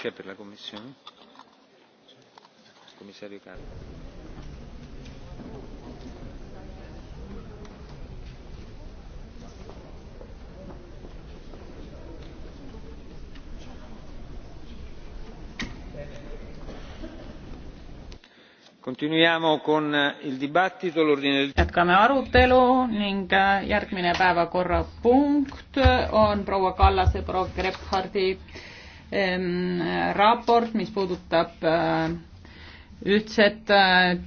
c'è per la commissione? il commissario Carlo. Eh, jätkame arutelu ning eh, järgmine päevakorrapunkt on proua Kallase, proua Gebhardi raport, mis puudutab äh, ühtset äh,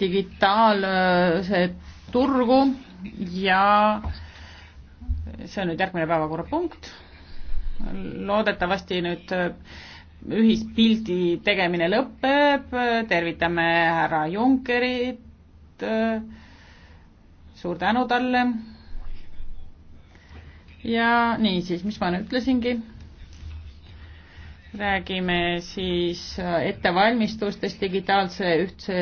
digitaalset turgu ja see on nüüd järgmine päevakorrapunkt. loodetavasti nüüd äh, ühispildi tegemine lõpeb, tervitame härra Junckerit, suur tänu talle. ja niisiis, mis ma nüüd ütlesingi räägime siis äh, ettevalmistustest digitaalse ühtse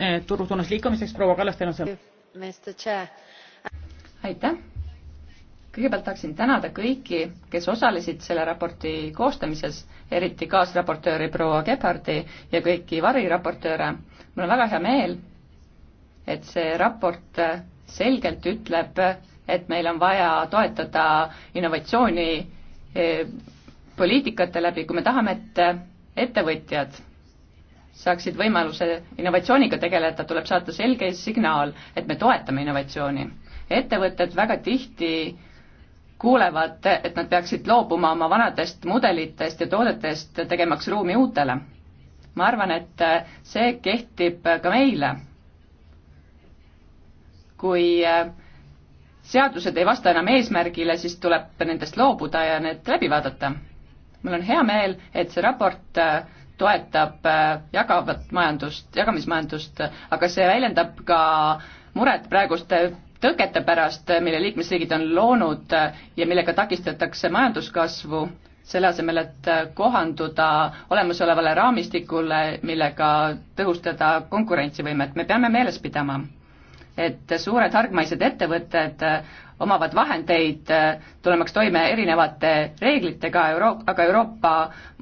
äh, turu suunas liikumiseks. proua Kallas, teil on sõna. aitäh. kõigepealt tahaksin tänada kõiki, kes osalesid selle raporti koostamises, eriti kaasraportööri proua Gebhardi ja kõiki variraportööre. mul on väga hea meel, et see raport äh, selgelt ütleb, et meil on vaja toetada innovatsiooni poliitikate läbi, kui me tahame, et ettevõtjad saaksid võimaluse innovatsiooniga tegeleda, tuleb saata selge signaal, et me toetame innovatsiooni. ettevõtted väga tihti kuulevad, et nad peaksid loobuma oma vanadest mudelitest ja toodetest, tegemaks ruumi uutele. ma arvan, et see kehtib ka meile. kui seadused ei vasta enam eesmärgile, siis tuleb nendest loobuda ja need läbi vaadata mul on hea meel, et see raport äh, toetab äh, jagavat majandust, jagamismajandust, aga see väljendab ka muret praeguste tõkete pärast, mille liikmesriigid on loonud äh, ja millega takistatakse majanduskasvu, selle asemel, et kohanduda olemasolevale raamistikule, millega tõhustada konkurentsivõimet, me peame meeles pidama, et suured hargmaised ettevõtted omavad vahendeid äh, tulemaks toime erinevate reeglitega, Euro-, aga Euroopa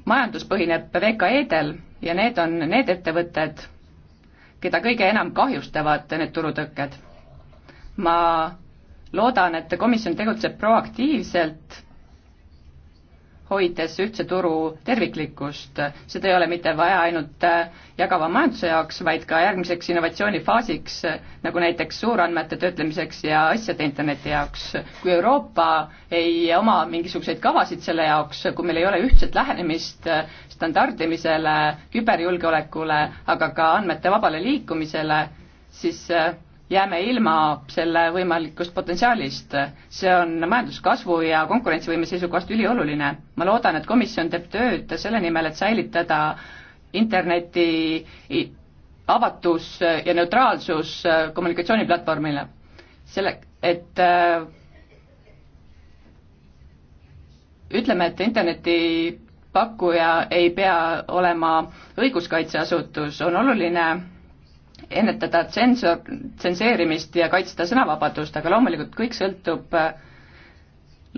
majandus põhineb VKE-del ja need on need ettevõtted, keda kõige enam kahjustavad need turutõkked. ma loodan, et komisjon tegutseb proaktiivselt hoides ühtse turu terviklikkust. seda ei ole mitte vaja ainult äh, jagava majanduse jaoks, vaid ka järgmiseks innovatsioonifaasiks, äh, nagu näiteks suurandmete töötlemiseks ja asjade interneti jaoks. kui Euroopa ei oma mingisuguseid kavasid selle jaoks, kui meil ei ole ühtset lähenemist äh, standardimisele, küberjulgeolekule, aga ka andmete vabale liikumisele, siis jääme ilma selle võimalikust potentsiaalist. see on majanduskasvu ja konkurentsivõime seisukohast ülioluline. ma loodan, et komisjon teeb tööd selle nimel, et säilitada interneti avatus ja neutraalsus kommunikatsiooniplatvormile. selle, et äh, ütleme, et interneti pakkuja ei pea olema õiguskaitseasutus, on oluline ennetada tsensor, tsenseerimist ja kaitsta sõnavabadust, aga loomulikult kõik sõltub äh,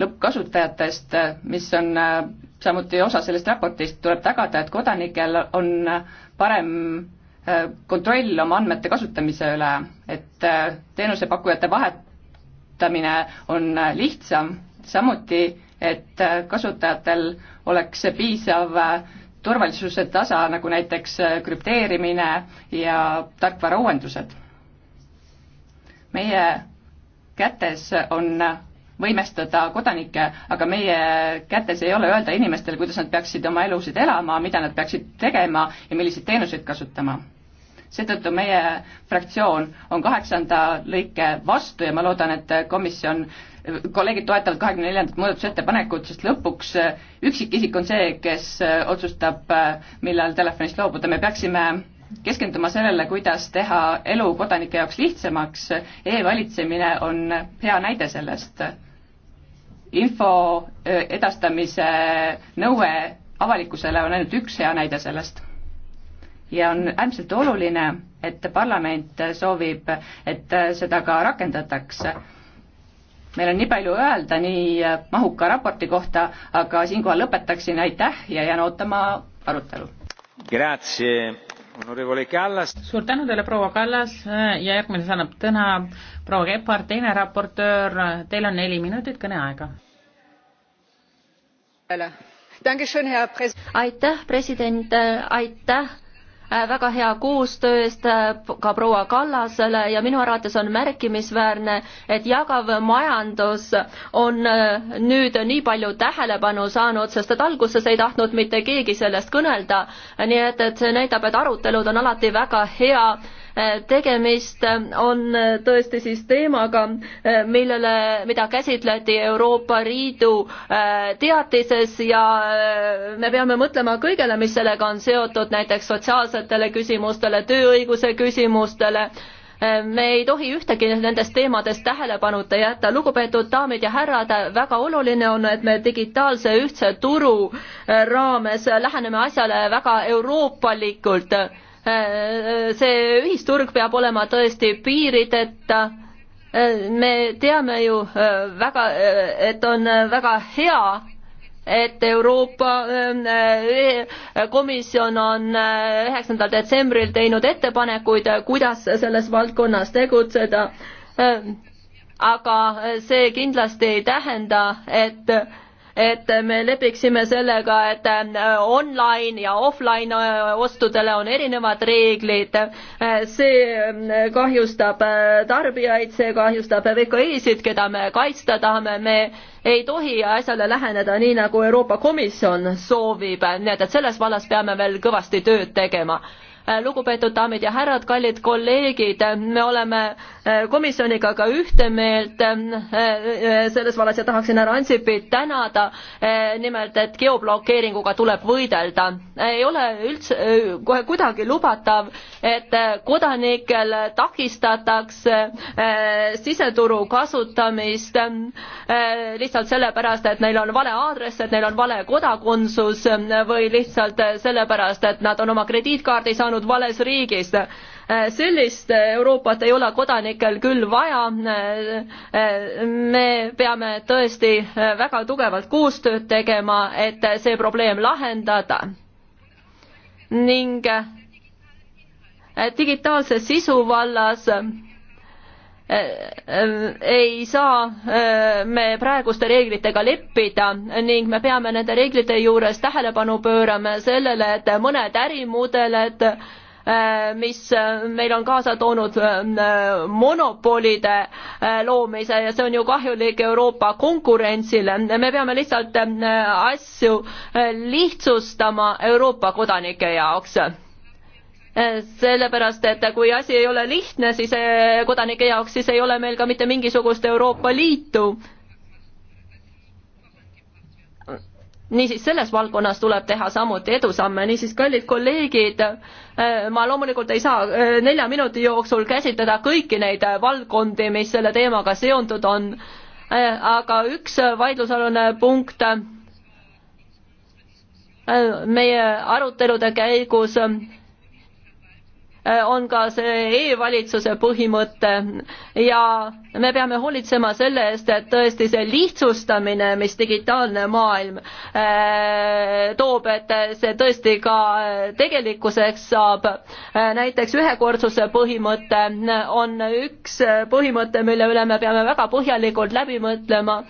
lõppkasutajatest, äh, mis on äh, samuti osa sellest raportist, tuleb tagada, et kodanikel on parem kontroll oma andmete kasutamise üle, et teenusepakkujate vahetamine on lihtsam, samuti et kasutajatel oleks piisav äh, turvalisuse tasa, nagu näiteks äh, krüpteerimine ja tarkvarauuendused. meie kätes on võimestada kodanikke, aga meie kätes ei ole öelda inimestele, kuidas nad peaksid oma elusid elama, mida nad peaksid tegema ja milliseid teenuseid kasutama. seetõttu meie fraktsioon on kaheksanda lõike vastu ja ma loodan, et komisjon kolleegid toetavad kahekümne neljandat muudatusettepanekut, sest lõpuks äh, üksikisik on see, kes äh, otsustab, äh, millal telefonist loobuda, me peaksime keskenduma sellele, kuidas teha elu kodanike jaoks lihtsamaks e, e-valitsemine on hea näide sellest. info edastamise nõue avalikkusele on ainult üks hea näide sellest. ja on äärmiselt oluline, et parlament soovib, et seda ka rakendatakse meil on nii palju öelda nii äh, mahuka raporti kohta, aga siinkohal lõpetaksin, aitäh ja jään ootama arutelu. suur tänu teile, proua Kallas äh, ja järgmiseks annab sõna proua Kepar, teine raportöör, teil on neli minutit kõneaega. aitäh, president, äh, aitäh Äh, väga hea koostöö eest äh, ka proua Kallasele ja minu arvates on märkimisväärne, et jagav majandus on äh, nüüd nii palju tähelepanu saanud, sest et alguses ei tahtnud mitte keegi sellest kõnelda, nii et, et see näitab, et arutelud on alati väga hea Äh, tegemist äh, on äh, tõesti siis teemaga, millele, mida käsitleti Euroopa Liidu teatises ja me peame mõtlema kõigele, mis sellega on seotud, näiteks sotsiaalsetele küsimustele, tööõiguse küsimustele me ei tohi ühtegi nendest teemadest tähelepanuta jätta. lugupeetud daamid ja härrad, väga oluline on, et me digitaalse ühtse turu raames läheneme asjale väga euroopalikult see ühisturg peab olema tõesti piirideta me teame ju äh, väga, äh, et on äh, väga hea, et Euroopa Komisjon on üheksandal detsembril teinud ettepanekuid, kuidas selles valdkonnas tegutseda. aga see kindlasti ei tähenda, et et me lepiksime sellega, et äh, online ja offline äh, ostudele on erinevad reeglid. Äh, see kahjustab tarbijaid, see kahjustab VKI-sid, keda me kaitsta tahame, me ei tohi asjale läheneda nii, nagu Euroopa Komisjon soovib, nii et, et selles vallas peame veel kõvasti tööd tegema Äh, lugupeetud daamid ja härrad, kallid kolleegid, äh, me oleme äh, komisjoniga ka ühte meelt selles vallas ja tahaksin härra Ansipit tänada. nimelt, et geoblokeeringuga tuleb võidelda. ei ole üldse kohe kuidagi lubatav, et kodanikel takistatakse siseturu kasutamist lihtsalt sellepärast, et neil on vale aadress, et neil on vale kodakondsus või lihtsalt sellepärast, et nad on oma krediitkaardi saanud sünnitanud vales riigis äh, sellist äh, Euroopat ei ole kodanikel küll vaja. Äh, me peame tõesti väga tugevalt koostööd tegema, et see probleem lahendada. ning digitaalse sisu vallas ei saa eh, me praeguste reeglitega leppida ning me peame nende reeglite juures tähelepanu pöörama sellele, et mõned ärimudeled, eh, mis meil on kaasa toonud eh, monopolide loomise ja see on ju kahjulik Euroopa konkurentsile. me peame lihtsalt asju lihtsustama Euroopa kodanike jaoks Eh, sellepärast, et kui asi ei ole lihtne, siis eh, kodanike jaoks, siis ei ole meil ka mitte mingisugust Euroopa Liitu. niisiis, selles valdkonnas tuleb teha samuti edusamme, niisiis, kallid kolleegid, eh, ma loomulikult ei saa nelja minuti jooksul käsitleda kõiki neid valdkondi, mis selle teemaga seondud on, aga üks vaidlusalune punkt meie arutelude käigus Äh, on ka see e-valitsuse põhimõte ja me peame hoolitsema selle eest, et tõesti see lihtsustamine, mis digitaalne maailm äh, toob, et see tõesti ka tegelikkuseks saab. Äh, näiteks ühekordsuse põhimõte on üks põhimõte, mille üle me peame väga põhjalikult läbi mõtlema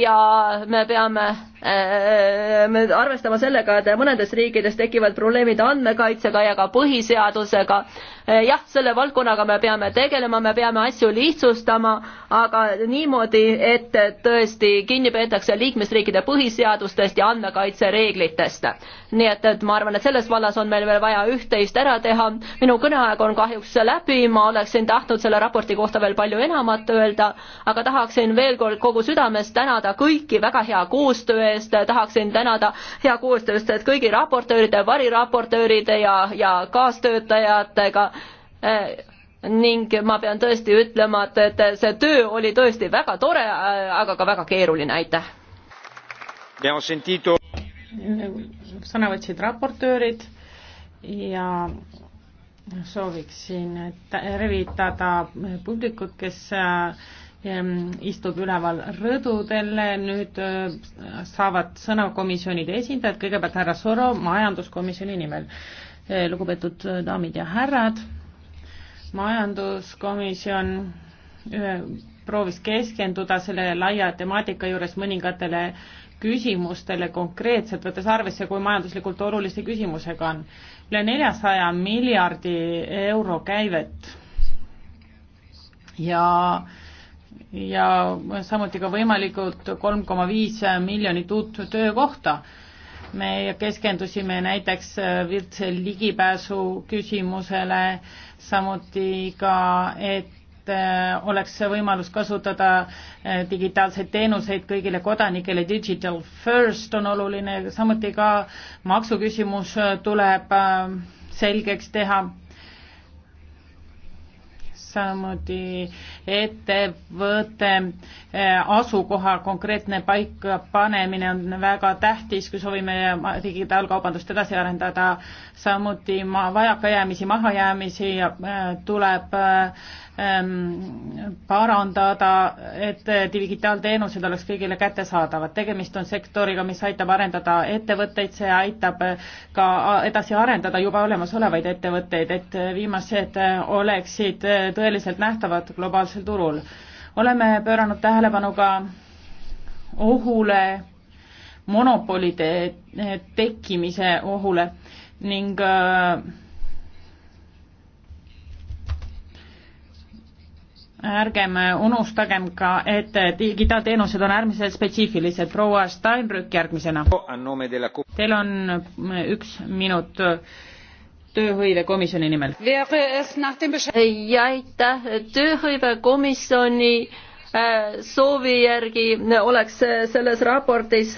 ja me peame Äh, me arvestama sellega, et mõnedes riikides tekivad probleemid andmekaitsega ja ka põhiseadusega. Äh, jah, selle valdkonnaga me peame tegelema, me peame asju lihtsustama, aga niimoodi, et tõesti kinni peetakse liikmesriikide põhiseadustest ja andmekaitsereeglitest. nii et, et ma arvan, et selles vallas on meil veel vaja üht-teist ära teha. minu kõneaeg on kahjuks läbi, ma oleksin tahtnud selle raporti kohta veel palju enamat öelda, aga tahaksin veel kord kogu südamest tänada kõiki väga hea koostöö eest tahaksin tänada hea koostööst kõigi raportööride, variraportööride ja, ja kaastöötajatega eh, ning ma pean tõesti ütlema, et, et see töö oli tõesti väga tore, eh, aga ka väga keeruline, aitäh. sõna võtsid raportöörid ja sooviksin revitada publikut, kes istub üleval rõdudel, nüüd äh, saavad sõna komisjonide esindajad, kõigepealt härra Soro majanduskomisjoni nimel. Äh, lugupeetud äh, daamid ja härrad, majanduskomisjon proovis keskenduda selle laia temaatika juures mõningatele küsimustele konkreetselt, võttes arvesse, kui majanduslikult olulise küsimusega on. üle neljasaja miljardi euro käivet ja äh, ja samuti ka võimalikult kolm koma viis miljonit uut töökohta. me keskendusime näiteks üldse ligipääsu küsimusele, samuti ka, et äh, oleks võimalus kasutada äh, digitaalseid teenuseid kõigile kodanikele, digital first on oluline, samuti ka maksuküsimus tuleb äh, selgeks teha samuti ettevõtte eh, asukoha konkreetne paikapanemine on väga tähtis, kui soovime digitaalkaubandust edasi arendada. samuti ma vajakajäämisi, mahajäämisi eh, tuleb eh, Ähm, parandada, et digitaalteenused oleks kõigile kättesaadavad. tegemist on sektoriga, mis aitab arendada ettevõtteid, see aitab ka edasi arendada juba olemasolevaid ettevõtteid, et viimased oleksid tõeliselt nähtavad globaalsel turul. oleme pööranud tähelepanu ka ohule, monopolide tekkimise ohule ning äh, ärgem unustagem ka, et digitaalteenused on äärmiselt spetsiifilised. proua Steinrück järgmisena. Teil on üks minut tööhõivekomisjoni nimel. ja aitäh, tööhõivekomisjoni äh, soovi järgi äh, oleks äh, selles raportis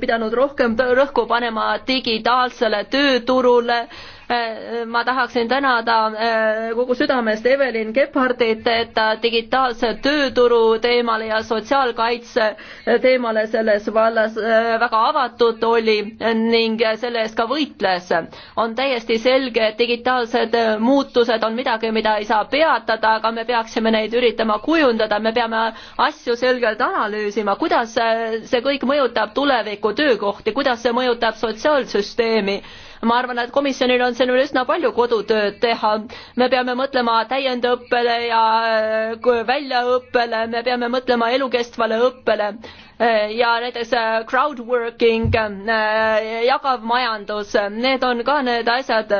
pidanud rohkem rõhku panema digitaalsele tööturule Äh, ma tahaksin tänada äh, kogu südamest Evelyn Gebhardit, et ta digitaalse tööturu teemale ja sotsiaalkaitse äh, teemale selles vallas väga avatud oli ning selle eest ka võitles. on täiesti selge, et digitaalsed muutused on midagi, mida ei saa peatada, aga me peaksime neid üritama kujundada, me peame asju selgelt analüüsima, kuidas see kõik mõjutab tuleviku töökohti, kuidas see mõjutab sotsiaalsüsteemi ma arvan, et komisjonil on siin veel üsna palju kodutööd teha. me peame mõtlema täiendõppele ja äh, väljaõppele, me peame mõtlema elukestvale õppele äh, ja näiteks äh, crowdworking, jagav majandus, need on ka need asjad,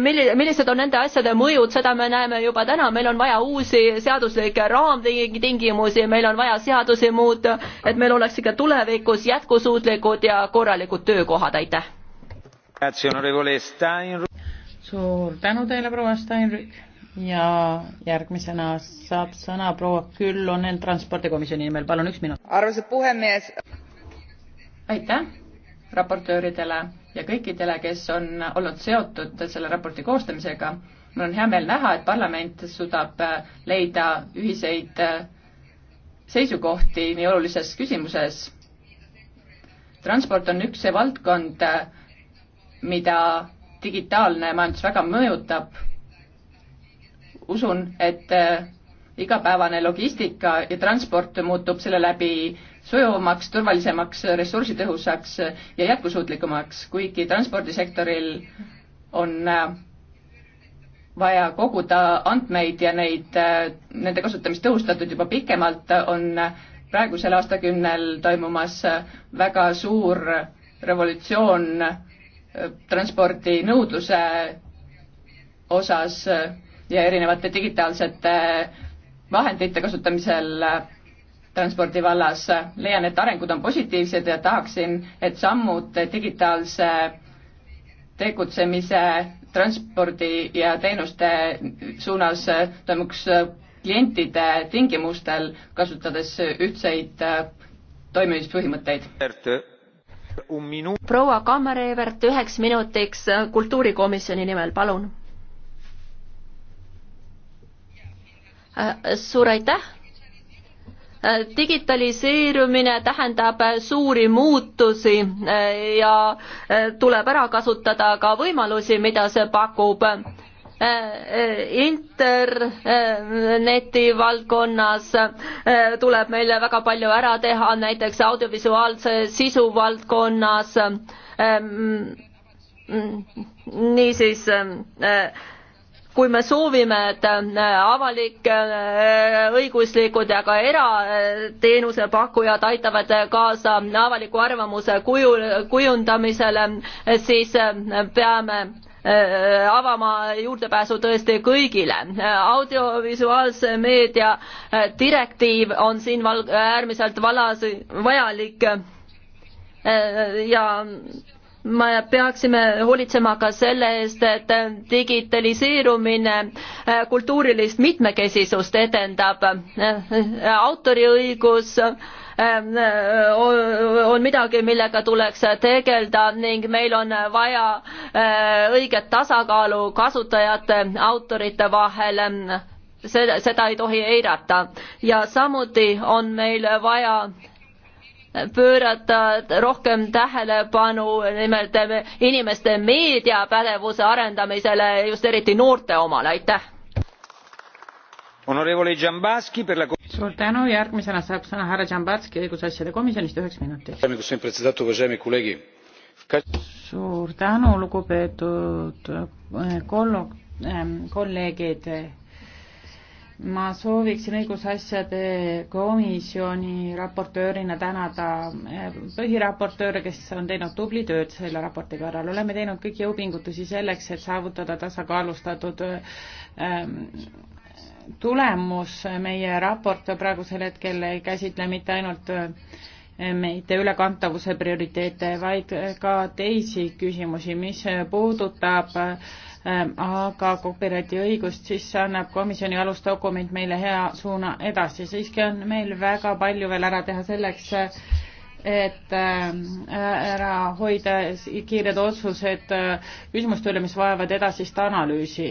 milli-, millised on nende asjade mõjud, seda me näeme juba täna, meil on vaja uusi seaduslikke raamtingimusi, meil on vaja seadusi muuta, et meil oleks ikka tulevikus jätkusuutlikud ja korralikud töökohad, aitäh! suur tänu teile, proua Steinrück ja järgmisena saab sõna proua Küllonen transpordikomisjoni nimel, palun üks minut. arvamuse puhemees. aitäh raportööridele ja kõikidele, kes on olnud seotud selle raporti koostamisega. mul on hea meel näha, et parlament suudab leida ühiseid seisukohti nii olulises küsimuses. transport on üks see valdkond, mida digitaalne majandus väga mõjutab. usun, et äh, igapäevane logistika ja transport muutub selle läbi sujuvamaks, turvalisemaks, ressursitõhusaks ja jätkusuutlikumaks, kuigi transpordisektoril on äh, vaja koguda andmeid ja neid, äh, nende kasutamist tõhustatud juba pikemalt, on praegusel aastakümnel toimumas väga suur revolutsioon transpordi nõudluse osas ja erinevate digitaalsete vahendite kasutamisel transpordi vallas. leian, et arengud on positiivsed ja tahaksin, et sammud digitaalse tegutsemise transpordi ja teenuste suunas toimuks klientide tingimustel, kasutades ühtseid toimimispõhimõtteid proua Kammerevert üheks minutiks kultuurikomisjoni nimel, palun. Äh, suur aitäh. Äh, digitaliseerumine tähendab suuri muutusi äh, ja tuleb ära kasutada ka võimalusi, mida see pakub Äh, äh, interneti äh, valdkonnas tuleb meil väga palju ära teha, näiteks audiovisuaalse sisu valdkonnas. Ähm, mm, niisiis kui me soovime, et avalik, õiguslikud ja ka erateenusepakkujad aitavad kaasa avaliku arvamuse kuju, kujundamisele, siis peame Äh, avama juurdepääsu tõesti kõigile. audiovisuaalse meedia äh, direktiiv on siin val-, äärmiselt valas, vajalik äh, ja me peaksime hoolitsema ka selle eest, et digitaliseerumine kultuurilist mitmekesisust edendab. autoriõigus äh, Ehm, eh, on midagi, millega tuleks tegeleda ning meil on vaja eh, õiget tasakaalu kasutajate, autorite vahel seda, seda ei tohi eirata ja samuti on meil vaja pöörata rohkem tähelepanu nimelt inimeste meediapädevuse arendamisele, just eriti noorte omale, aitäh! suur tänu, järgmisena saab sõna härra Džambatski õigusasjade komisjonist üheks minutiks. suur tänu, lugupeetud eh, kollo-, ehm, kolleegid. ma sooviksin õigusasjade komisjoni raportöörina tänada eh, põhiraportööre, kes on teinud tubli tööd selle raporti kallal. oleme teinud kõik jõupingutusi selleks, et saavutada tasakaalustatud ähm, tulemus, meie raport praegusel hetkel ei käsitle mitte ainult äh, meid ülekantavuse prioriteete, vaid ka teisi küsimusi, mis puudutab äh, aga kooperatiõigust, siis annab komisjoni alusdokument meile hea suuna edasi, siiski on meil väga palju veel ära teha selleks, et äh, ära hoida kiired otsused küsimuste üle, mis vajavad edasist analüüsi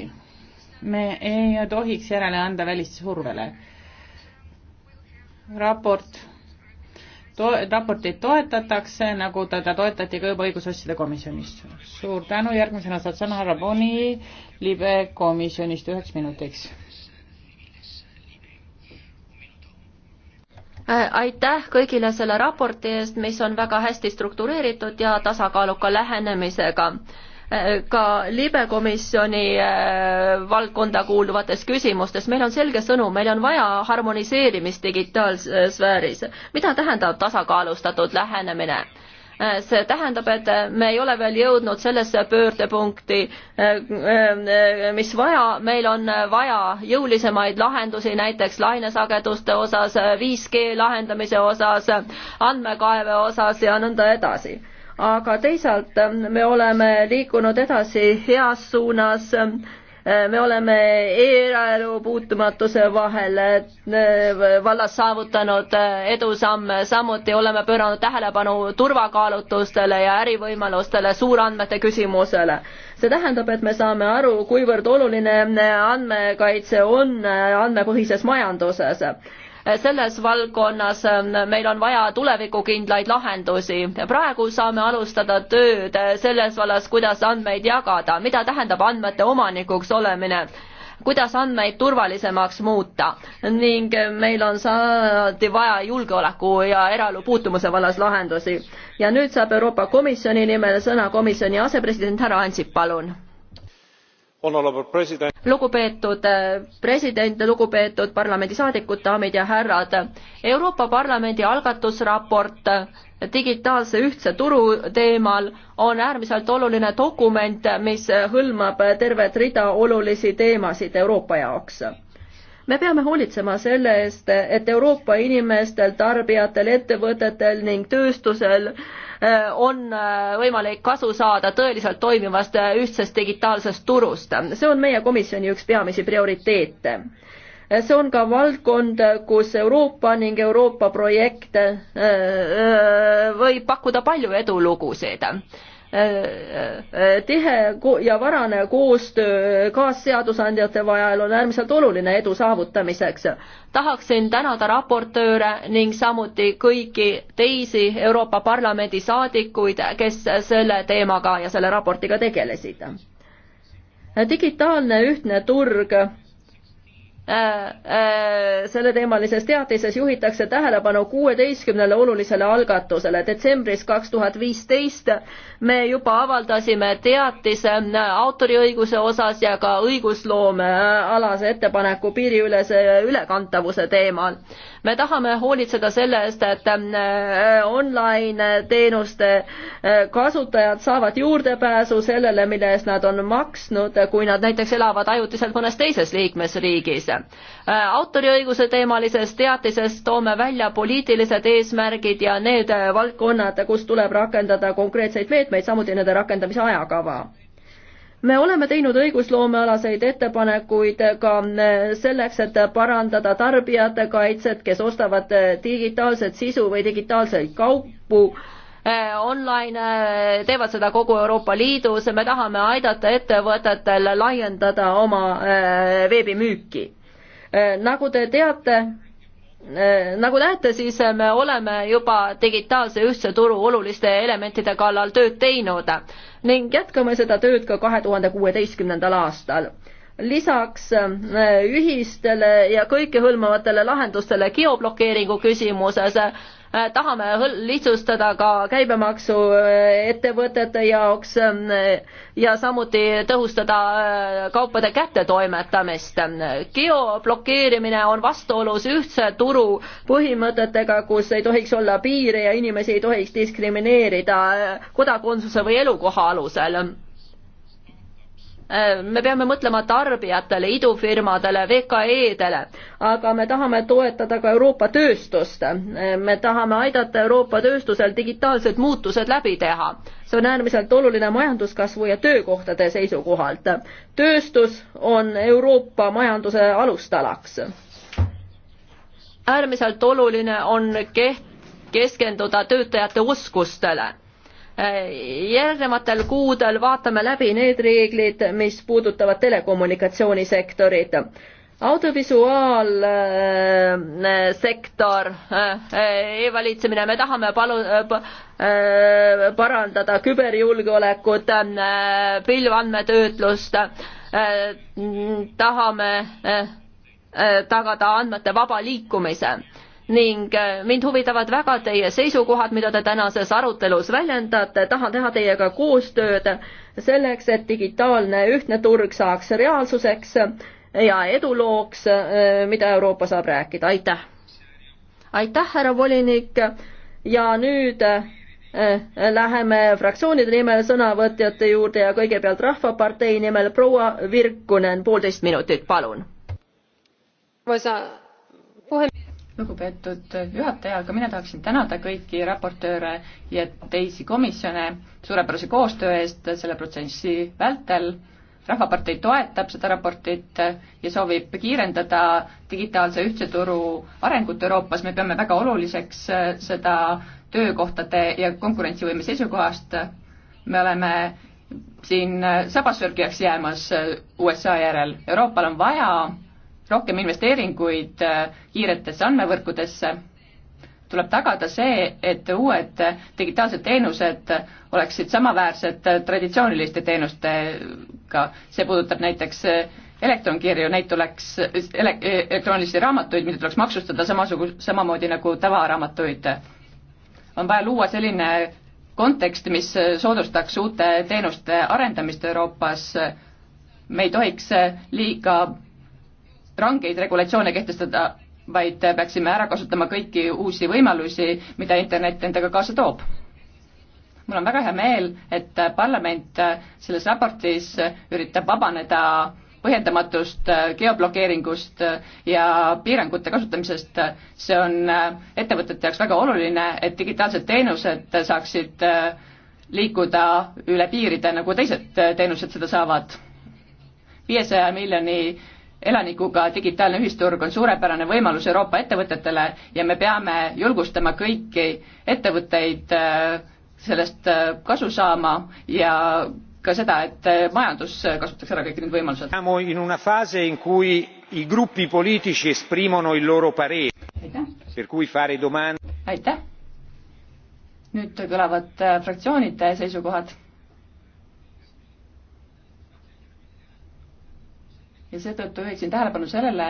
me ei tohiks järele anda välissurvele. raport to,, raportit toetatakse, nagu teda toetati ka juba õigusasjade komisjonis. suur tänu, järgmisena saad sõna härra Boni libe komisjonist üheks minutiks. aitäh kõigile selle raporti eest, mis on väga hästi struktureeritud ja tasakaaluka lähenemisega ka libekomisjoni äh, valdkonda kuuluvates küsimustes, meil on selge sõnum, meil on vaja harmoniseerimist digitaalsfääris. mida tähendab tasakaalustatud lähenemine? Äh, see tähendab, et me ei ole veel jõudnud sellesse pöördepunkti, äh, mis vaja, meil on vaja jõulisemaid lahendusi, näiteks lainesageduste osas, 5G lahendamise osas, andmekaeve osas ja nõnda edasi aga teisalt ähm, me oleme liikunud edasi heas suunas ähm, me oleme eraelu puutumatuse vahel äh, vallas saavutanud äh, edusamme, samuti oleme pööranud tähelepanu turvakaalutlustele ja ärivõimalustele, suurandmete küsimusele. see tähendab, et me saame aru, kuivõrd oluline andmekaitse on äh, andmepõhises majanduses selles valdkonnas ähm, meil on vaja tulevikukindlaid lahendusi. praegu saame alustada tööd äh, selles vallas, kuidas andmeid jagada, mida tähendab andmete omanikuks olemine kuidas andmeid turvalisemaks muuta ning äh, meil on samuti vaja julgeoleku ja eraelu puutumuse vallas lahendusi. ja nüüd saab Euroopa Komisjoni nimel sõna komisjoni asepresident härra Ansip, palun lugupeetud äh, president, lugupeetud parlamendisaadikud, daamid ja härrad. Euroopa Parlamendi algatusraport äh, digitaalse ühtse turu teemal on äärmiselt oluline dokument, mis äh, hõlmab tervet rida olulisi teemasid Euroopa jaoks. me peame hoolitsema selle eest, et Euroopa inimestel, tarbijatel, ettevõtetel ning tööstusel äh, Äh, on äh, võimalik kasu saada tõeliselt toimivast äh, ühtsest digitaalsest turust. see on meie komisjoni üks peamisi prioriteete. see on ka valdkond, kus Euroopa ning Euroopa projekt võib pakkuda palju edulugusid Äh, äh, tihe ja varane koostöö kaasseadusandjate vahel on äärmiselt oluline edu saavutamiseks. tahaksin tänada raportööre ning samuti kõiki teisi Euroopa Parlamendi saadikuid, kes selle teemaga ja selle raportiga tegelesid. digitaalne ühtne turg Äh, äh, selleteemalises teatises juhitakse tähelepanu kuueteistkümnele olulisele algatusele. detsembris kaks tuhat viisteist me juba avaldasime teatise äh, autoriõiguse osas ja ka õigusloomealase ettepaneku piiriülese ülekantavuse teemal me tahame hoolitseda selle eest, et äh, online teenuste äh, kasutajad saavad juurdepääsu sellele, mille eest nad on maksnud, kui nad näiteks elavad ajutiselt mõnes teises liikmesriigis. Äh, autoriõiguse teemalises teatises toome välja poliitilised eesmärgid ja need valdkonnad, kus tuleb rakendada konkreetseid meetmeid, samuti nende rakendamise ajakava me oleme teinud õigusloomealaseid ettepanekuid ka äh, selleks, et parandada tarbijate kaitset, kes ostavad äh, digitaalset sisu või digitaalseid kaupu äh, online, teevad seda kogu Euroopa Liidus, me tahame aidata ettevõtetel laiendada oma veebimüüki. nagu te teate, Äh, nagu näete, siis äh, me oleme juba digitaalse ühtse turu oluliste elementide kallal tööd teinud ning jätkame seda tööd ka kahe tuhande kuueteistkümnendal aastal. lisaks äh, ühistele ja kõikehõlmavatele lahendustele geoblokeeringu küsimuses Äh, tahame lihtsustada ka käibemaksu äh, ettevõtete jaoks ähm, äh, ja samuti tõhustada kaupade kättetoimetamist. geoblokeerimine on vastuolus ühtse turu põhimõtetega, kus ei tohiks olla piire ja inimesi ei tohiks diskrimineerida kodakondsuse või elukoha alusel Äh, me peame mõtlema tarbijatele, idufirmadele, VKE-dele, aga me tahame toetada ka Euroopa tööstust. Äh, me tahame aidata Euroopa tööstusel digitaalsed muutused läbi teha. see on äärmiselt oluline majanduskasvu ja töökohtade seisukohalt. tööstus on Euroopa majanduse alustalaks. äärmiselt oluline on keht-, keskenduda töötajate oskustele järgnevatel kuudel vaatame läbi need reeglid, mis puudutavad telekommunikatsioonisektorit. audiovisuaalsektor äh, e, äh, e-valitsemine, me tahame palu- äh, pa,, parandada küberjulgeolekut, pilvandmetöötlust, tahame tagada andmete vaba liikumise ning äh, mind huvitavad väga teie seisukohad, mida te tänases arutelus väljendate, tahan teha teiega koostööd selleks, et digitaalne ühtne turg saaks reaalsuseks ja edulooks, äh, mida Euroopa saab rääkida, aitäh! aitäh, härra volinik ja nüüd äh, läheme fraktsioonide nimel sõnavõtjate juurde ja kõigepealt Rahvapartei nimel proua Virkunen, poolteist minutit, palun. arvoisa puhemies lugupeetud juhataja, aga mina tahaksin tänada kõiki raportööre ja teisi komisjone suurepärase koostöö eest selle protsessi vältel. rahvapartei toetab seda raportit ja soovib kiirendada digitaalse ühtse turu arengut Euroopas, me peame väga oluliseks seda töökohtade ja konkurentsivõime seisukohast, me oleme siin sabasörgijaks jäämas USA järel, Euroopal on vaja rohkem investeeringuid äh, kiiretesse andmevõrkudesse, tuleb tagada see, et uued digitaalsed teenused oleksid samaväärsed traditsiooniliste teenustega, see puudutab näiteks äh, elektronkirju, neid tuleks, ele-, elektroonilisi raamatuid, mida tuleks maksustada samasugu-, samamoodi nagu tavaraamatuid. on vaja luua selline kontekst, mis soodustaks uute teenuste arendamist Euroopas, me ei tohiks liiga rangeid regulatsioone kehtestada, vaid peaksime ära kasutama kõiki uusi võimalusi, mida internet endaga kaasa toob. mul on väga hea meel, et parlament selles raportis üritab vabaneda põhjendamatust geoblokeeringust ja piirangute kasutamisest, see on ettevõtete jaoks väga oluline, et digitaalsed teenused saaksid liikuda üle piiride, nagu teised teenused seda saavad. viiesaja miljoni elanikuga digitaalne ühisturg on suurepärane võimalus Euroopa ettevõtetele ja me peame julgustama kõiki ettevõtteid äh, sellest äh, kasu saama ja ka seda, et äh, majandus kasutaks ära kõik need võimalused. aitäh! nüüd kõlavad fraktsioonide seisukohad ja seetõttu juhiksin tähelepanu sellele,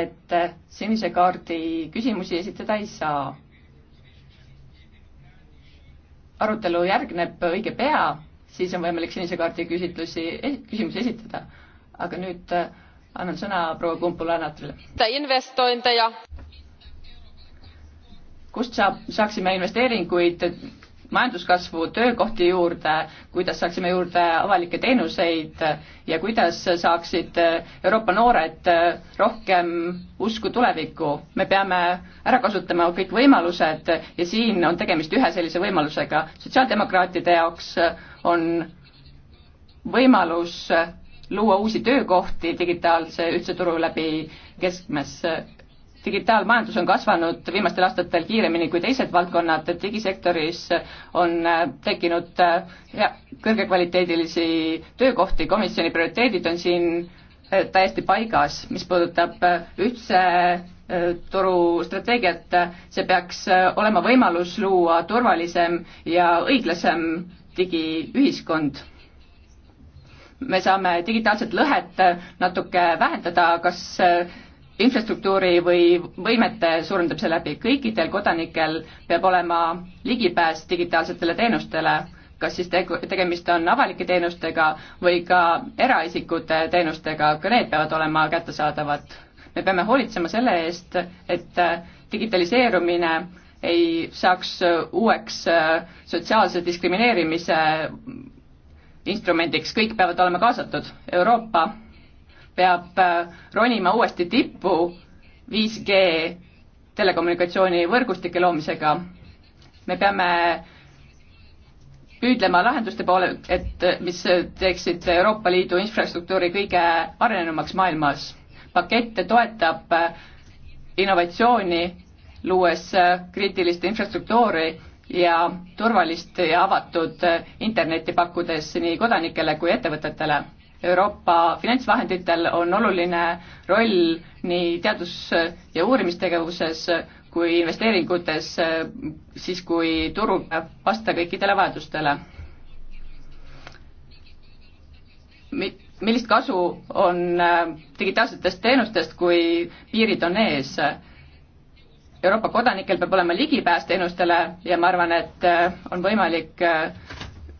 et sinise kaardi küsimusi esitada ei saa. arutelu järgneb õige pea, siis on võimalik sinise kaardi küsitlusi, eh, küsimusi esitada. aga nüüd eh, annan sõna proua Kumpula-Natrile. investointeja. kust saab, saaksime investeeringuid majanduskasvu, töökohti juurde, kuidas saaksime juurde avalikke teenuseid ja kuidas saaksid Euroopa noored rohkem usku tulevikku. me peame ära kasutama kõik võimalused ja siin on tegemist ühe sellise võimalusega. sotsiaaldemokraatide jaoks on võimalus luua uusi töökohti digitaalse ühtse turu läbi keskmes digitaalmajandus on kasvanud viimastel aastatel kiiremini kui teised valdkonnad, digisektoris on äh, tekkinud äh, kõrgekvaliteedilisi töökohti, komisjoni prioriteedid on siin äh, täiesti paigas, mis puudutab ühtse turu strateegiat, see peaks olema võimalus luua turvalisem ja õiglasem digiühiskond me saame digitaalset lõhet natuke vähendada, kas infrastruktuuri või võimete suurendamise läbi. kõikidel kodanikel peab olema ligipääs digitaalsetele teenustele, kas siis tegu, tegemist on avalike teenustega või ka eraisikute teenustega, ka need peavad olema kättesaadavad. me peame hoolitsema selle eest, et digitaliseerumine ei saaks uueks sotsiaalse diskrimineerimise instrumendiks, kõik peavad olema kaasatud. Euroopa peab äh, ronima uuesti tippu 5G telekommunikatsiooni võrgustike loomisega. me peame püüdlema lahenduste poole, et mis teeksid Euroopa Liidu infrastruktuuri kõige arenenumaks maailmas. pakett toetab äh, innovatsiooni, luues äh, kriitilist infrastruktuuri ja turvalist ja avatud internetti pakkudes nii kodanikele kui ettevõtetele Euroopa finantsvahenditel on oluline roll nii teadus- ja uurimistegevuses kui investeeringutes, siis kui turg peab vasta kõikidele vajadustele. Mi-, millist kasu on äh, digitaalsetest teenustest, kui piirid on ees? Euroopa kodanikel peab olema ligipääs teenustele ja ma arvan, et äh, on võimalik äh,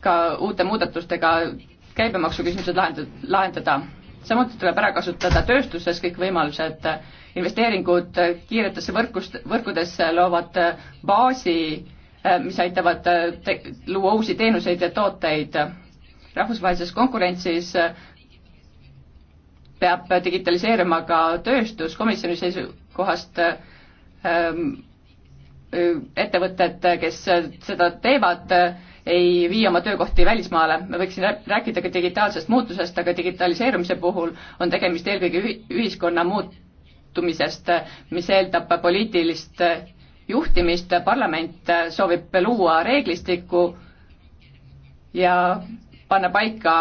ka uute muudatustega käibemaksu küsimused lahendatud, lahendada. samuti tuleb ära kasutada tööstuses kõik võimalused, investeeringud kiiretesse võrkust, võrkudesse loovad baasi, mis aitavad te-, luua uusi teenuseid ja tooteid. rahvusvahelises konkurentsis peab digitaliseerima ka tööstus, komisjoni seisukohast ähm, ettevõtted, kes seda teevad, ei vii oma töökohti välismaale. ma võiksin rääkida ka digitaalsest muutusest, aga digitaliseerumise puhul on tegemist eelkõige ühiskonna muutumisest, mis eeldab poliitilist juhtimist, parlament soovib luua reeglistikku ja panna paika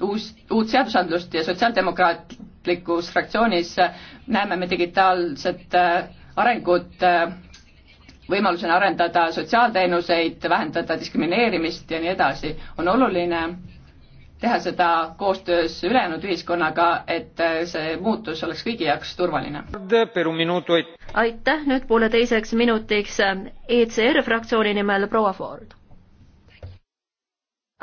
uus, uut seadusandlust ja sotsiaaldemokraatlikus fraktsioonis näeme me digitaalset äh, arengut äh, võimalusena arendada sotsiaalteenuseid, vähendada diskrimineerimist ja nii edasi, on oluline teha seda koostöös ülejäänud ühiskonnaga, et see muutus oleks kõigi jaoks turvaline. aitäh, nüüd pooleteiseks minutiks ECR fraktsiooni nimel proua Ford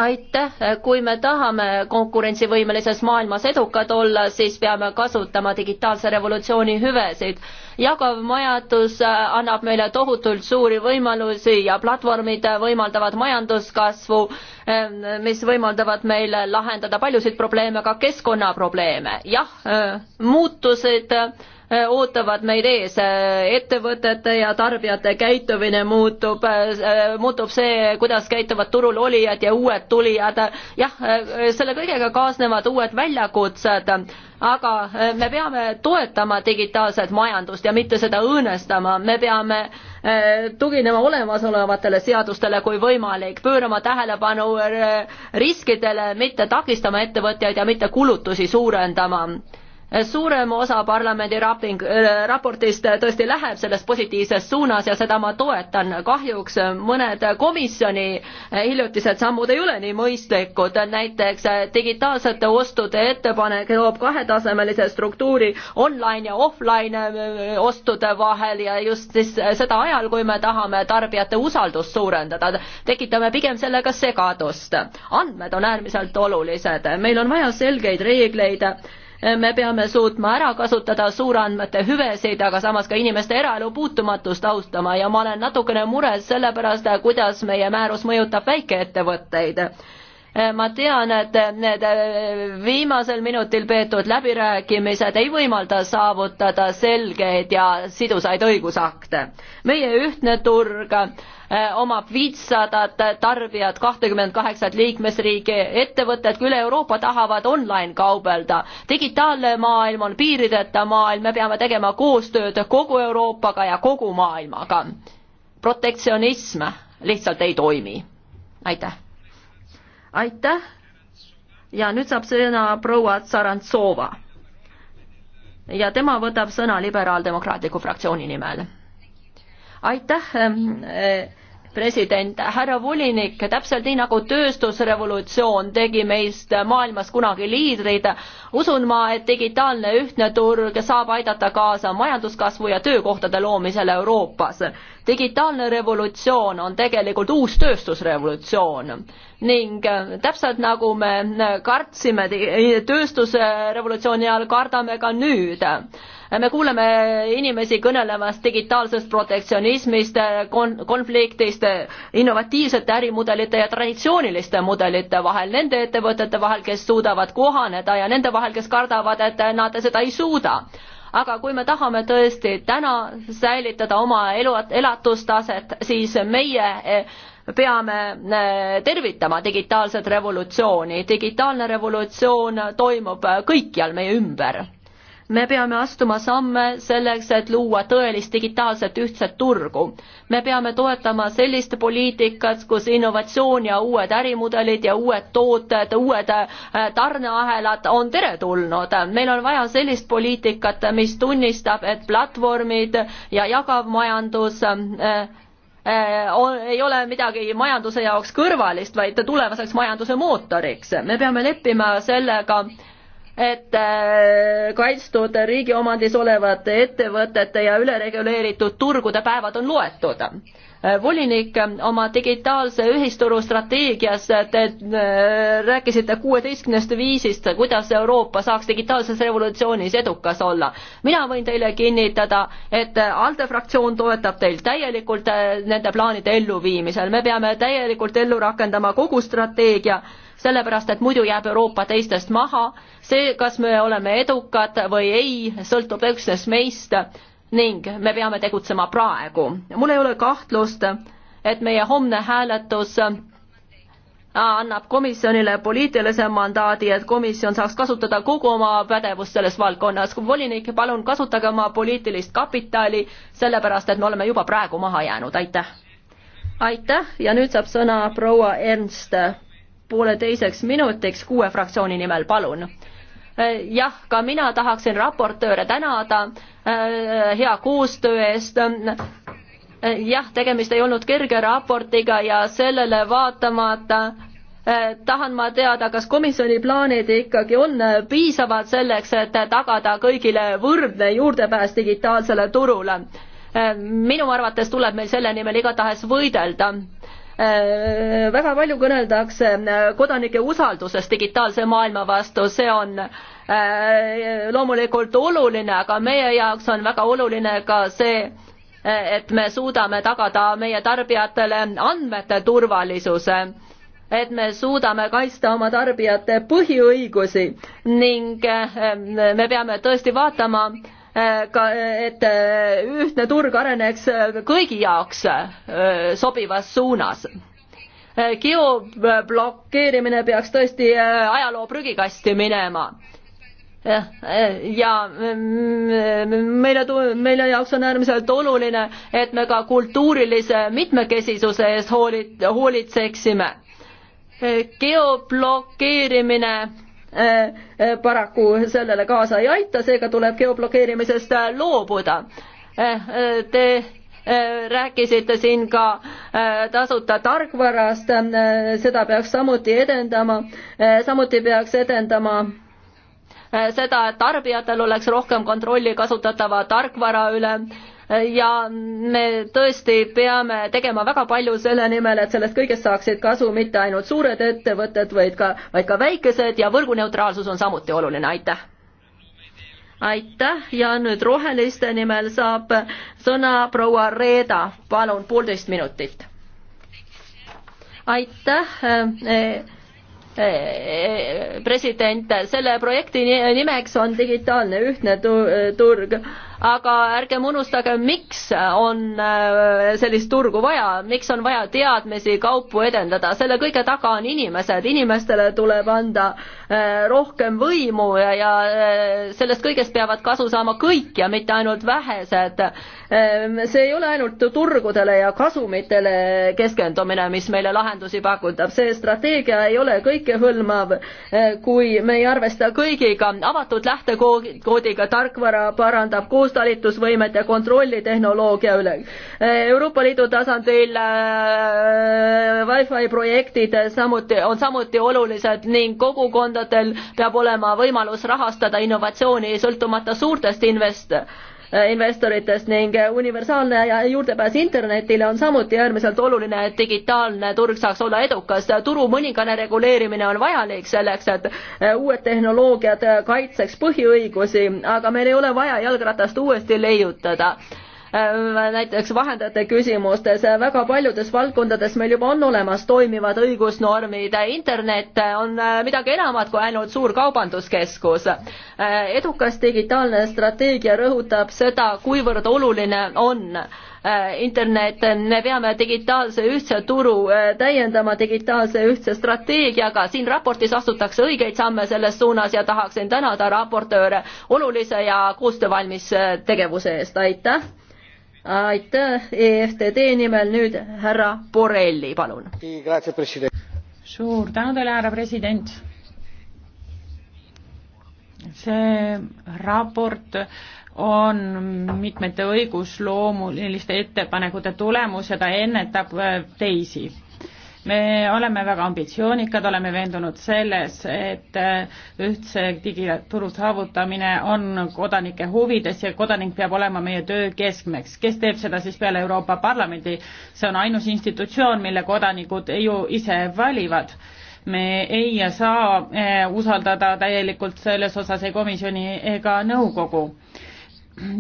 aitäh, kui me tahame konkurentsivõimelises maailmas edukad olla, siis peame kasutama digitaalse revolutsiooni hüvesid. jagav majandus äh, annab meile tohutult suuri võimalusi ja platvormid võimaldavad majanduskasvu, ähm, mis võimaldavad meil lahendada paljusid probleeme, ka keskkonnaprobleeme. jah, äh, muutused Eh, ootavad meid ees. Eh, ettevõtete ja tarbijate käitumine muutub, eh, muutub see, kuidas käituvad turul olijad ja uued tulijad. jah, selle kõigega kaasnevad uued väljakutsed, aga me peame toetama digitaalset majandust ja mitte seda õõnestama, me peame tuginema olemasolevatele seadustele, kui võimalik, pöörama tähelepanu riskidele, mitte takistama ettevõtjaid ja mitte kulutusi suurendama suurem osa parlamendi raping, äh, raportist tõesti läheb selles positiivses suunas ja seda ma toetan. kahjuks mõned komisjoni äh, hiljutised sammud ei ole nii mõistlikud, näiteks äh, digitaalsete ostude ettepanek loob kahetasemelise struktuuri online ja offline ostude vahel ja just siis seda ajal, kui me tahame tarbijate usaldust suurendada, tekitame pigem sellega segadust. andmed on äärmiselt olulised, meil on vaja selgeid reegleid me peame suutma ära kasutada suurandmete hüvesid, aga samas ka inimeste eraelu puutumatust austama ja ma olen natukene mures selle pärast, kuidas meie määrus mõjutab väikeettevõtteid Eh, ma tean, et need eh, viimasel minutil peetud läbirääkimised ei võimalda saavutada selgeid ja sidusaid õigusakte. meie ühtne turg eh, omab viitsadat tarbijat, kahtekümmend kaheksat liikmesriigi ettevõtet, üle Euroopa tahavad online kaubelda. digitaalne maailm on piirideta maailm, me peame tegema koostööd kogu Euroopaga ja kogu maailmaga. protektsionism lihtsalt ei toimi. aitäh aitäh ja nüüd saab sõna proua Tsarantsova. ja tema võtab sõna liberaaldemokraatliku fraktsiooni nimel. aitäh ehm, eh, president, härra volinik, täpselt nii nagu tööstusrevolutsioon tegi meist maailmas kunagi liidrid, usun ma, et digitaalne ühtne turg saab aidata kaasa majanduskasvu ja töökohtade loomisele Euroopas digitaalne revolutsioon on tegelikult uus tööstusrevolutsioon ning äh, täpselt nagu me äh, kartsime tööstuse revolutsiooni ajal, kardame ka nüüd. me kuuleme inimesi kõnelemas digitaalsest protektsionismist, konfliktist, innovatiivsete ärimudelite ja traditsiooniliste mudelite vahel, nende ettevõtete vahel, kes suudavad kohaneda ja nende vahel, kes kardavad, et nad seda ei suuda aga kui me tahame tõesti täna säilitada oma elu, elatustaset, siis meie eh, peame eh, tervitama digitaalset revolutsiooni. digitaalne revolutsioon toimub eh, kõikjal meie ümber me peame astuma samme selleks, et luua tõelist digitaalset ühtset turgu. me peame toetama sellist poliitikat, kus innovatsioon ja uued ärimudelid ja uued tooted, uued äh, tarneahelad on teretulnud. meil on vaja sellist poliitikat, mis tunnistab, et platvormid ja jagav majandus äh, äh, ei ole midagi majanduse jaoks kõrvalist, vaid tulevaseks majanduse mootoriks. me peame leppima sellega, et äh, kaitstud riigi omandis olevate ettevõtete ja ülereguleeritud turgude päevad on loetud äh, volinik äh, oma digitaalse ühisturu strateegias, te rääkisite kuueteistkümnest viisist, kuidas Euroopa saaks digitaalses revolutsioonis edukas olla. mina võin teile kinnitada, et ALDE fraktsioon toetab teil täielikult nende plaanide elluviimisel, me peame täielikult ellu rakendama kogu strateegia sellepärast et muidu jääb Euroopa teistest maha. see, kas me oleme edukad või ei, sõltub üksnes meist ning me peame tegutsema praegu. mul ei ole kahtlust, et meie homne hääletus äh, annab komisjonile poliitilise mandaadi, et komisjon saaks kasutada kogu oma pädevust selles valdkonnas. volinik, palun kasutage oma poliitilist kapitali, sellepärast et me oleme juba praegu maha jäänud, aitäh. aitäh ja nüüd saab sõna proua Ernst pooleteiseks minutiks kuue fraktsiooni nimel, palun. Äh, jah, ka mina tahaksin raportööre tänada äh, hea koostöö eest. Äh, jah, tegemist ei olnud kerge raportiga ja sellele vaatamata tahan ma teada, kas komisjoni plaanid ikkagi on piisavad selleks, et tagada kõigile võrdne juurdepääs digitaalsele turule. minu arvates tuleb meil selle nimel igatahes võidelda Äh, väga palju kõneldakse äh, kodanike usaldusest digitaalse maailma vastu, see on äh, loomulikult oluline, aga meie jaoks on väga oluline ka see, et me suudame tagada meie tarbijatele andmete turvalisuse et me suudame kaitsta oma tarbijate põhiõigusi ning me peame tõesti vaatama, Äh, ka, äh, et äh, ühtne turg areneks kõigi jaoks sobivas suunas. geoblokeerimine peaks tõesti ajaloo prügikasti minema ja mm, mm, meile, meile jaoks on äärmiselt oluline, et me ka kultuurilise mitmekesisuse eest hoolit-, hoolitseksime. geoblokeerimine Äh, äh, paraku sellele kaasa ei aita, seega tuleb geoblokeerimisest äh, loobuda. Te rääkisite siin ka tasuta tarkvarast, seda peaks samuti edendama, samuti peaks edendama seda, et tarbijatel oleks rohkem kontrolli kasutatava tarkvara üle ja me tõesti peame tegema väga palju selle nimel, et sellest kõigest saaksid kasu mitte ainult suured ettevõtted, vaid ka, vaid ka väikesed ja võrguneutraalsus on samuti oluline, aitäh! aitäh ja nüüd Roheliste nimel saab sõna proua Reeda, palun, poolteist minutit. aitäh eh, eh, eh, president, selle projekti nimeks on digitaalne ühtne turg aga ärgem unustagem, miks on äh, sellist turgu vaja, miks on vaja teadmisi, kaupu edendada, selle kõige taga on inimesed, inimestele tuleb anda äh, rohkem võimu ja, ja äh, sellest kõigest peavad kasu saama kõik ja mitte ainult vähesed. Ähm, see ei ole ainult turgudele ja kasumitele keskendumine, mis meile lahendusi pakutab, see strateegia ei ole kõikehõlmav, kui me ei arvesta kõigiga, avatud lähtekoodiga tarkvara parandab koostööd, koostalitusvõimet ja kontrollitehnoloogia üle. Euroopa Liidu tasandil äh, Wi-Fi projektid samuti, on samuti olulised ning kogukondadel peab olema võimalus rahastada innovatsiooni sõltumata suurtest invest-, Äh, investoritest ning äh, universaalne juurdepääs internetile on samuti äärmiselt oluline, et digitaalne turg saaks olla edukas. turu mõningane reguleerimine on vajalik selleks, et äh, uued tehnoloogiad kaitseks põhiõigusi, aga meil ei ole vaja jalgratast uuesti leiutada Äh, näiteks vahendajate küsimustes, äh, väga paljudes valdkondades meil juba on olemas toimivad õigusnormid, internet äh, on midagi enamat kui ainult suur kaubanduskeskus. edukas digitaalne strateegia rõhutab seda, kuivõrd oluline on internet, me peame digitaalse ühtse turu täiendama digitaalse ühtse strateegiaga, siin raportis astutakse õigeid samme selles suunas ja tahaksin tänada raportööre olulise ja koostöövalmis tegevuse eest, aitäh! aitäh, EFTD nimel nüüd härra Borrelli, palun. suur tänu teile, härra president. see raport on mitmete õigusloomuliste ettepanekute tulemus ja ta ennetab teisi me oleme väga ambitsioonikad, oleme veendunud selles, et äh, ühtse digituru saavutamine on kodanike huvides ja kodanik peab olema meie töö keskmeks. kes teeb seda siis peale Euroopa Parlamendi? see on ainus institutsioon, mille kodanikud ju ise valivad me ei saa äh, usaldada täielikult selles osas ei komisjoni ega nõukogu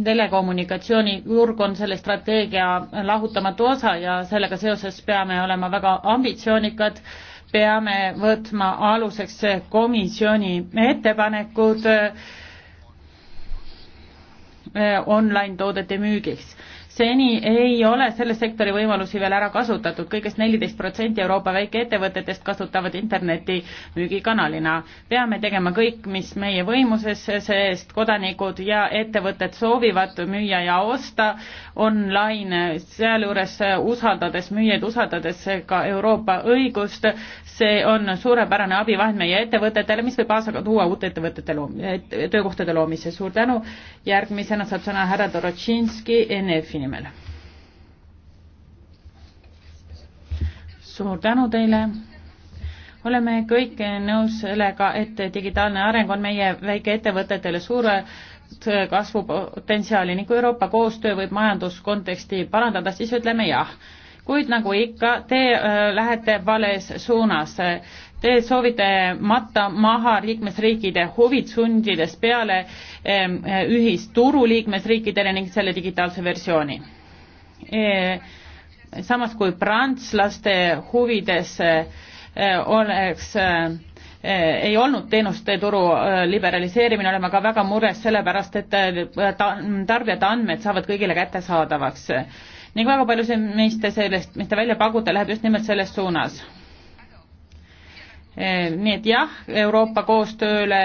telekommunikatsiooni turg on selle strateegia lahutamatu osa ja sellega seoses peame olema väga ambitsioonikad, peame võtma aluseks komisjoni ettepanekud eh, online toodete müügiks seni ei ole selle sektori võimalusi veel ära kasutatud kõigest, kõigest neliteist protsenti Euroopa väikeettevõtetest kasutavad Internetti müügikanalina. peame tegema kõik, mis meie võimuses, sest kodanikud ja ettevõtted soovivad müüa ja osta online, sealjuures usaldades, müüjaid usaldades ka Euroopa õigust, see on suurepärane abivahend meie ettevõtetele, mis võib kaasa ka tuua uute ettevõtete loom-, töökohtade loomisse, suur tänu, järgmisena saab sõna härra Dorotšinski NF-ini nimel. suur tänu teile. oleme kõik nõus sellega, et digitaalne areng on meie väikeettevõtetele suure kasvupotentsiaali ning kui Euroopa koostöö võib majanduskonteksti parandada, siis ütleme jah kuid nagu ikka, te äh, lähete vales suunas. Te soovite matta maha liikmesriikide huvid, sundides peale ehm, eh, ühisturu liikmesriikidele ning selle digitaalse versiooni. Eh, samas kui prantslaste huvides eh, oleks ei olnud teenuste turu liberaliseerimine, oleme ka väga mures sellepärast, et tarbijate andmed saavad kõigile kättesaadavaks. ning väga palju see, mis te sellest, mis te välja pakute, läheb just nimelt selles suunas Eh, nii et jah, Euroopa koostööle,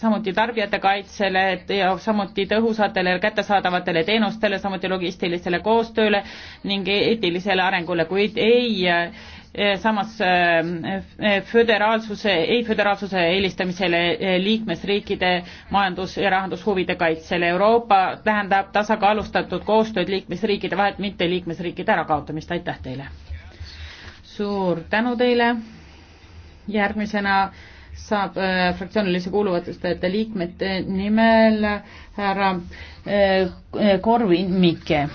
samuti tarbijate kaitsele ja samuti tõhusatele kättesaadavatele teenustele, samuti logistilisele koostööle ning e- eetilisele arengule, kuid ei eh, samas eh, föderaalsuse, ei föderaalsuse eelistamisele liikmesriikide majandus- ja rahandushuvide kaitsele. Euroopa tähendab tasakaalustatud koostööd liikmesriikide vahel, mitte liikmesriikide ärakaotamist. aitäh teile! suur tänu teile! järgmisena saab äh, fraktsioonilise kuuluvatusteta liikmete nimel härra äh, Korvin Mikke.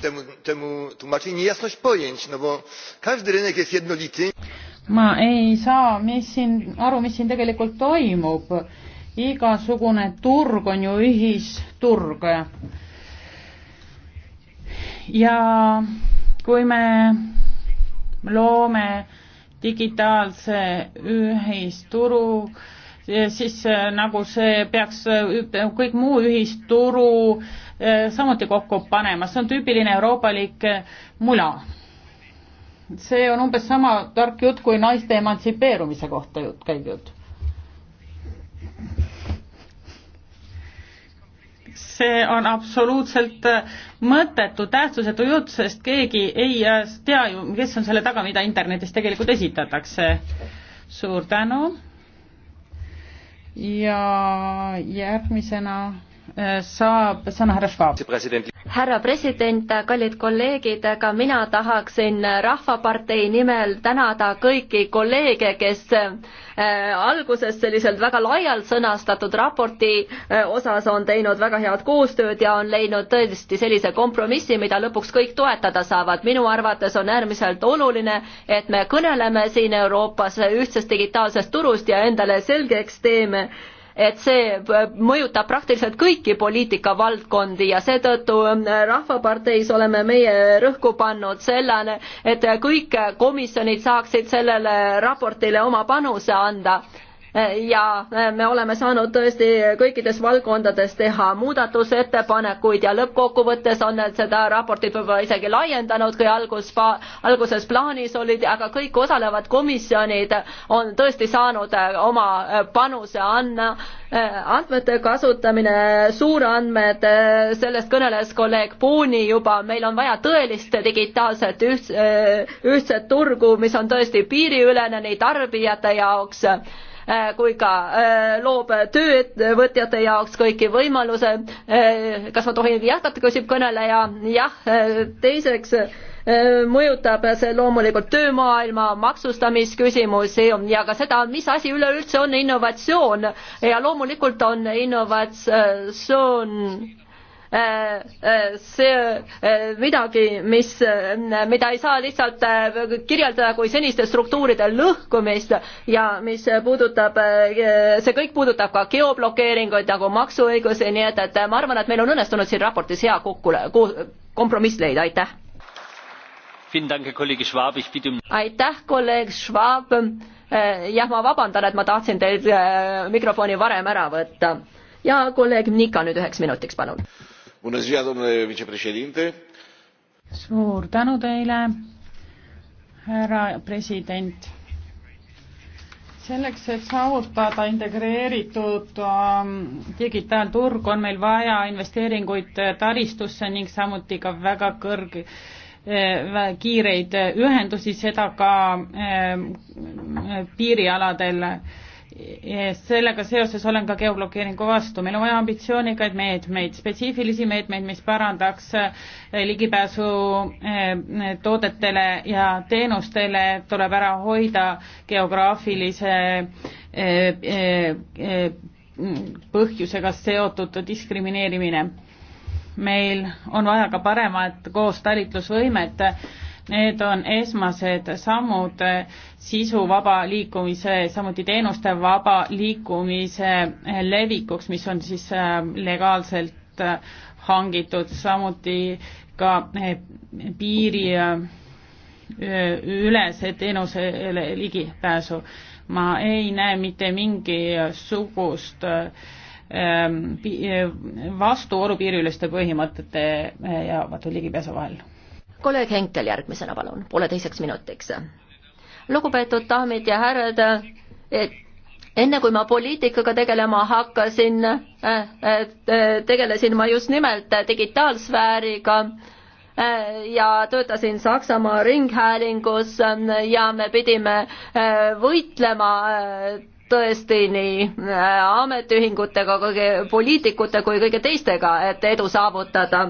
Temu, temu tłumaczy niejasność pojęć, no bo każdy rynek jest jednolity. ma ei saa, mis siin, aru, mis siin tegelikult toimub. igasugune turg on ju ühisturg. ja kui me loome äh, digitaalse ühisturu, siis äh, nagu see peaks äh, kõik muu ühisturu äh, samuti kokku panema, see on tüüpiline euroopalik mula. see on umbes sama tark jutt kui naiste emantsipeerumise kohta jutt, käib jutt see on absoluutselt äh, mõttetu, tähtsusetu jutt, sest keegi ei äh, tea ju, kes on selle taga, mida internetis tegelikult esitatakse. suur tänu. ja järgmisena äh, saab sõna härra Schwab härra president, kallid kolleegid, ka mina tahaksin Rahvapartei nimel tänada kõiki kolleege, kes äh, alguses selliselt väga laialt sõnastatud raporti äh, osas on teinud väga head koostööd ja on leidnud tõesti sellise kompromissi, mida lõpuks kõik toetada saavad. minu arvates on äärmiselt oluline, et me kõneleme siin Euroopas ühtsest digitaalsest turust ja endale selgeks teeme, et see mõjutab praktiliselt kõiki poliitikavaldkondi ja seetõttu ähm, Rahvaparteis oleme meie rõhku pannud sellele, et kõik komisjonid saaksid sellele raportile oma panuse anda ja me oleme saanud tõesti kõikides valdkondades teha muudatusettepanekuid ja lõppkokkuvõttes on need seda raportit võib-olla isegi laiendanud, kui algus, alguses plaanis olid, aga kõik osalevad komisjonid on tõesti saanud äh, oma äh, panuse anna. Äh, andmete kasutamine, suurandmed, sellest kõneles kolleeg Puuni juba, meil on vaja tõelist digitaalset üht, ühtset turgu, mis on tõesti piiriülene nii tarbijate jaoks Äh, kui ka äh, loob tööettevõtjate jaoks kõiki võimaluse. Äh, kas ma tohin jätkata, küsib kõneleja. jah, teiseks mõjutab see loomulikult töömaailma maksustamisküsimusi ja ka seda, mis asi üleüldse on innovatsioon ja loomulikult on innovatsioon Äh, äh, see äh, midagi, mis, mida ei saa lihtsalt kirjeldada kui seniste struktuuride lõhkumist ja mis puudutab, see kõik puudutab ka geoblokeeringuid nagu maksuõigusi, nii et, et ma arvan, et meil on õnnestunud siin raportis hea kokkule-, kompromiss leida, aitäh. Um- aitäh, kolleeg Schwab. jah, ma vabandan, et ma tahtsin teilt mikrofoni varem ära võtta ja kolleeg Nika nüüd üheks minutiks, palun Ziua, domnule vicepreședinte suur tänu teile härra president selleks et saavutada integreeritud ähm, digitaalturg on meil vaja investeeringuid taristusse ning samuti ka väga kõrg- äh, kiireid ühendusi seda ka ähm, piirialadel sellega seoses olen ka geoblokeeringu vastu, meil on vaja ambitsioonikaid meetmeid, spetsiifilisi meetmeid, mis parandaks eh, ligipääsu eh, toodetele ja teenustele, tuleb ära hoida geograafilise eh, põhjusega seotud diskrimineerimine. meil on vaja ka paremat koostalitlusvõimet, need on esmased sammud sisu vaba liikumise, samuti teenuste vaba liikumise levikuks, mis on siis äh, legaalselt äh, hangitud, samuti ka äh, piiri ülese teenusele ligipääsu. ma ei näe mitte mingisugust ähm, vastuolu piiriüleste põhimõtete ja vaata ligipääsu vahel. kolleeg Henkel järgmisena, palun, pooleteiseks minutiks lugupeetud daamid ja härrad, e, enne kui ma poliitikaga tegelema hakkasin, e, e, tegelesin ma just nimelt digitaalsfääriga ja töötasin Saksamaa Ringhäälingus ja me pidime võitlema tõesti nii ametiühingutega, poliitikute kui kõige teistega, et edu saavutada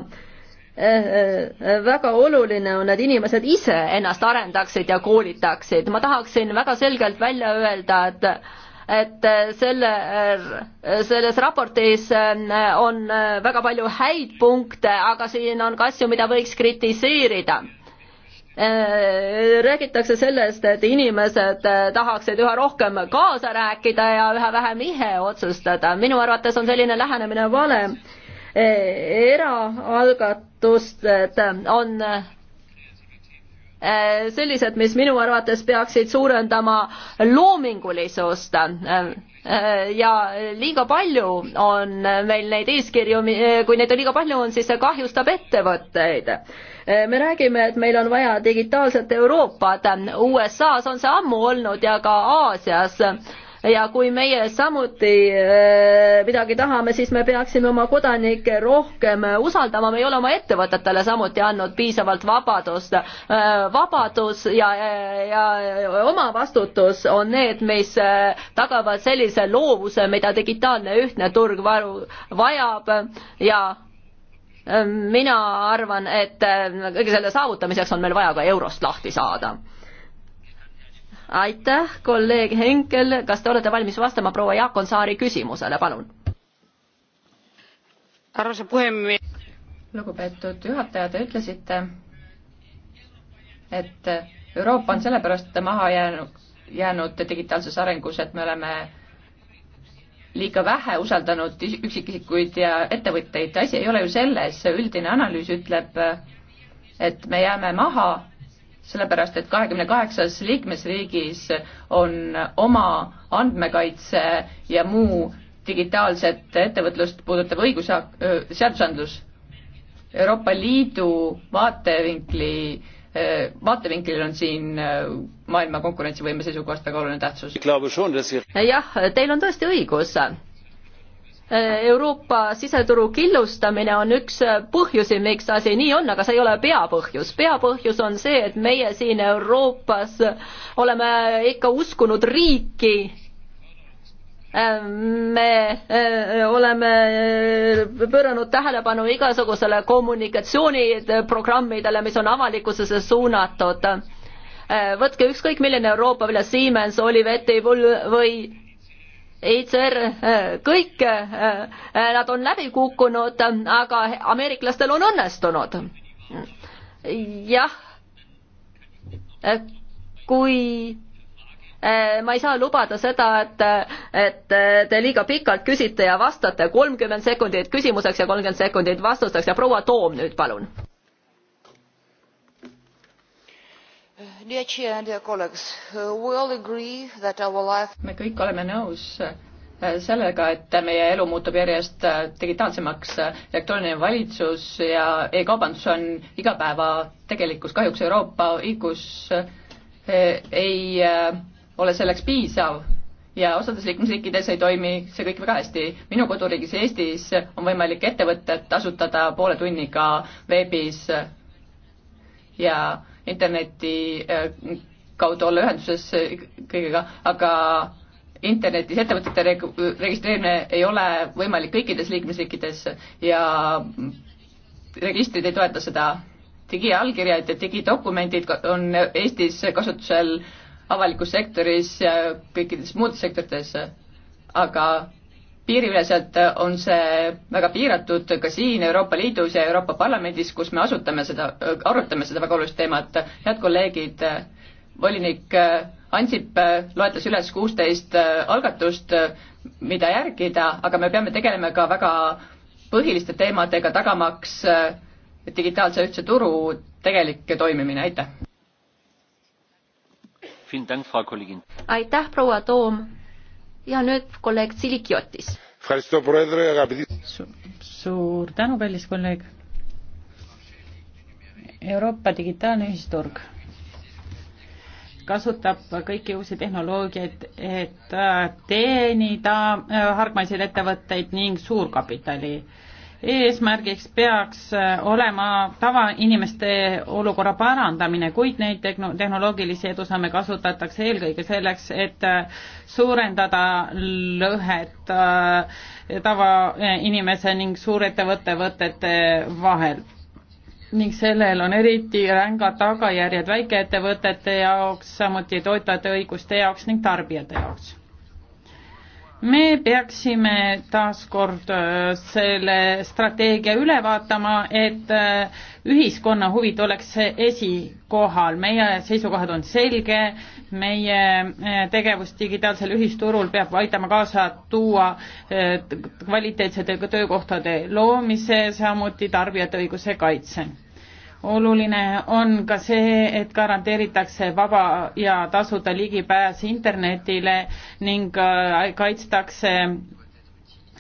Eh, eh, eh, väga oluline on, et inimesed ise ennast arendaksid ja koolitaksid. ma tahaksin väga selgelt välja öelda, et et selle, selles raportis on väga palju häid punkte, aga siin on ka asju, mida võiks kritiseerida räägitakse sellest, et inimesed tahaksid üha rohkem kaasa rääkida ja üha vähem ise otsustada. minu arvates on selline lähenemine vale Eh, eraalgatused on eh, sellised, mis minu arvates peaksid suurendama loomingulisust eh, ja liiga palju on meil neid eeskirju, kui neid on liiga palju, on siis see kahjustab ettevõtteid. me räägime, et meil on vaja digitaalset Euroopat, USA-s on see ammu olnud ja ka Aasias ja kui meie samuti äh, midagi tahame, siis me peaksime oma kodanikke rohkem usaldama, me ei ole oma ettevõtetele samuti andnud piisavalt vabadust. Äh, vabadus ja, ja, ja omavastutus on need, mis äh, tagavad sellise loovuse, mida digitaalne ühtne turg varu, vajab ja mina arvan, et kõige selle saavutamiseks on meil vaja ka eurost lahti saada aitäh, kolleeg Henkel, kas te olete valmis vastama proua Jaakonsaari küsimusele, palun? lugupeetud juhataja, te ütlesite, et Euroopa on sellepärast maha jäänud, jäänud digitaalses arengus, et me oleme liiga vähe usaldanud üksikisikuid ja ettevõtteid, asi ei ole ju selles, üldine analüüs ütleb, et me jääme maha sellepärast et kahekümne kaheksas liikmesriigis on oma andmekaitse ja muu digitaalset ettevõtlust puudutav õigus, seadusandlus Euroopa Liidu vaatevinkli, vaatevinklil on siin maailma konkurentsivõime seisukohast väga oluline tähtsus. Äh, jah, teil on tõesti õigus Äh, Euroopa siseturu killustamine on üks äh, põhjusi, miks asi nii on, aga see ei ole peapõhjus. peapõhjus on see, et meie siin Euroopas oleme ikka uskunud riiki. Äh, me oleme pööranud tähelepanu igasugusele kommunikatsiooniprogrammidele, mis on avalikkusesse suunatud. võtke ükskõik milline Euroopa, mille Siemens, Olivetti või ECR, äh, kõik äh, nad on läbi kukkunud, aga ameeriklastel on õnnestunud. jah, äh, kui ma ei saa lubada seda, et, et te liiga pikalt küsite ja vastate, kolmkümmend sekundit küsimuseks ja kolmkümmend sekundit vastusteks ja proua Toom nüüd palun Uh, me kõik oleme nõus äh, sellega, et meie elu muutub järjest äh, digitaalsemaks, elektrooniline valitsus ja e-kaubandus on igapäeva tegelikkus, kahjuks Euroopa õigus äh, ei ole selleks piisav ja osades liikmesriikides ei toimi see kõik väga hästi. minu koduriigis Eestis on võimalik ettevõtet asutada poole tunniga veebis ja interneti äh, kaudu olla ühenduses äh, kõigega, aga internetis ettevõtete reg-, registreerimine ei ole võimalik kõikides liikmesriikides ja registrid ei toeta seda. digiallkirjad ja digidokumendid on Eestis kasutusel avalikus sektoris ja kõikides muudes sektorites, aga piiriüleselt äh, on see väga piiratud ka siin Euroopa Liidus ja Euroopa Parlamendis, kus me asutame seda, äh, arutame seda väga olulist teemat. head kolleegid, äh, volinik Ansip loetles üles kuusteist algatust, mida järgida, aga me peame tegelema ka väga põhiliste teemadega, tagamaks digitaalse ühtse turu tegelik toimimine, aitäh! aitäh, proua Toom! ja nüüd kolleeg Tsilikiotis. suur tänu, kallis kolleeg. Euroopa digitaalne ühisturg kasutab kõiki uusi tehnoloogiaid, et äh, teenida äh, hargmaiseid ettevõtteid ning suurkapitali äh, eesmärgiks peaks äh, olema tavainimeste olukorra parandamine, kuid neid tehnoloogilisi edusamme kasutatakse eelkõige selleks, et äh, suurendada lõhet äh, tavainimese ning suurettevõtte võtete vahel. ning sellel on eriti rängad tagajärjed väikeettevõtete jaoks, samuti toetajate õiguste jaoks ning tarbijate jaoks me peaksime taaskord äh, selle strateegia üle vaatama, et äh, ühiskonna huvid oleks esikohal, meie seisukohad on selge, meie äh, tegevus digitaalsel ühisturul peab aitama kaasa tuua kvaliteetsete töökohtade loomise, samuti tarbijate õiguse kaitse oluline on ka see, et garanteeritakse vaba ja tasuta ligipääs internetile ning äh, kaitstakse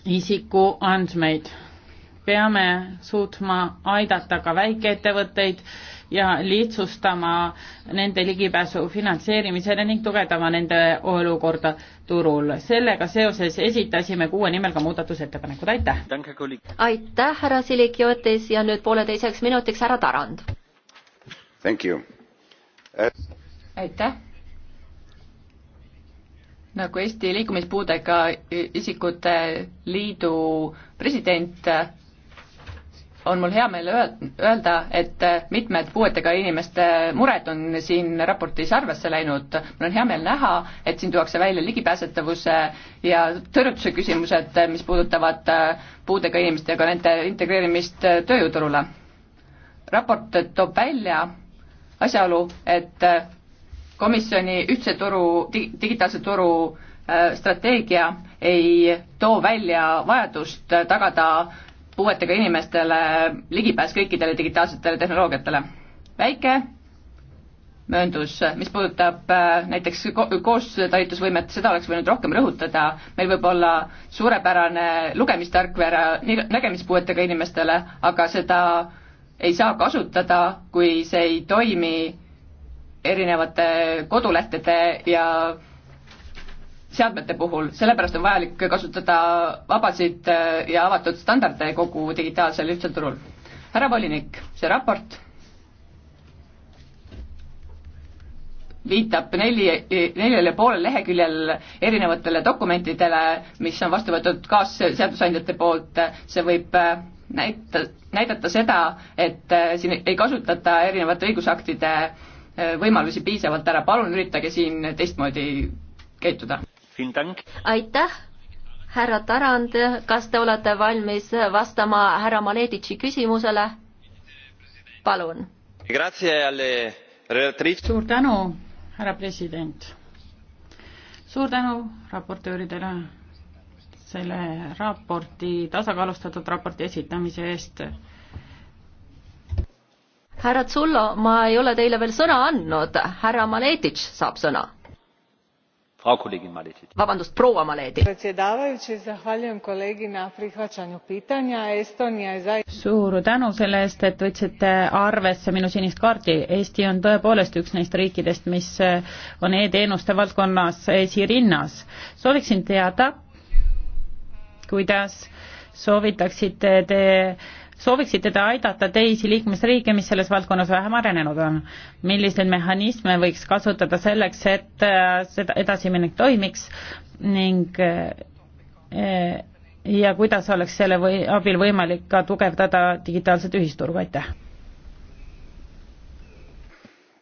isikuandmeid. peame suutma aidata ka väikeettevõtteid ja lihtsustama nende ligipääsu finantseerimisele ning tugevdama nende olukorda turul. sellega seoses esitasime kuue nimel ka muudatusettepanekud, aitäh! aitäh, härra Silikiotis ja nüüd pooleteiseks minutiks härra Tarand. aitäh! nagu Eesti Liikumispuudega Isikute Liidu president on mul hea meel öelda, et äh, mitmed puuetega inimeste mured on siin raportis arvesse läinud. mul on hea meel näha, et siin tuuakse välja ligipääsetavuse ja tõrjutuse küsimused, äh, mis puudutavad äh, puudega inimestega nende integreerimist tööjõuturule. raport toob välja asjaolu, et komisjoni ühtse turu, digitaalse turu strateegia ei too välja vajadust tagada puuetega inimestele ligipääs kõikidele digitaalsetele tehnoloogiatele. väike mööndus, mis puudutab äh, näiteks koostalitusvõimet, seda oleks võinud rohkem rõhutada, meil võib olla suurepärane lugemistarkvara nägemispuuetega inimestele, aga seda ei saa kasutada, kui see ei toimi erinevate kodulehtede ja seadmete puhul, sellepärast on vajalik kasutada vabasid äh, ja avatud standarde kogu digitaalsel ühtsel turul. härra volinik, see raport viitab neli, neljale poole leheküljel erinevatele dokumentidele, mis on vastu võetud kaasseadusandjate poolt, see võib äh, näita, näidata seda, et äh, siin ei kasutata erinevate õigusaktide võimalusi piisavalt ära, palun üritage siin teistmoodi käituda aitäh, härra Tarand, kas te olete valmis vastama härra Maleditši küsimusele? palun. suur tänu, härra president. suur tänu raportööridele selle raporti, tasakaalustatud raporti esitamise eest härra Tsullo, ma ei ole teile veel sõna andnud, härra Maletitš saab sõna zahvaljujem kolegi na prihvaćanju pitanja estonia je. suur tänu selle eest et võtsite arvesse minu sinist kaarti eesti on tõepoolest üks neist riikidest mis eh, on e teenuste valdkonnas eh, esirinnas sooviksin teada kuidas soovitaksite te sooviksite te aidata teisi liikmesriike, mis selles valdkonnas vähem arenenud on? milliseid mehhanisme võiks kasutada selleks, et äh, seda edasiminek toimiks ning äh, ja kuidas oleks selle või, abil võimalik ka tugevdada digitaalset ühisturgu, aitäh!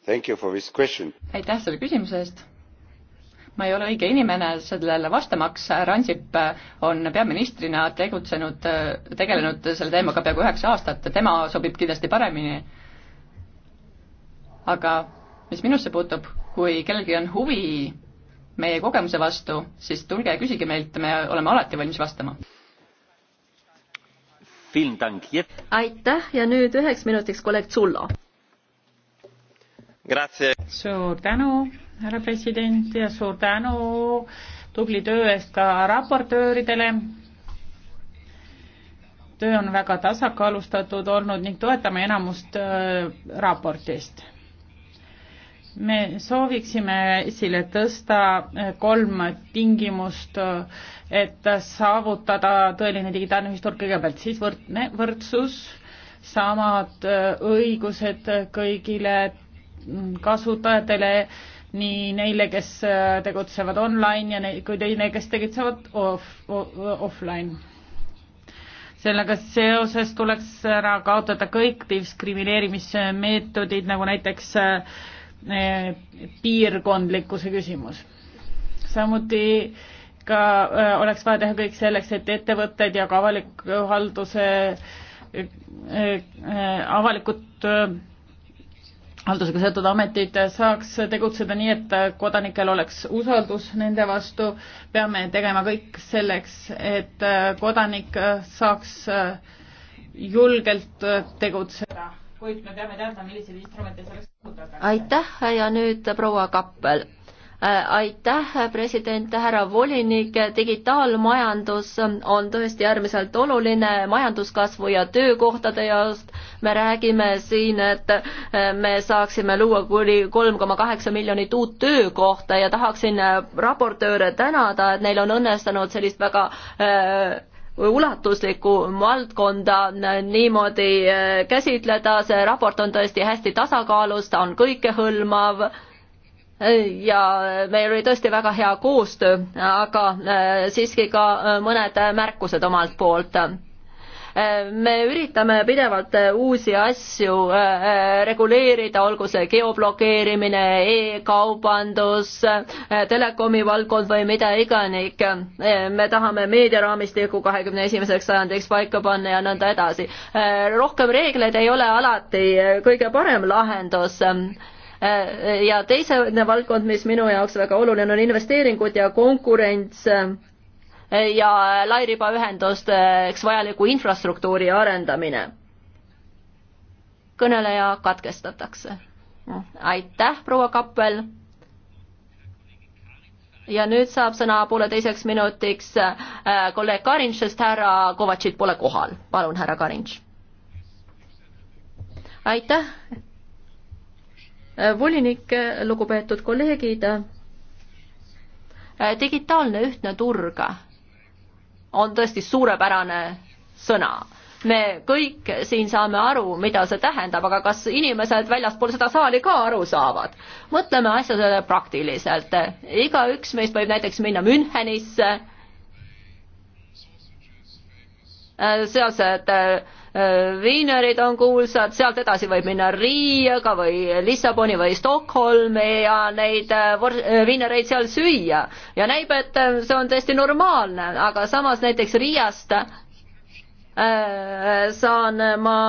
aitäh selle küsimuse eest! ma ei ole õige inimene sellele vastamaks, Ansip on peaministrina tegutsenud, tegelenud selle teemaga peaaegu üheksa aastat, tema sobib kindlasti paremini. aga mis minusse puutub, kui kellelgi on huvi meie kogemuse vastu, siis tulge ja küsige meilt, me oleme alati valmis vastama. aitäh ja nüüd üheks minutiks kolleeg Zullo. suur tänu härra president ja suur tänu tubli töö eest ka raportööridele. töö on väga tasakaalustatud olnud ning toetame enamust äh, raportist. me sooviksime esile tõsta äh, kolm tingimust, äh, et saavutada tõeline digitaalne ühisturg, kõigepealt siis võrdne, võrdsus, samad õigused kõigile mm, kasutajatele äh, nii neile, kes äh, tegutsevad online ja neid, kui teine, kes tegutsevad off, off, offline. sellega seoses tuleks ära kaotada kõik diskrimineerimismeetodid, nagu näiteks äh, äh, piirkondlikkuse küsimus. samuti ka oleks vaja teha kõik selleks, et ettevõtted ja ka avaliku halduse avalikud haldusega seotud ametid saaks tegutseda nii, et kodanikel oleks usaldus nende vastu. peame tegema kõik selleks, et kodanik saaks julgelt tegutseda, kuid me peame teadma, milliseid instrumente selleks kasutatakse. aitäh ja nüüd proua Kappel Äh, aitäh, president, härra volinik, digitaalmajandus on tõesti äärmiselt oluline majanduskasvu ja töökohtade jaoks. me räägime siin, et äh, me saaksime luua kuni kolm koma kaheksa miljonit uut töökohta ja tahaksin äh, raportööre tänada, et neil on õnnestunud sellist väga ulatuslikku valdkonda niimoodi käsitleda, see raport on tõesti hästi tasakaalus, ta on kõikehõlmav ja meil oli tõesti väga hea koostöö, aga äh, siiski ka äh, mõned märkused omalt poolt äh, me üritame pidevalt uusi asju reguleerida, olgu see geoblokeerimine e, e-kaubandus, telekomi valdkond või mida iganik. me tahame meediaraamistikku kahekümne esimeseks sajandiks paika panna ja nõnda edasi. rohkem reegleid ei ole alati kõige parem lahendus Äh, ja teine valdkond, mis minu jaoks väga oluline on investeeringud ja konkurents äh, ja lairibaühendusteks äh, vajaliku infrastruktuuri arendamine. kõneleja katkestatakse. aitäh, proua Kappel. ja nüüd saab sõna pooleteiseks minutiks kolleeg Karinš, sest härra Kovatšit pole kohal. palun, härra Karinš. aitäh Äh, volinik, äh, lugupeetud kolleegid, äh, digitaalne ühtne turg on tõesti suurepärane sõna. me kõik siin saame aru, mida see tähendab, aga kas inimesed väljaspool seda saali ka aru saavad? mõtleme asjadele praktiliselt. igaüks meist võib näiteks minna Münchenisse, sealsed äh, Viinerid on kuulsad, sealt edasi võib minna Riiaga või Lissaboni või Stockholmi ja neid äh, äh, viinereid seal süüa. ja näib, et äh, see on täiesti normaalne, aga samas näiteks Riiast äh, saan ma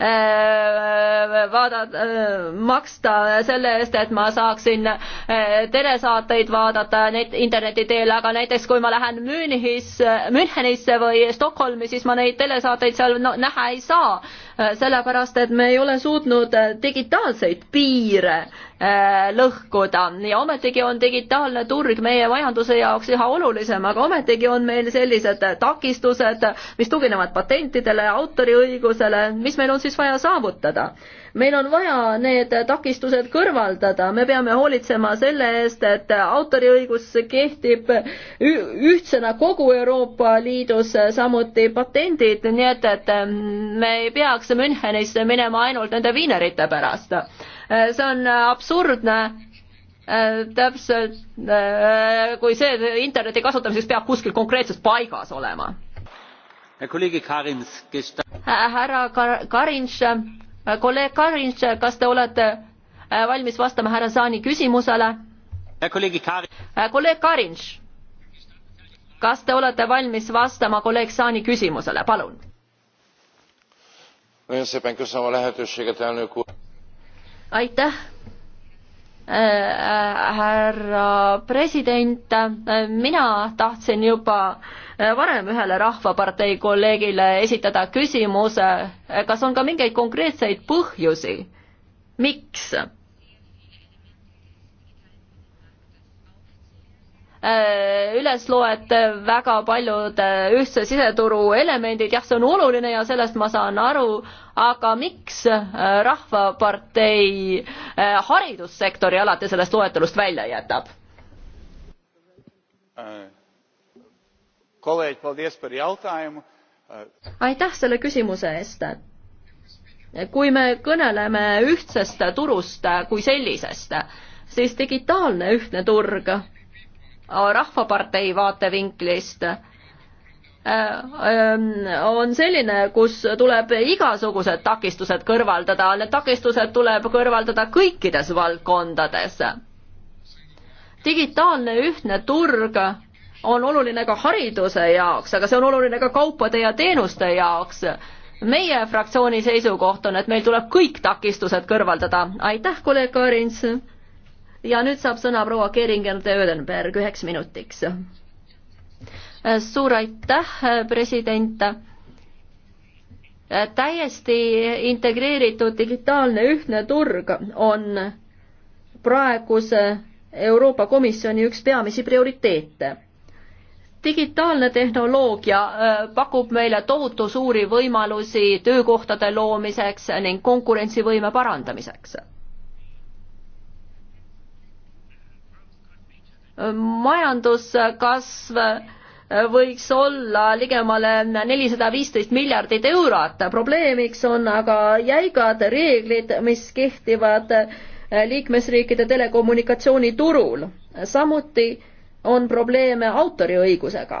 Äh, vaadata, äh, maksta selle eest, et ma saaksin äh, telesaateid vaadata neid interneti teel, aga näiteks kui ma lähen Müünihis, Münchenisse või Stockholmi, siis ma neid telesaateid seal no, näha ei saa Äh, sellepärast et me ei ole suutnud äh, digitaalseid piire äh, lõhkuda ja ometigi on digitaalne turg meie majanduse jaoks üha olulisem, aga ometigi on meil sellised takistused, mis tuginevad patentidele, autoriõigusele, mis meil on siis vaja saavutada meil on vaja need takistused kõrvaldada, me peame hoolitsema selle eest, et autoriõigus kehtib ühtsena kogu Euroopa Liidus, samuti patendid, nii et, et me ei peaks Münchenisse minema ainult nende viinerite pärast. see on absurdne täpselt kui see interneti kasutamiseks peab kuskil konkreetses paigas olema. Äh, härra Kar-, Karinš, kolleeg Karins, kas te olete äh, valmis vastama härra Saani küsimusele? Äh, äh, kolleeg Karins, kas te olete valmis vastama kolleeg Saani küsimusele, palun? aitäh härra president, mina tahtsin juba Äh, varem ühele Rahvapartei kolleegile esitada küsimuse, äh, kas on ka mingeid konkreetseid põhjusi, miks äh, üles loete väga paljud ühtse siseturu elemendid, jah, see on oluline ja sellest ma saan aru, aga miks Rahvapartei haridussektori alati sellest loetelust välja jätab? kolēģi, paldies par jautājumu. aitäh selle küsimuse eest. kui me kõneleme ühtsest turust kui sellisest, siis digitaalne ühtne turg Rahvapartei vaatevinklist on selline, kus tuleb igasugused takistused kõrvaldada, need takistused tuleb kõrvaldada kõikides valdkondades. digitaalne ühtne turg on oluline ka hariduse jaoks, aga see on oluline ka kaupade ja teenuste jaoks. meie fraktsiooni seisukoht on, et meil tuleb kõik takistused kõrvaldada. aitäh, kolleeg Kaarins. ja nüüd saab sõna proua Keringer-Töödenberg üheks minutiks. suur aitäh, president täiesti integreeritud digitaalne ühtne turg on praeguse Euroopa Komisjoni üks peamisi prioriteete digitaalne tehnoloogia äh, pakub meile tohutu suuri võimalusi töökohtade loomiseks ning konkurentsivõime parandamiseks. majanduskasv äh, võiks olla ligemale nelisada viisteist miljardit eurot. probleemiks on aga jäigad reeglid, mis kehtivad äh, liikmesriikide telekommunikatsiooniturul. samuti on probleeme autoriõigusega.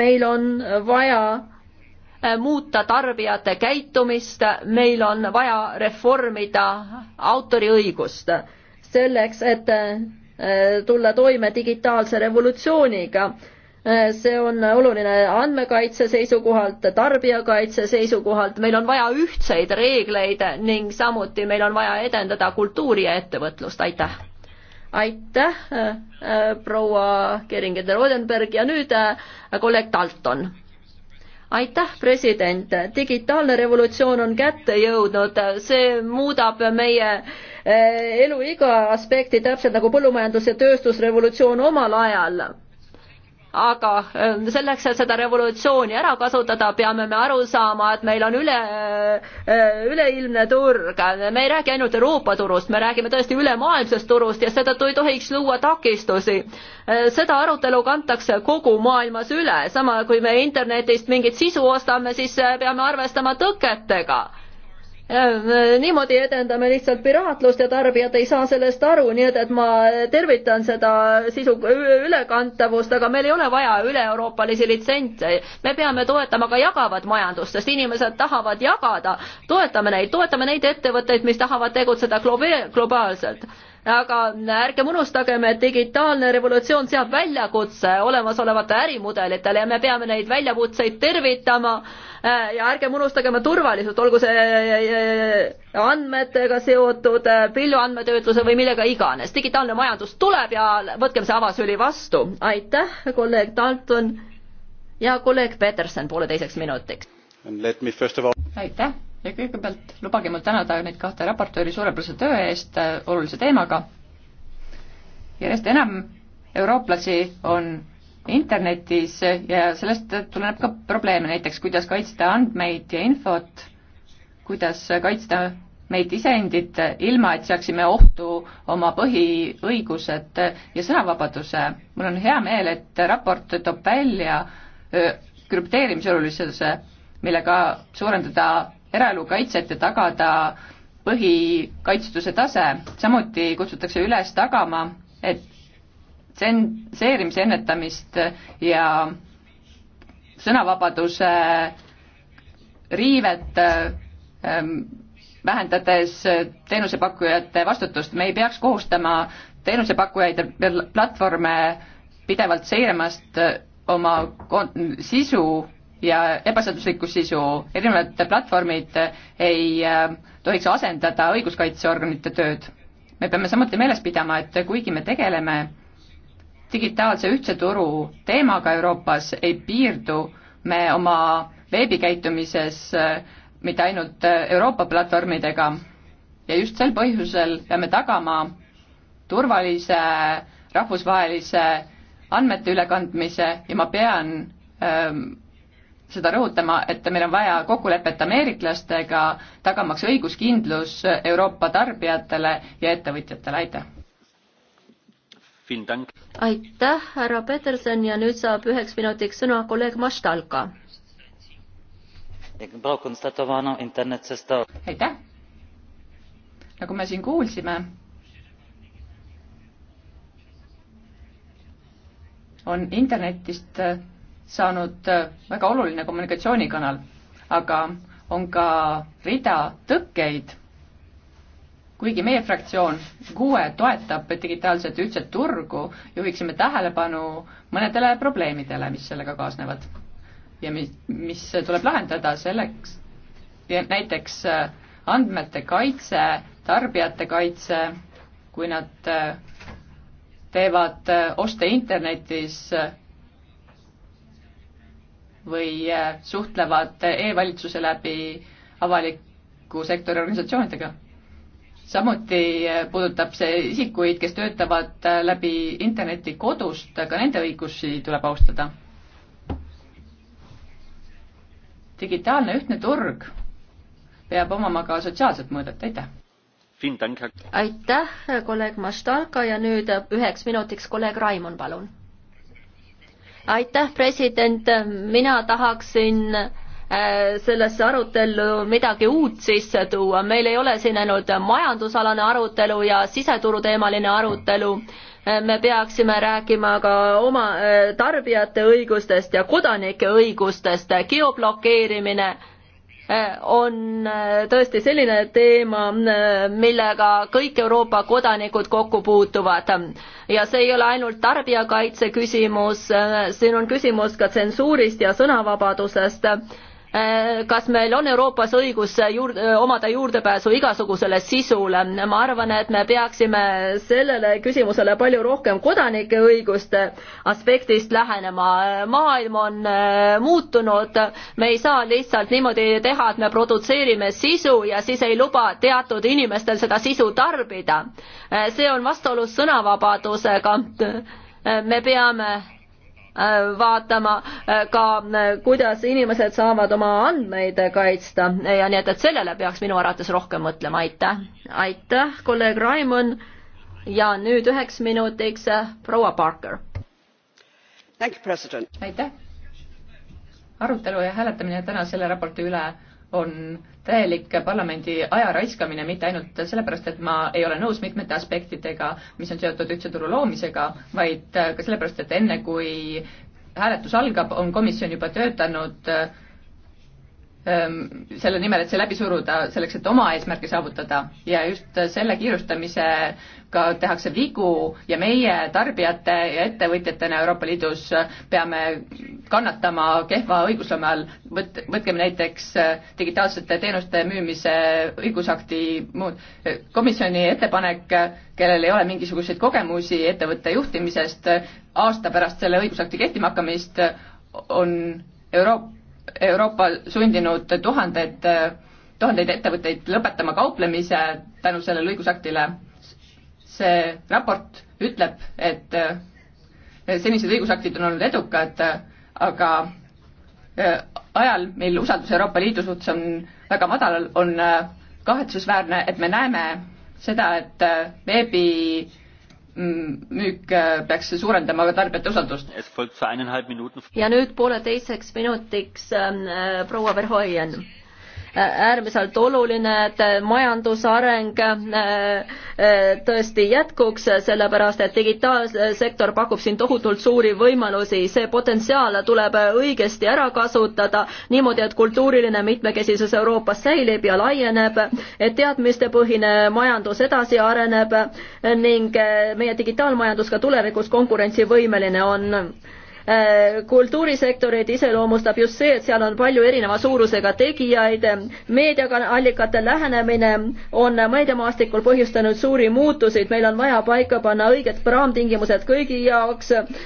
meil on vaja äh, muuta tarbijate käitumist, meil on vaja reformida autoriõigust selleks, et äh, tulla toime digitaalse revolutsiooniga äh, see on oluline andmekaitse seisukohalt, tarbijakaitse seisukohalt, meil on vaja ühtseid reegleid ning samuti meil on vaja edendada kultuuri ja ettevõtlust, aitäh! aitäh, äh, proua Keringer-Odenberg ja nüüd äh, kolleeg Dalton aitäh, president, digitaalne revolutsioon on kätte jõudnud, see muudab meie äh, elu iga aspekti täpselt nagu põllumajandus- ja tööstusrevolutsioon omal ajal aga ähm, selleks, et seda revolutsiooni ära kasutada, peame me aru saama, et meil on üle, äh, üleilmne turg. me ei räägi ainult Euroopa turust, me räägime tõesti ülemaailmsest turust ja seetõttu ei tohiks luua takistusi. Äh, seda arutelu kantakse kogu maailmas üle, sama kui me internetist mingit sisu ostame, siis äh, peame arvestama tõketega niimoodi edendame lihtsalt piraatlust ja tarbijad ei saa sellest aru, nii et, et ma tervitan seda sisu ülekantavust, aga meil ei ole vaja üle-euroopalisi litsentse. me peame toetama ka jagavat majandust, sest inimesed tahavad jagada. toetame neid, toetame neid ettevõtteid, mis tahavad tegutseda globe globaalselt aga ärgem unustagem, et digitaalne revolutsioon seab väljakutse olemasolevate ärimudelitele ja me peame neid väljakutseid tervitama äh, ja ärgem unustagem turvalisust, olgu see äh, äh, andmetega seotud, pilluandmetöötluse või millega iganes. digitaalne majandus tuleb ja võtkem see avasüli vastu. aitäh, kolleeg Dalton ja kolleeg Peterson pooleteiseks minutiks. aitäh ja kõigepealt lubage mul tänada neid kahte raportööri suurepärase töö eest äh, olulise teemaga. järjest enam eurooplasi on internetis ja sellest tuleneb ka probleeme, näiteks kuidas kaitsta andmeid ja infot, kuidas kaitsta meid iseendid, ilma et seaksime ohtu oma põhiõigused ja sõnavabaduse. mul on hea meel, et raport toob välja äh, krüpteerimise olulisuse, millega suurendada eraelu kaitset ja tagada põhikaitstuse tase, samuti kutsutakse üles tagama, et tsenseerimise ennetamist ja sõnavabaduse riivet ähm, vähendades teenusepakkujate vastutust, me ei peaks kohustama teenusepakkujaid ja platvorme pidevalt seiramast oma sisu ja ebaseaduslikku sisu, erinevad platvormid ei äh, tohiks asendada õiguskaitseorganite tööd. me peame samuti meeles pidama, et kuigi me tegeleme digitaalse ühtse turu teemaga Euroopas, ei piirdu me oma veebikäitumises äh, mitte ainult äh, Euroopa platvormidega ja just sel põhjusel peame tagama turvalise rahvusvahelise andmete ülekandmise ja ma pean ähm, seda rõhutama, et meil on vaja kokkulepet ameeriklastega, tagamaks õiguskindlus Euroopa tarbijatele ja ettevõtjatele, aitäh! aitäh, härra Peterson ja nüüd saab üheks minutiks sõna kolleeg Maštalka. aitäh! nagu me siin kuulsime, on internetist saanud äh, väga oluline kommunikatsioonikanal, aga on ka rida tõkkeid, kuigi meie fraktsioon, GUE, toetab digitaalset ühtset turgu, juhiksime tähelepanu mõnedele probleemidele, mis sellega kaasnevad. ja mis, mis tuleb lahendada selleks, näiteks äh, andmete kaitse, tarbijate kaitse, kui nad äh, teevad oste internetis või äh, suhtlevad äh, e-valitsuse läbi avaliku sektori organisatsioonidega. samuti äh, puudutab see isikuid, kes töötavad läbi interneti kodust, ka nende õigusi tuleb austada. digitaalne ühtne turg peab omama ka sotsiaalset mõõdet, aitäh! aitäh, kolleeg Maštalka ja nüüd üheks minutiks kolleeg Raimon, palun aitäh, president, mina tahaksin äh, sellesse arutellu midagi uut sisse tuua, meil ei ole siin ainult majandusalane arutelu ja siseturuteemaline arutelu, äh, me peaksime rääkima ka oma äh, tarbijate õigustest ja kodanike õigustest, geoblokeerimine on äh, tõesti selline teema, äh, millega kõik Euroopa kodanikud kokku puutuvad. ja see ei ole ainult tarbijakaitse küsimus, äh, siin on küsimus ka tsensuurist ja sõnavabadusest Äh, kas meil on Euroopas õigus juurde, äh, omada juurdepääsu igasugusele sisule. ma arvan, et me peaksime sellele küsimusele palju rohkem kodanike õiguste aspektist lähenema. Äh, maailm on muutunud, me ei saa lihtsalt niimoodi teha, et me produtseerime sisu ja siis ei luba teatud inimestel seda sisu tarbida. see on vastuolus sõnavabadusega. me peame Äh, vaatama äh, ka, äh, kuidas inimesed saavad oma andmeid kaitsta ja nii et, et sellele peaks minu arvates rohkem mõtlema, aitäh. aitäh, kolleeg Raimond ja nüüd üheks minutiks proua Parker. aitäh. arutelu ja hääletamine täna selle raporti üle on täielik parlamendi aja raiskamine, mitte ainult sellepärast, et ma ei ole nõus mitmete aspektidega, mis on seotud ühtse turu loomisega, vaid ka sellepärast, et enne, kui hääletus algab, on komisjon juba töötanud äh, Ehm, selle nimel, et see läbi suruda, selleks, et oma eesmärke saavutada ja just selle kiirustamisega tehakse vigu ja meie tarbijate ja ettevõtjatena Euroopa Liidus peame kannatama kehva õigusloome all, võt-, võtkem näiteks eh, digitaalsete teenuste müümise õigusakti muud, komisjoni ettepanek, kellel ei ole mingisuguseid kogemusi ettevõtte juhtimisest, aasta pärast selle õigusakti kehtima hakkamist on Euroopa Euroopa sundinud tuhanded, tuhandeid ettevõtteid lõpetama kauplemise tänu sellele õigusaktile. see raport ütleb, et senised õigusaktid on olnud edukad, aga e, ajal, mil usaldus Euroopa Liidu suhtes on väga madalal, on e, kahetsusväärne, et me näeme seda, et e, veebi Mm, müük äh, peaks suurendama ka tarbijate usaldust. ja nüüd pooleteiseks minutiks ähm, äh, proua Verhoien äärmiselt oluline, et majandusareng äh, äh, tõesti jätkuks, sellepärast et digitaalsektor pakub siin tohutult suuri võimalusi, see potentsiaal tuleb õigesti ära kasutada, niimoodi, et kultuuriline mitmekesisus Euroopas säilib ja laieneb, et teadmistepõhine majandus edasi areneb ning äh, meie digitaalmajandus ka tulevikus konkurentsivõimeline on Äh, kultuurisektoreid iseloomustab just see, et seal on palju erineva suurusega tegijaid, meediaallikate lähenemine on meediamaastikul põhjustanud suuri muutuseid, meil on vaja paika panna õiged raamtingimused kõigi jaoks äh,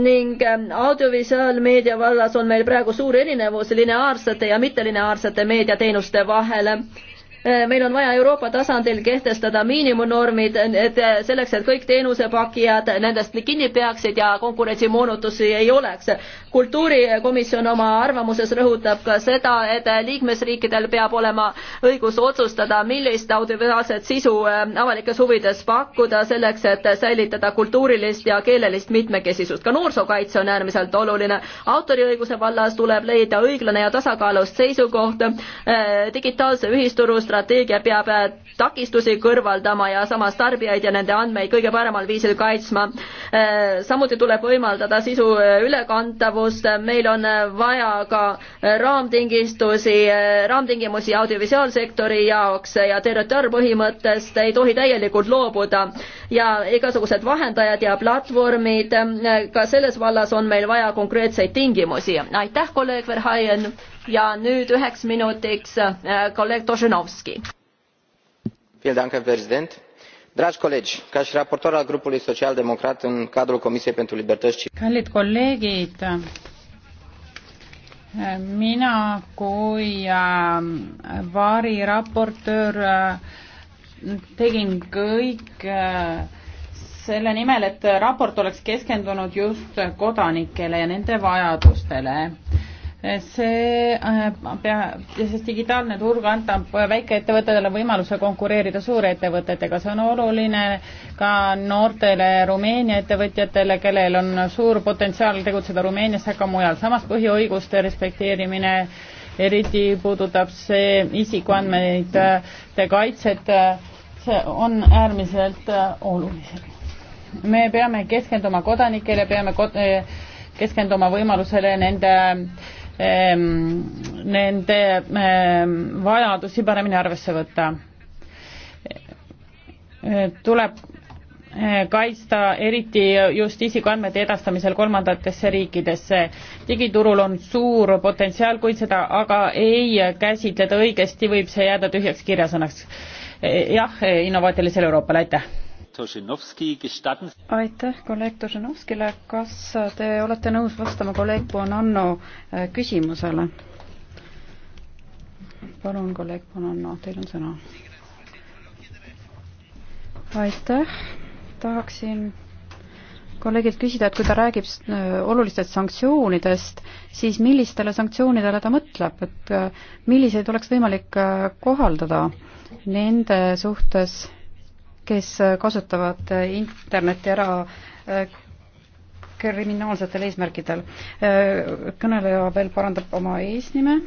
ning äh, audiovisuaalmeedia vallas on meil praegu suur erinevus lineaarsete ja mittelineaarsete meediateenuste vahel Äh, meil on vaja Euroopa tasandil kehtestada miinimumnormid, et äh, selleks, et kõik teenusepakijad nendest kinni peaksid ja konkurentsimoonutusi ei oleks. kultuurikomisjon oma arvamuses rõhutab ka seda, et liikmesriikidel peab olema õigus otsustada, millist audiovisuaalset sisu äh, avalikes huvides pakkuda, selleks et säilitada kultuurilist ja keelelist mitmekesisust. ka noorsookaitse on äärmiselt oluline. autoriõiguse vallas tuleb leida õiglane ja tasakaalus seisukoht digitaalse ühisturust strateegia peab äh, takistusi kõrvaldama ja samas tarbijaid ja nende andmeid kõige paremal viisil kaitsma. Äh, samuti tuleb võimaldada sisu äh, ülekantavust, meil on vaja ka raamtingistusi, raamtingimusi audiovisuaalsektori jaoks ja territoriaalpõhimõttest ei tohi täielikult loobuda ja igasugused vahendajad ja platvormid, ka selles vallas on meil vaja konkreetseid tingimusi. aitäh, kolleeg Verhaien! ja nüüd üheks minutiks äh, kolleeg Tošenovski. Dragi colegi, ca și raportor al grupului social democrat în cadrul Comisiei pentru Libertăți Civile. Kallid kolleegid, mina kui ähm, variraportöör äh, tegin kõik äh, selle nimel, et raport oleks keskendunud just kodanikele ja nende vajadustele see äh, pea-, sest digitaalne turg annab väikeettevõtetele võimaluse konkureerida suurettevõtetega, see on oluline ka noortele Rumeenia ettevõtjatele, kellel on suur potentsiaal tegutseda Rumeenias ja ka mujal, samas põhiõiguste respekteerimine eriti puudutab see isikuandmete äh, kaitset, äh, see on äärmiselt oluline. me peame keskenduma kodanikele, peame kod-, keskenduma võimalusele nende äh, Ehm, nende ehm, vajadusi paremini arvesse võtta. tuleb eh, kaitsta eriti just isikuandmete edastamisel kolmandatesse riikidesse. digiturul on suur potentsiaal, kuid seda aga ei käsitleda õigesti, võib see jääda tühjaks kirjasõnaks. Eh, jah, innovaatilisele Euroopale, aitäh! aitäh kolleeg Tošenovskile, kas te olete nõus vastama kolleeg Bonanno äh, küsimusele? palun, kolleeg Bonanno, teil on sõna. aitäh, tahaksin kolleegilt küsida, et kui ta räägib äh, olulistest sanktsioonidest, siis millistele sanktsioonidele ta mõtleb, et äh, milliseid oleks võimalik kohaldada nende suhtes, kes kasutavad Internetti ära äh, kriminaalsetel eesmärkidel. Äh, kõneleja veel parandab oma eesnime.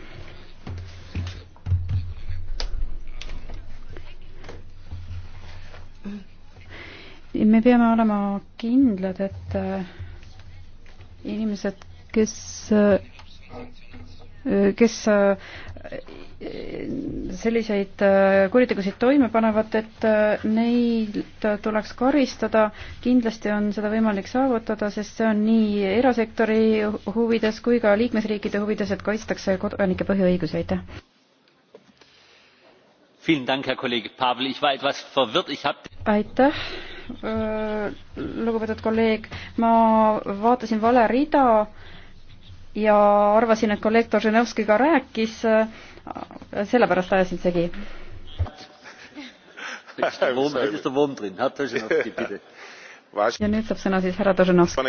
me peame olema kindlad, et äh, inimesed, kes kes äh, selliseid äh, kuritegusid toime panevad, et äh, neid tuleks karistada. kindlasti on seda võimalik saavutada, sest see on nii erasektori huvides kui ka liikmesriikide huvides, et kaitstakse kodanike põhiõigusi, aitäh. aitäh, lugupeetud kolleeg, ma vaatasin vale rida ja arvasin, et kolleeg Toženevski ka rääkis, äh, sellepärast ajasin segi. ja nüüd saab sõna siis härra Toženevski.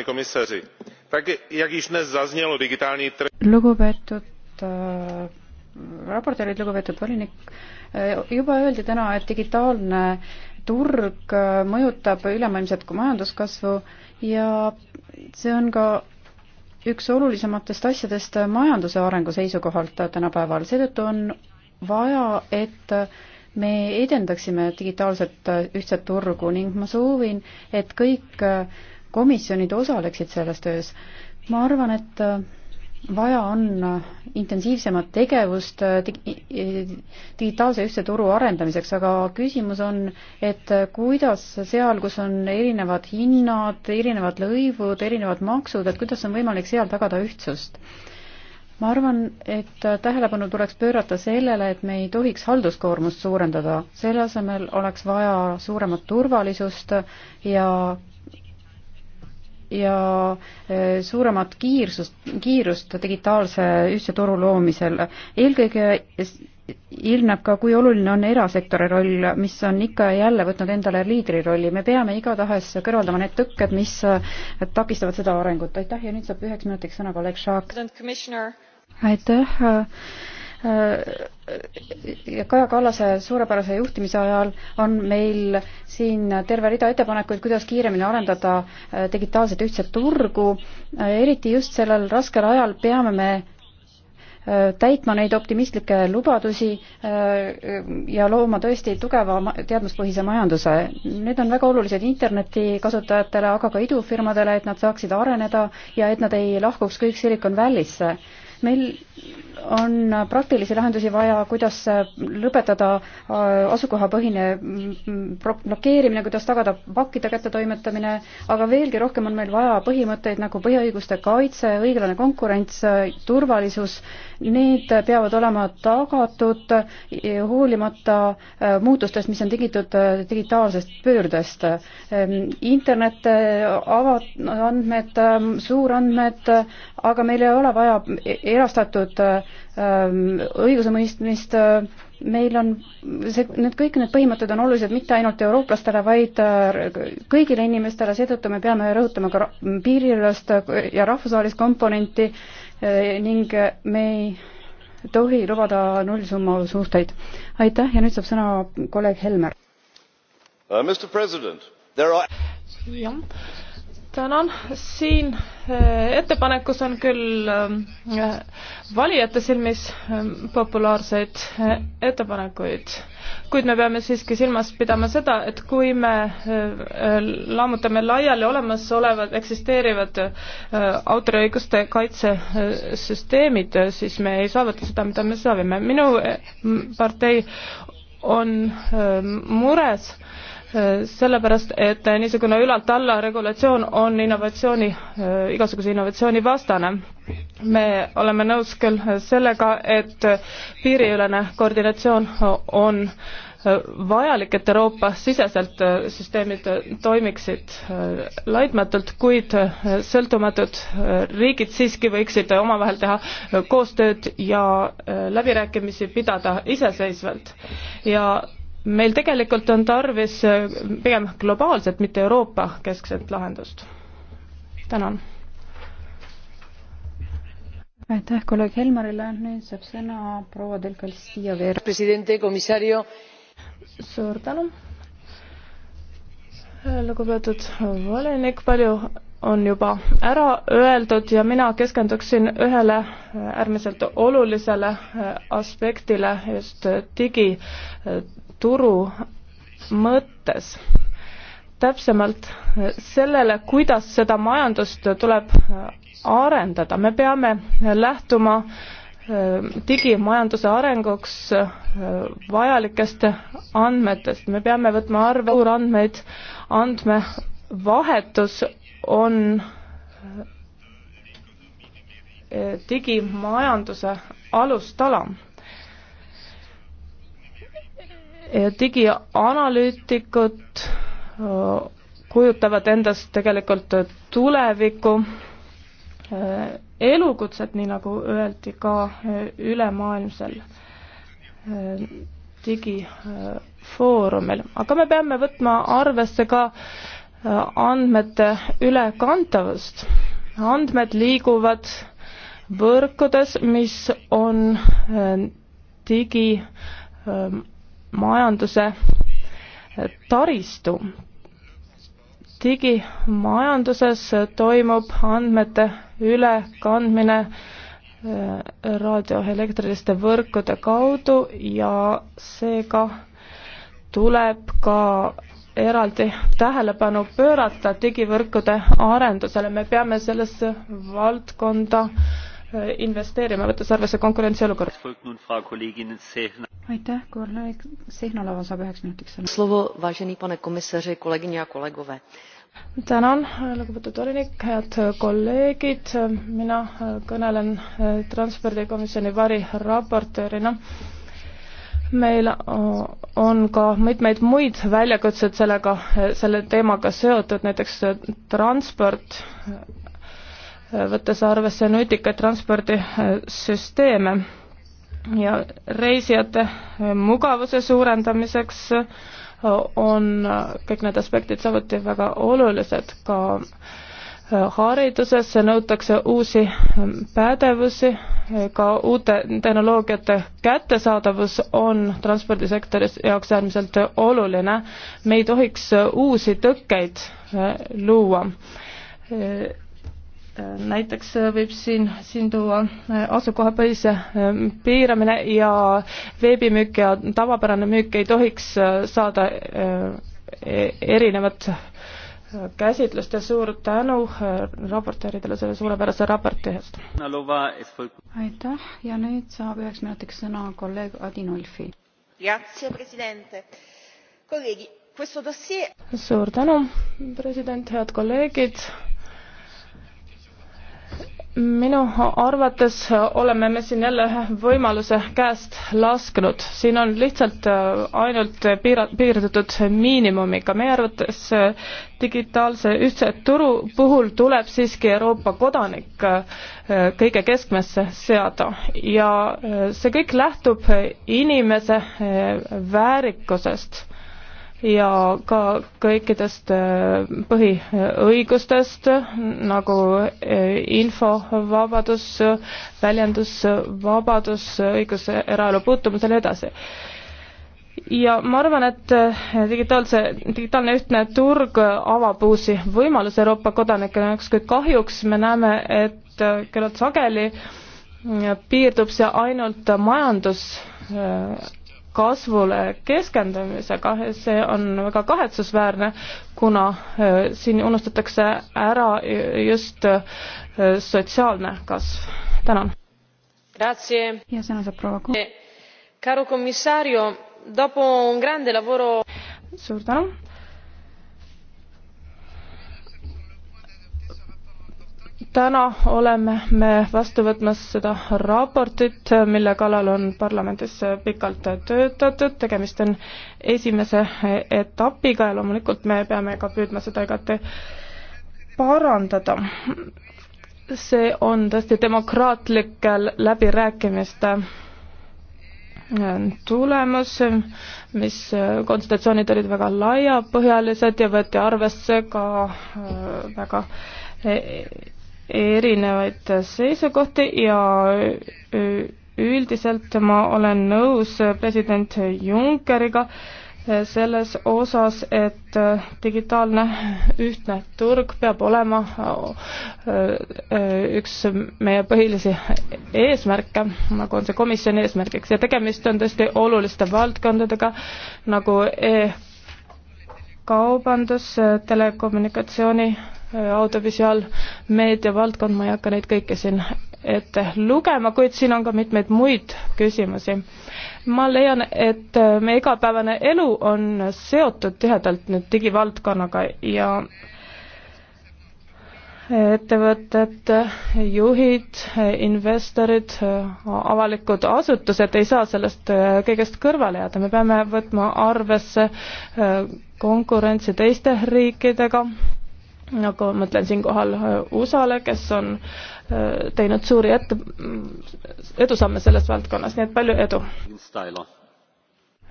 lugupeetud äh, raportöörid, lugupeetud volinik, äh, juba öeldi täna, et digitaalne turg mõjutab ülemaailmset majanduskasvu ja see on ka üks olulisematest asjadest majanduse arengu seisukohalt tänapäeval, seetõttu on vaja, et me edendaksime digitaalset ühtset turgu ning ma soovin, et kõik komisjonid osaleksid selles töös. ma arvan, et vaja on äh, intensiivsemat tegevust äh, digitaalse ühtse turu arendamiseks, aga küsimus on, et äh, kuidas seal, kus on erinevad hinnad, erinevad lõivud, erinevad maksud, et kuidas on võimalik seal tagada ühtsust? ma arvan, et tähelepanu tuleks pöörata sellele, et me ei tohiks halduskoormust suurendada, selle asemel oleks vaja suuremat turvalisust ja ja e, suuremat kiirsust, kiirust digitaalse ühtse turu loomisel. eelkõige ilmneb ka, kui oluline on erasektori roll, mis on ikka ja jälle võtnud endale liidri rolli. me peame igatahes kõrvaldama need tõkked, mis takistavad seda arengut. aitäh ja nüüd saab üheks minutiks sõna kolleeg Šaak. aitäh äh, äh, Kaja Kallase suurepärase juhtimise ajal on meil siin terve rida ettepanekuid, kuidas kiiremini arendada äh, digitaalset ühtset turgu. Äh, eriti just sellel raskel ajal peame me äh, täitma neid optimistlikke lubadusi ja looma tõesti tugeva teadmuspõhise majanduse. Need on väga olulised interneti kasutajatele, aga ka idufirmadele, et nad saaksid areneda ja et nad ei lahkuks kõik Silicon Valley'sse meil on praktilisi lahendusi vaja, kuidas lõpetada äh, asukohapõhine mm, blokeerimine, kuidas tagada pakkide kättetoimetamine, aga veelgi rohkem on meil vaja põhimõtteid nagu põhiõiguste kaitse, õiglane konkurents, turvalisus need peavad olema tagatud eh, hoolimata eh, muutustest, mis on tingitud eh, digitaalsest pöördest. Ehm, internet, ava-, andmed, ehm, suurandmed, aga meil ei ole vaja e-, erastatud ehm, õigusemõistmist, meil on, see, need kõik need põhimõtted on olulised mitte ainult eurooplastele, vaid kõigile inimestele, seetõttu me peame rõhutama ka piiriülest ja rahvusvahelist komponenti Äh, ning äh, me ei tohi lubada nullsumma suhteid. aitäh ja nüüd saab sõna kolleeg Helmer. Uh, jah tänan, siin eh, ettepanekus on küll eh, valijate silmis eh, populaarseid ettepanekuid, kuid me peame siiski silmas pidama seda, et kui me lammutame laiali olemasolevad, eksisteerivad autoriõiguste kaitsesüsteemid, siis me ei saavuta seda, mida me soovime. minu partei on mures sellepärast, et niisugune ülalt alla regulatsioon on innovatsiooni, igasuguse innovatsiooni vastane. me oleme nõus küll sellega, et piiriülene koordinatsioon on vajalik, et Euroopa siseselt süsteemid toimiksid laitmatult, kuid sõltumatud riigid siiski võiksid omavahel teha koostööd ja läbirääkimisi pidada iseseisvalt. ja meil tegelikult on tarvis äh, pigem globaalset, mitte Euroopa keskset lahendust. tänan. aitäh kolleeg Helmarile, nüüd saab sõna proua Del Castillo Vera. presidente, komissario. suur tänu. lugupeetud volinik, palju on juba ära öeldud ja mina keskenduksin ühele äärmiselt olulisele aspektile just digi turu mõttes täpsemalt sellele, kuidas seda majandust tuleb arendada. me peame lähtuma äh, digimajanduse arenguks äh, vajalikest andmetest, me peame võtma arve suurandmeid, andmevahetus on äh, digimajanduse alustala digianalüütikud äh, kujutavad endast tegelikult tulevikku äh, elukutset, nii nagu öeldi ka äh, ülemaailmsel digifoorumil, aga me peame võtma arvesse ka andmete ülekantavust. andmed liiguvad võrkudes, mis on digi ähm, majanduse taristu. digimajanduses toimub andmete ülekandmine äh, raadioelektriliste võrkude kaudu ja seega tuleb ka eraldi tähelepanu pöörata digivõrkude arendusele, me peame sellesse valdkonda äh, investeerima, võttes arvesse konkurentsiolukorda. aitäh, kolleeg Sehnalova saab üheks minutiks sõna. Slovo, važeni pane komissaři, kollegini ja kollegove. tänan, lugupeetud volinik, head kolleegid, mina kõnelen eh, transpordikomisjoni variraportöörina meil on ka mitmeid muid väljakutsed sellega, eh, selle teemaga seotud, näiteks eh, transport võttes arvesse nutikaid transpordisüsteeme ja reisijate mugavuse suurendamiseks on kõik need aspektid samuti väga olulised ka hariduses nõutakse uusi pädevusi, ka uute tehnoloogiate kättesaadavus on transpordisektori jaoks äärmiselt oluline. me ei tohiks uusi tõkkeid luua näiteks äh, võib siin, siin tuua äh, asukohapõhise äh, piiramine ja veebimüük ja tavapärane müük ei tohiks saada e-, erinevat käsitlust ja suur tänu raportööridele selle suurepärase raporti eest. aitäh ja nüüd saab üheks minutiks sõna kolleeg Adinolfi. suur tänu, president, head kolleegid minu arvates oleme me siin jälle ühe võimaluse käest lasknud. siin on lihtsalt äh, ainult piira-, piirdutud miinimumiga. meie arvates äh, digitaalse ühtse turu puhul tuleb siiski Euroopa kodanik äh, kõige keskmesse seada ja see kõik lähtub inimese väärikusest ja ka kõikidest äh, põhiõigustest nagu äh, infovabadus, väljendusvabadus, õigus eraelu puutumusele ja nii edasi ja ma arvan, et äh, digitaalse, digitaalne ühtne turg avab uusi võimalusi Euroopa kodanikele jaoks, kuid kahjuks me näeme, et küllalt sageli piirdub see ainult majandus kasvule keskendumisega, see on väga kahetsusväärne, kuna äh, siin unustatakse ära just äh, sotsiaalne kasv. tänan. ja sõna saab proua Kuhn. suur tänu täna oleme me vastu võtmas seda raportit, mille kallal on parlamendis pikalt töötatud, tegemist on esimese etapiga ja loomulikult me peame ka püüdma seda igati parandada. see on tõesti demokraatlikel läbirääkimiste tulemus, mis konsultatsioonid olid väga laiapõhjalised ja võeti arvesse ka väga erinevaid seisukohti ja üldiselt ma olen nõus president Junckeriga selles osas, et digitaalne ühtne turg peab olema üks meie põhilisi eesmärke, nagu on see komisjoni eesmärgiks ja tegemist on tõesti oluliste valdkondadega nagu e-kaubandus, telekommunikatsiooni Äh, audiovisuaalmeedia valdkond, ma ei hakka neid kõiki siin ette lugema, kuid siin on ka mitmeid muid küsimusi. ma leian, et äh, meie igapäevane elu on seotud tihedalt nüüd digivaldkonnaga ja äh, ettevõtete juhid, investorid, avalikud asutused ei saa sellest kõigest kõrvale jääda, me peame võtma arvesse konkurentsi teiste riikidega aga nagu ma mõtlen siinkohal äh, USA-le, kes on äh, teinud suuri ette, edusamme selles valdkonnas, nii et palju edu!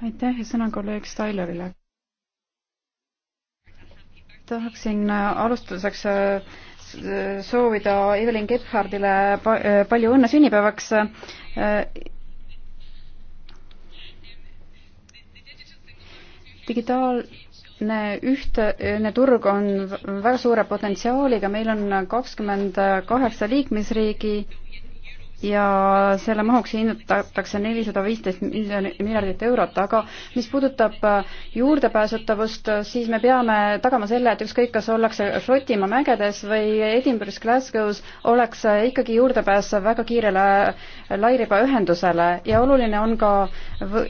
aitäh ja sõna kolleeg Stylerile. tahaksin äh, alustuseks soovida Evelyn Gebhardile palju õnne sünnipäevaks. digitaal- ühtne, ühtne turg on väga suure potentsiaaliga, meil on kakskümmend kaheksa liikmesriigi ja selle mahuks hinnatakse nelisada viisteist miljonit, miljardit eurot, aga mis puudutab äh, juurdepääsetavust, siis me peame tagama selle, et ükskõik, kas ollakse Šotimaa mägedes või Edinburgh's Glasgow's, oleks äh, ikkagi juurdepääs väga kiirele äh, lairibaühendusele ja oluline on ka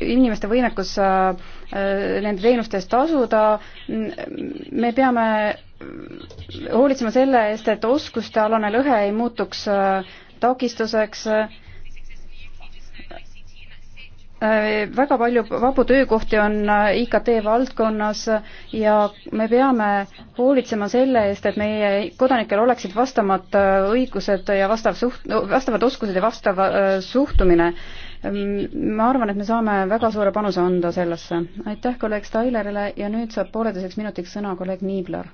inimeste võimekus nende teenuste eest tasuda, me peame hoolitsema selle eest, et oskustealane lõhe ei muutuks takistuseks väga palju vabu töökohti on IKT valdkonnas ja me peame hoolitsema selle eest, et meie kodanikel oleksid vastavad õigused ja vastav suht-, vastavad oskused ja vastav äh, suhtumine. ma arvan, et me saame väga suure panuse anda sellesse. aitäh kolleeg Stylerile ja nüüd saab pooleteiseks minutiks sõna kolleeg Niibler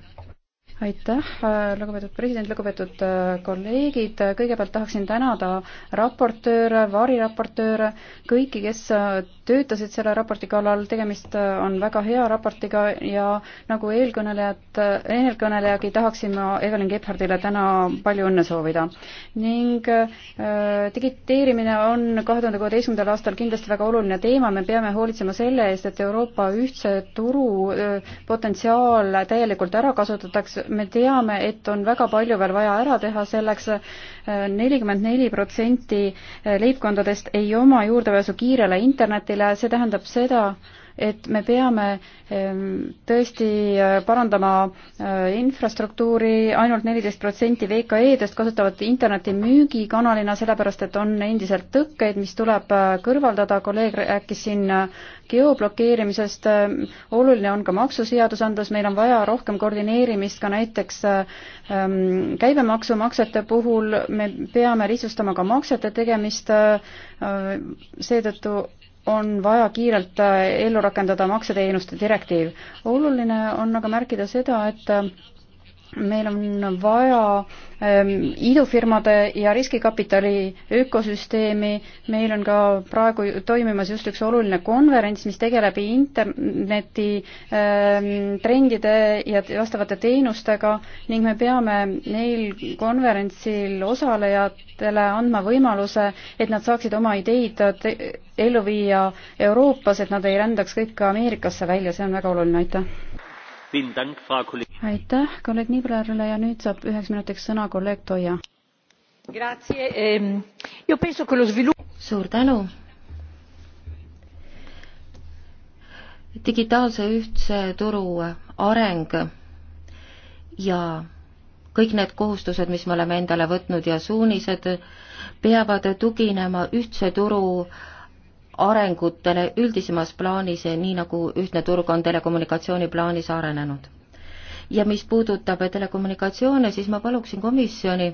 aitäh, äh, lugupeetud president, lugupeetud äh, kolleegid, kõigepealt tahaksin tänada raportööre, variraportööre, kõiki, kes äh, töötasid selle raporti kallal, tegemist äh, on väga hea raportiga ja nagu eelkõnelejad, eelkõnelejagi tahaksin ma Evelyn Gebhardile täna palju õnne soovida. ning äh, digiteerimine on kahe tuhande kuueteistkümnendal aastal kindlasti väga oluline teema, me peame hoolitsema selle eest, et Euroopa ühtse turu äh, potentsiaal täielikult ära kasutatakse, me teame, et on väga palju veel vaja ära teha selleks äh,, nelikümmend neli protsenti leibkondadest ei oma juurdepääsu kiirele internetile, see tähendab seda, et me peame ehm, tõesti äh, parandama äh, infrastruktuuri, ainult neliteist protsenti VKE-dest kasutavad interneti müügikanalina, sellepärast et on endiselt tõkkeid, mis tuleb äh, kõrvaldada, kolleeg rääkis siin geoblokeerimisest, oluline on ka maksuseadusandlus, meil on vaja rohkem koordineerimist ka näiteks ehm, käibemaksumaksete puhul, me peame lihtsustama ka maksete tegemist, seetõttu on vaja kiirelt äh, ellu rakendada makseteenuste direktiiv. oluline on aga märkida seda, et meil on vaja ähm, idufirmade ja riskikapitali ökosüsteemi, meil on ka praegu toimimas just üks oluline konverents, mis tegeleb interneti ähm, trendide ja vastavate teenustega ning me peame neil konverentsil osalejatele andma võimaluse, et nad saaksid oma ideid ellu viia Euroopas, et nad ei rändaks kõik Ameerikasse välja, see on väga oluline, aitäh! aitäh kolleeg Niblerile ja nüüd saab üheks minutiks sõna kolleeg Toia. Ehm, suur tänu. digitaalse ühtse turu areng ja kõik need kohustused, mis me oleme endale võtnud ja suunised, peavad tuginema ühtse turu äh, arengutele üldisemas plaanis, nii nagu ühtne turg on telekommunikatsiooni plaanis arenenud. ja mis puudutab telekommunikatsioone, siis ma paluksin komisjoni,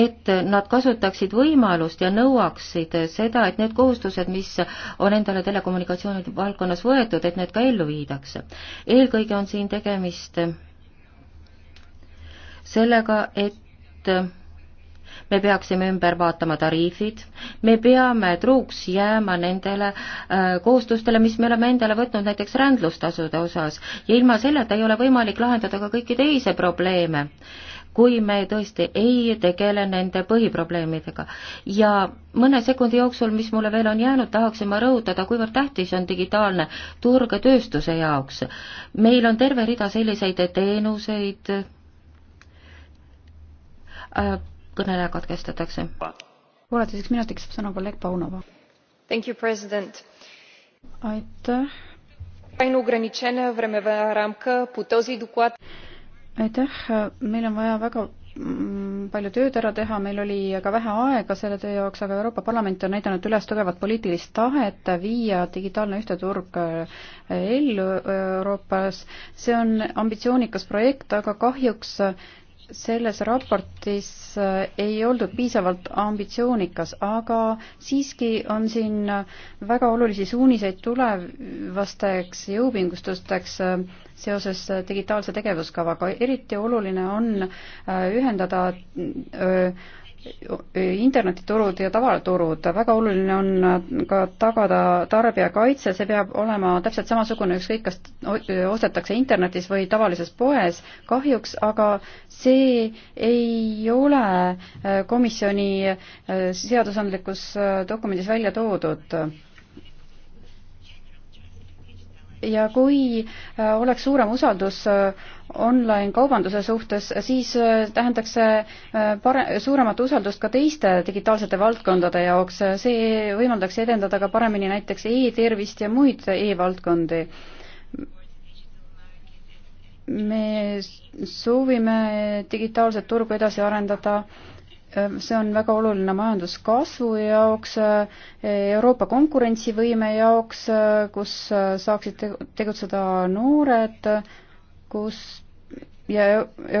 et nad kasutaksid võimalust ja nõuaksid seda, et need kohustused, mis on endale telekommunikatsioonide valdkonnas võetud, et need ka ellu viidakse. eelkõige on siin tegemist sellega, et me peaksime ümber vaatama tariifid, me peame truuks jääma nendele äh, kohustustele, mis me oleme endale võtnud näiteks rändlustasude osas ja ilma selleta ei ole võimalik lahendada ka kõiki teisi probleeme, kui me tõesti ei tegele nende põhiprobleemidega. ja mõne sekundi jooksul, mis mulle veel on jäänud, tahaksin ma rõhutada, kuivõrd tähtis on digitaalne turg tööstuse jaoks. meil on terve rida selliseid teenuseid äh,, kõneleja katkestatakse. pooleteiseks minutiks saab sõna kolleeg Paunova. aitäh. aitäh, meil on vaja väga mm, palju tööd ära teha, meil oli ka vähe aega selle töö jaoks, aga Euroopa Parlament on näidanud üles tugevat poliitilist tahet viia digitaalne ühteturg äh, ellu äh, Euroopas. see on ambitsioonikas projekt, aga kahjuks äh, selles raportis äh, ei oldud piisavalt ambitsioonikas, aga siiski on siin väga olulisi suuniseid tulevasteks jõupingustusteks äh, seoses äh, digitaalse tegevuskavaga. eriti oluline on ühendada internetiturud ja tavaturud, väga oluline on äh, ka tagada tarbijakaitse, see peab olema täpselt samasugune, ükskõik kas ostetakse internetis või tavalises poes, kahjuks aga see ei ole äh, komisjoni äh, seadusandlikus dokumendis välja toodud ja kui äh, oleks suurem usaldus äh, online kaubanduse suhtes, siis äh, tähendaks see pare-, suuremat usaldust ka teiste digitaalsete valdkondade jaoks, see võimaldaks edendada ka paremini näiteks e-tervist ja muid e-valdkondi. me soovime digitaalset turgu edasi arendada Ehm, see on väga oluline majanduskasvu jaoks, eh, Euroopa konkurentsivõime jaoks, eh, kus eh, saaksid tegutseda noored, kus ja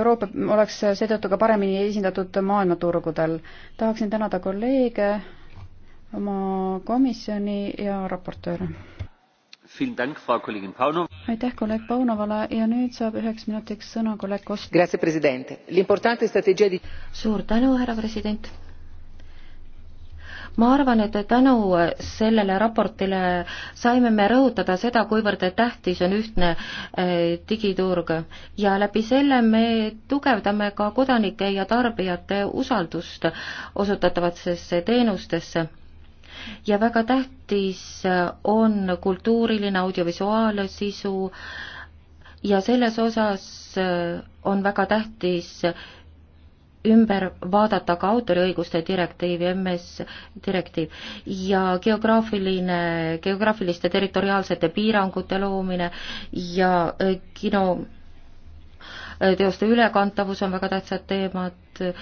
Euroopa oleks seetõttu ka paremini esindatud maailmaturgudel. tahaksin tänada kolleege, oma komisjoni ja raportööre aitäh kolleeg Paunovale ja nüüd saab üheks minutiks sõna kolleeg Kost. suur tänu, härra president ma arvan, et tänu sellele raportile saime me rõhutada seda, kuivõrd tähtis on ühtne eh, digiturg ja läbi selle me tugevdame ka kodanike ja tarbijate usaldust osutatavatesse teenustesse ja väga tähtis äh, on kultuuriline audiovisuaalsisu ja selles osas äh, on väga tähtis äh, ümber vaadata ka autoriõiguste direktiiv ja MS direktiiv ja geograafiline, geograafiliste territoriaalsete piirangute loomine ja kino teoste ülekantavus on väga tähtsad teemad,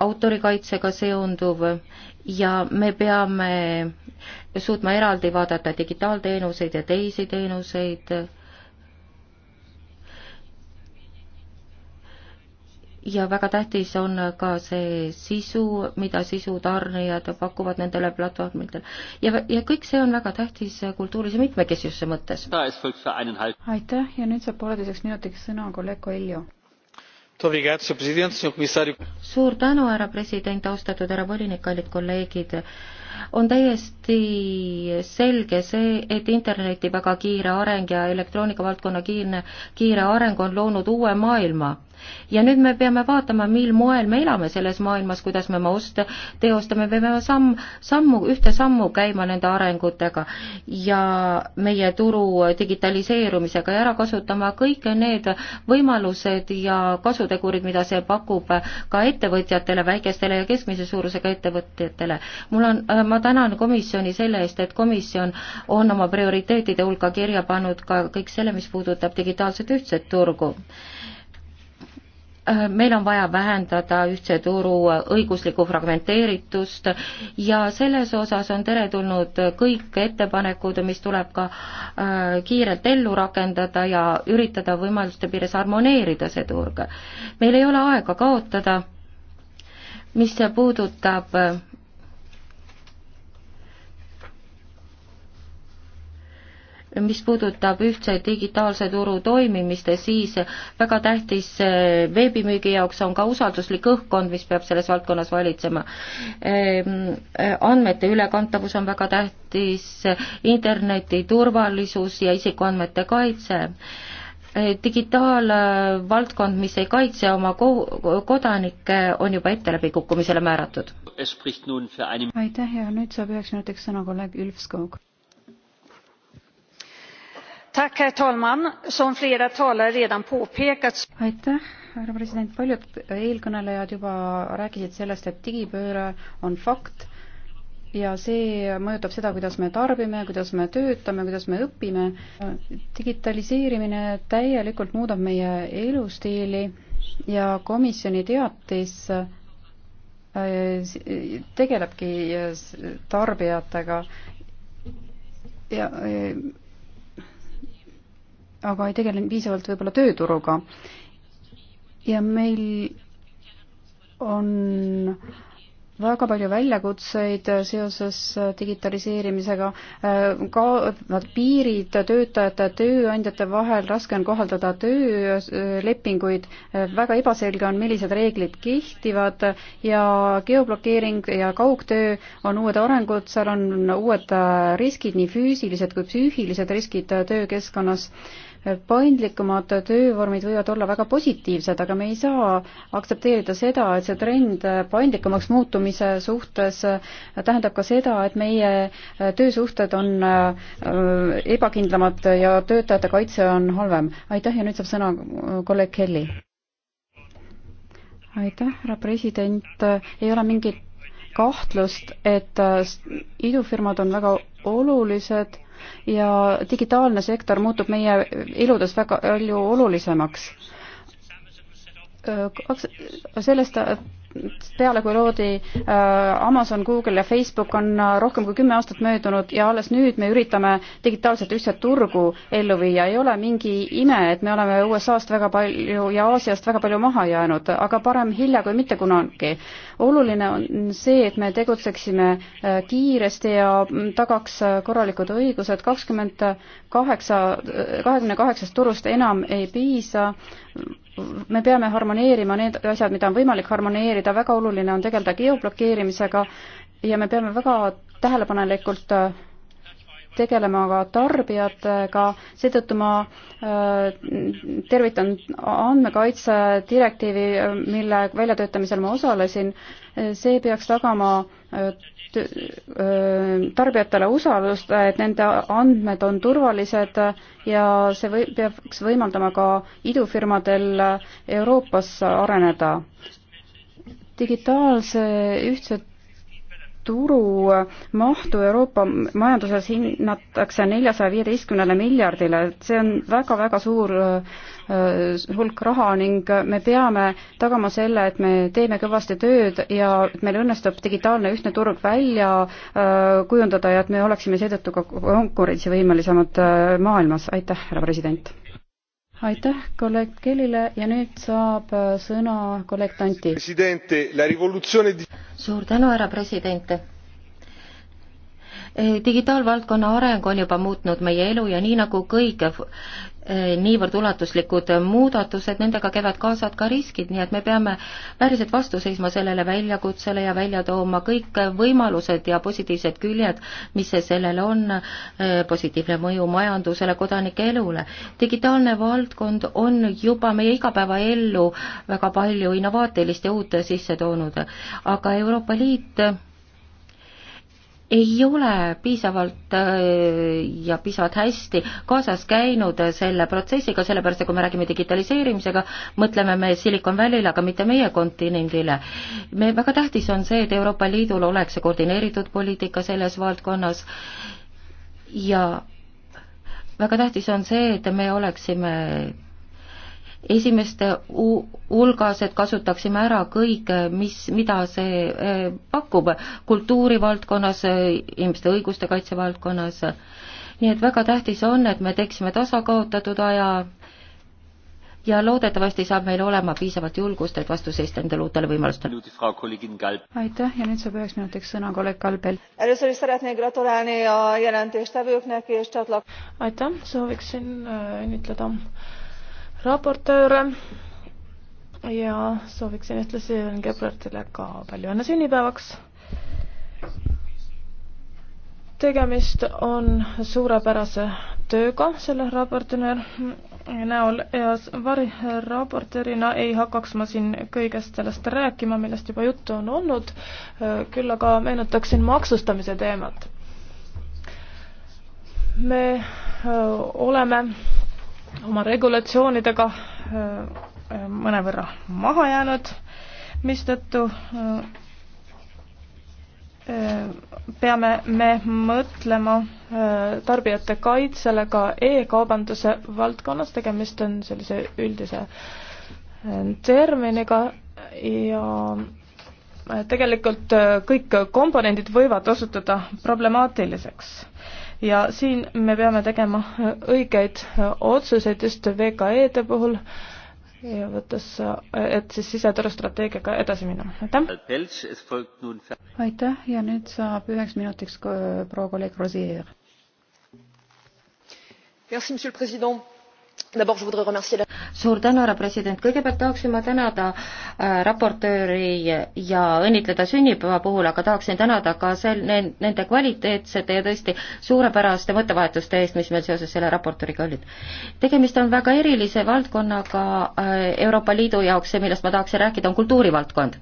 autorikaitsega seonduv ja me peame suutma eraldi vaadata digitaalteenuseid ja teisi teenuseid ja väga tähtis on ka see sisu, mida sisutarnijad pakuvad nendele platvormidele. ja, ja kõik see on väga tähtis kultuurilise mitmekesisuse mõttes. aitäh ja nüüd saab pooleteiseks minutiks sõna kolleeg Koeljo suur tänu, härra president, austatud härra volinik, kallid kolleegid. on täiesti selge see, et interneti väga kiire areng ja elektroonikavaldkonna kiirne, kiire areng on loonud uue maailma ja nüüd me peame vaatama, mil moel me elame selles maailmas, kuidas me oma oste teostame, me peame samm, sammu, ühte sammu käima nende arengutega ja meie turu digitaliseerumisega ja ära kasutama kõik need võimalused ja kasutegurid, mida see pakub ka ettevõtjatele, väikestele ja keskmise suurusega ettevõtjatele. mul on, äh, ma tänan komisjoni selle eest, et komisjon on oma prioriteetide hulka kirja pannud ka kõik selle, mis puudutab digitaalset ühtset turgu Äh, meil on vaja vähendada ühtse turu äh, õiguslikku fragmenteeritust ja selles osas on teretulnud kõik ettepanekud, mis tuleb ka äh, kiirelt ellu rakendada ja üritada võimaluste piires harmoneerida see turg. meil ei ole aega kaotada, mis puudutab mis puudutab ühtse digitaalse turu toimimist, siis väga tähtis e, veebimüügi jaoks on ka usalduslik õhkkond, mis peab selles valdkonnas valitsema. E, e, andmete ülekantavus on väga tähtis, interneti turvalisus ja isikuandmete kaitse digitaalvaldkond, mis ei kaitse oma ko-, kodanikke, on juba ette läbikukkumisele määratud. aitäh ja nüüd saab üheks minutiks sõna kolleeg Ülf Skog herr talman! som flera talare redan påpekat. aitäh härra president paljud eelkõnelejad juba rääkisid sellest et digipööre on fakt ja see mõjutab seda, kuidas me tarbime, kuidas me töötame, kuidas me õpime. digitaliseerimine täielikult muudab meie elustiili ja komisjoni teatis äh, tegelebki tarbijatega ja äh, aga ei tegele piisavalt võib-olla tööturuga. ja meil on väga palju väljakutseid seoses digitaliseerimisega, kaovad piirid töötajate ja tööandjate vahel, raske on kohaldada töölepinguid, väga ebaselge on, millised reeglid kehtivad ja geoblokeering ja kaugtöö on uued arengud, seal on uued riskid, nii füüsilised kui psüühilised riskid töökeskkonnas paindlikumad töövormid võivad olla väga positiivsed, aga me ei saa aktsepteerida seda, et see trend paindlikumaks muutumise suhtes tähendab ka seda, et meie töösuhted on äh, ebakindlamad ja töötajate kaitse on halvem. aitäh ja nüüd saab sõna äh, kolleeg Kelly. aitäh, härra president, ei ole mingit kahtlust, et äh, idufirmad on väga olulised ja digitaalne sektor muutub meie eludes väga palju olulisemaks. kaks, sellest peale, kui loodi äh, Amazon, Google ja Facebook, on äh, rohkem kui kümme aastat möödunud ja alles nüüd me üritame digitaalset ühtset turgu ellu viia. ei ole mingi ime, et me oleme USA-st väga palju ja Aasiast väga palju maha jäänud, aga parem hilja kui mitte kunagi. oluline on see, et me tegutseksime äh, kiiresti ja mm, tagaks korralikud õigused. kakskümmend kaheksa, kahekümne kaheksast turust enam ei piisa. me peame harmoneerima need asjad, mida on võimalik harmoneerida, reguleerida, väga oluline on tegeleda geoblokeerimisega ja me peame väga tähelepanelikult äh, tegelema ka tarbijatega, seetõttu ma äh, tervitan andmekaitse direktiivi, äh, mille väljatöötamisel ma osalesin, see peaks tagama tarbijatele usaldust, et nende andmed on turvalised ja see või, peaks võimaldama ka idufirmadel Euroopas areneda digitaalse ühtse turu mahtu Euroopa majanduses hinnatakse neljasaja viieteistkümnele miljardile, et see on väga-väga suur äh, hulk raha ning me peame tagama selle, et me teeme kõvasti tööd ja et meil õnnestub digitaalne ühtne turg välja äh, kujundada ja et me oleksime seetõttu ka konkurentsivõimelisemad äh, maailmas, aitäh, härra president! aitäh kolleeg Kellile ja nüüd saab äh, sõna kolleeg Tanti. suur tänu, härra president Eh, digitaalvaldkonna areng on juba muutnud meie elu ja nii nagu kõik eh, niivõrd ulatuslikud muudatused, nendega käivad kaasad ka riskid, nii et me peame päriselt vastu seisma sellele väljakutsele ja välja tooma kõik võimalused ja positiivsed küljed, mis sellel on, eh, positiivne mõju majandusele, kodanike elule. digitaalne valdkond on juba meie igapäevaellu väga palju innovaatilist ja uut sisse toonud, aga Euroopa Liit ei ole piisavalt äh, ja piisavalt hästi kaasas käinud selle protsessiga, sellepärast et kui me räägime digitaliseerimisega, mõtleme me Silicon Valley'le, aga mitte meie kontinendile. me, väga tähtis on see, et Euroopa Liidul oleks koordineeritud poliitika selles valdkonnas ja väga tähtis on see, et me oleksime esimeste hulgas, et kasutaksime ära kõike, mis, mida see eh, pakub kultuurivaldkonnas, inimeste õiguste kaitse valdkonnas. nii et väga tähtis on, et me teeksime tasakaotatud aja ja loodetavasti saab meil olema piisavalt julgust, et vastu seista nendele uutele võimalustele. aitäh ja nüüd saab üheks minutiks sõna kolleeg Kalbel. aitäh, sooviksin eh, õnnitleda äh, raportööre ja sooviksin ühtlasi Gebhardtile ka palju õnne sünnipäevaks. tegemist on suurepärase tööga selle raportööri näol ja variraportöörina ei hakkaks ma siin kõigest sellest rääkima, millest juba juttu on olnud, küll aga meenutaksin maksustamise teemat. me oleme oma regulatsioonidega mõnevõrra maha jäänud, mistõttu peame me mõtlema tarbijate kaitsele ka e-kaubanduse valdkonnas, tegemist on sellise üldise terminiga ja tegelikult kõik komponendid võivad osutuda problemaatiliseks ja siin me peame tegema õigeid otsuseid just VKE-de puhul ja võttes, et siis siseturustrateegiaga edasi minna, aitäh. aitäh ja nüüd saab üheks minutiks proua kolleeg Rosier. Merci, monsieur le président suur tänu, härra president, kõigepealt tahaksin ma tänada äh, raportööri ja õnnitleda sünnipäeva puhul, aga tahaksin tänada ka sel-, nende kvaliteetsete ja tõesti suurepäraste mõttevahetuste eest, mis meil seoses selle raportööriga olid. tegemist on väga erilise valdkonnaga äh, Euroopa Liidu jaoks ja millest ma tahaksin rääkida, on kultuurivaldkond.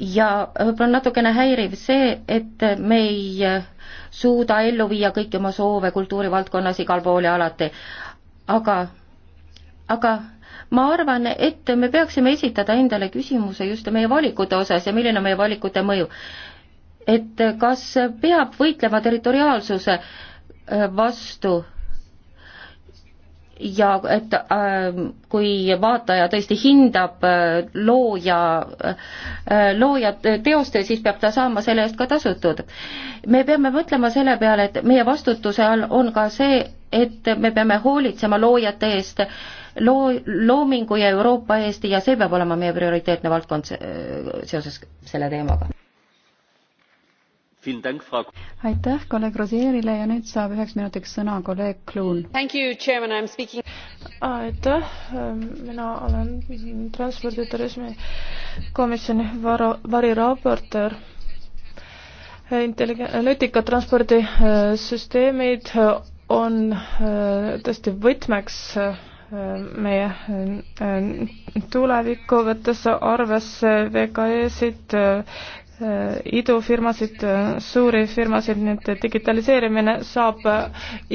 ja võib-olla on natukene häiriv see, et me ei äh, suuda ellu viia kõiki oma soove kultuurivaldkonnas igal pool ja alati aga, aga ma arvan, et me peaksime esitada endale küsimuse just meie valikute osas ja milline on meie valikute mõju. et kas peab võitlema territoriaalsuse äh, vastu ja et äh, kui vaataja tõesti hindab äh, looja äh,, looja teost, siis peab ta saama selle eest ka tasutud. me peame mõtlema selle peale, et meie vastutuse all on ka see, et me peame hoolitsema loojate eest, loo, loomingu ja Euroopa eest ja see peab olema meie prioriteetne valdkond seoses selle teemaga aitäh kolleeg Rosierile ja nüüd saab üheks minutiks sõna kolleeg Kluun. aitäh, mina olen transpordi ja turismi komisjoni varo, variraportöör intelligen-, nutikad transpordisüsteemid on äh, tõesti võtmeks äh, meie äh, tulevikku, võttes arvesse VKE-sid, Äh, idufirmasid, äh, suuri firmasid, nii et digitaliseerimine saab äh,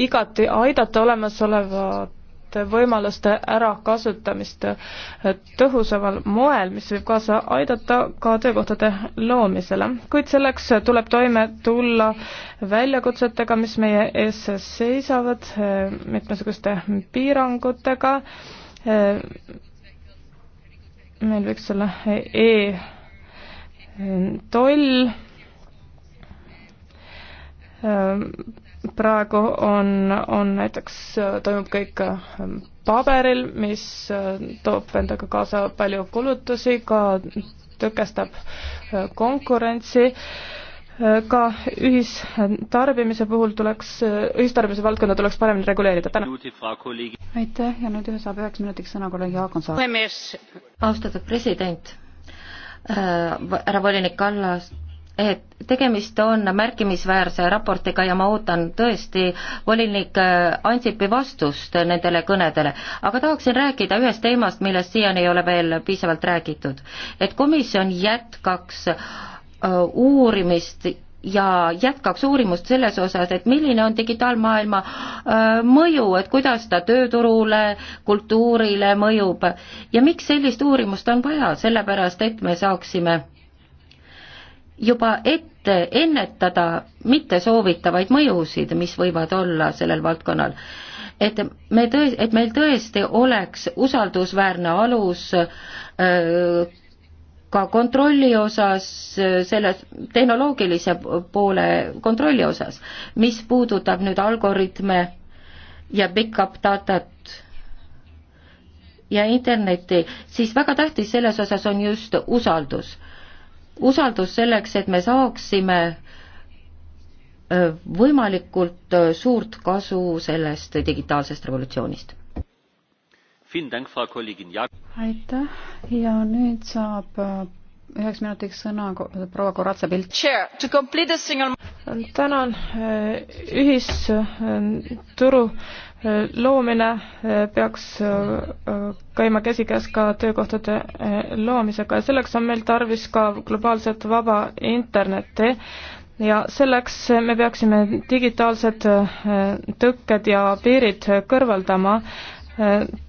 igati aidata olemasolevate võimaluste ärakasutamist tõhusamal moel, mis võib kaasa aidata ka töökohtade loomisele. kuid selleks tuleb toime tulla väljakutsetega, mis meie ees seisavad, mitmesuguste piirangutega, meil võiks olla e Ehm, toll. Ehm, praegu on, on näiteks, äh, toimub kõik ehm, paberil, mis äh, toob endaga kaasa palju kulutusi, ka tõkestab äh, konkurentsi ka ühistarbimise puhul tuleks, ühistarbimise valdkonda tuleks paremini reguleerida, tänan. aitäh ja nüüd saab üheks minutiks sõna kolleeg Jaak Onsaar. austatud president, Äh, härra volinik Kallas, et tegemist on märkimisväärse raportiga ja ma ootan tõesti volinik äh, Ansipi vastust nendele kõnedele. aga tahaksin rääkida ühest teemast, millest siiani ei ole veel piisavalt räägitud. et komisjon jätkaks äh, uurimist ja jätkaks uurimust selles osas, et milline on digitaalmaailma äh, mõju, et kuidas ta tööturule, kultuurile mõjub ja miks sellist uurimust on vaja, sellepärast et me saaksime juba ette ennetada mittesoovitavaid mõjusid, mis võivad olla sellel valdkonnal. et me tõe-, et meil tõesti oleks usaldusväärne alus öö, äh, ka kontrolli osas, selle tehnoloogilise poole kontrolli osas, mis puudutab nüüd algoritme ja big-up datat ja internetti, siis väga tähtis selles osas on just usaldus. usaldus selleks, et me saaksime äh, võimalikult äh, suurt kasu sellest digitaalsest revolutsioonist aitäh ja nüüd saab äh, üheks minutiks sõna proua Koratsa-Pilt. tänan, äh, ühisturu äh, loomine peaks käima käsikäes ka töökohtade loomisega ja selleks on meil tarvis ka globaalset vaba internetti ja selleks me peaksime digitaalsed tõkked ja piirid kõrvaldama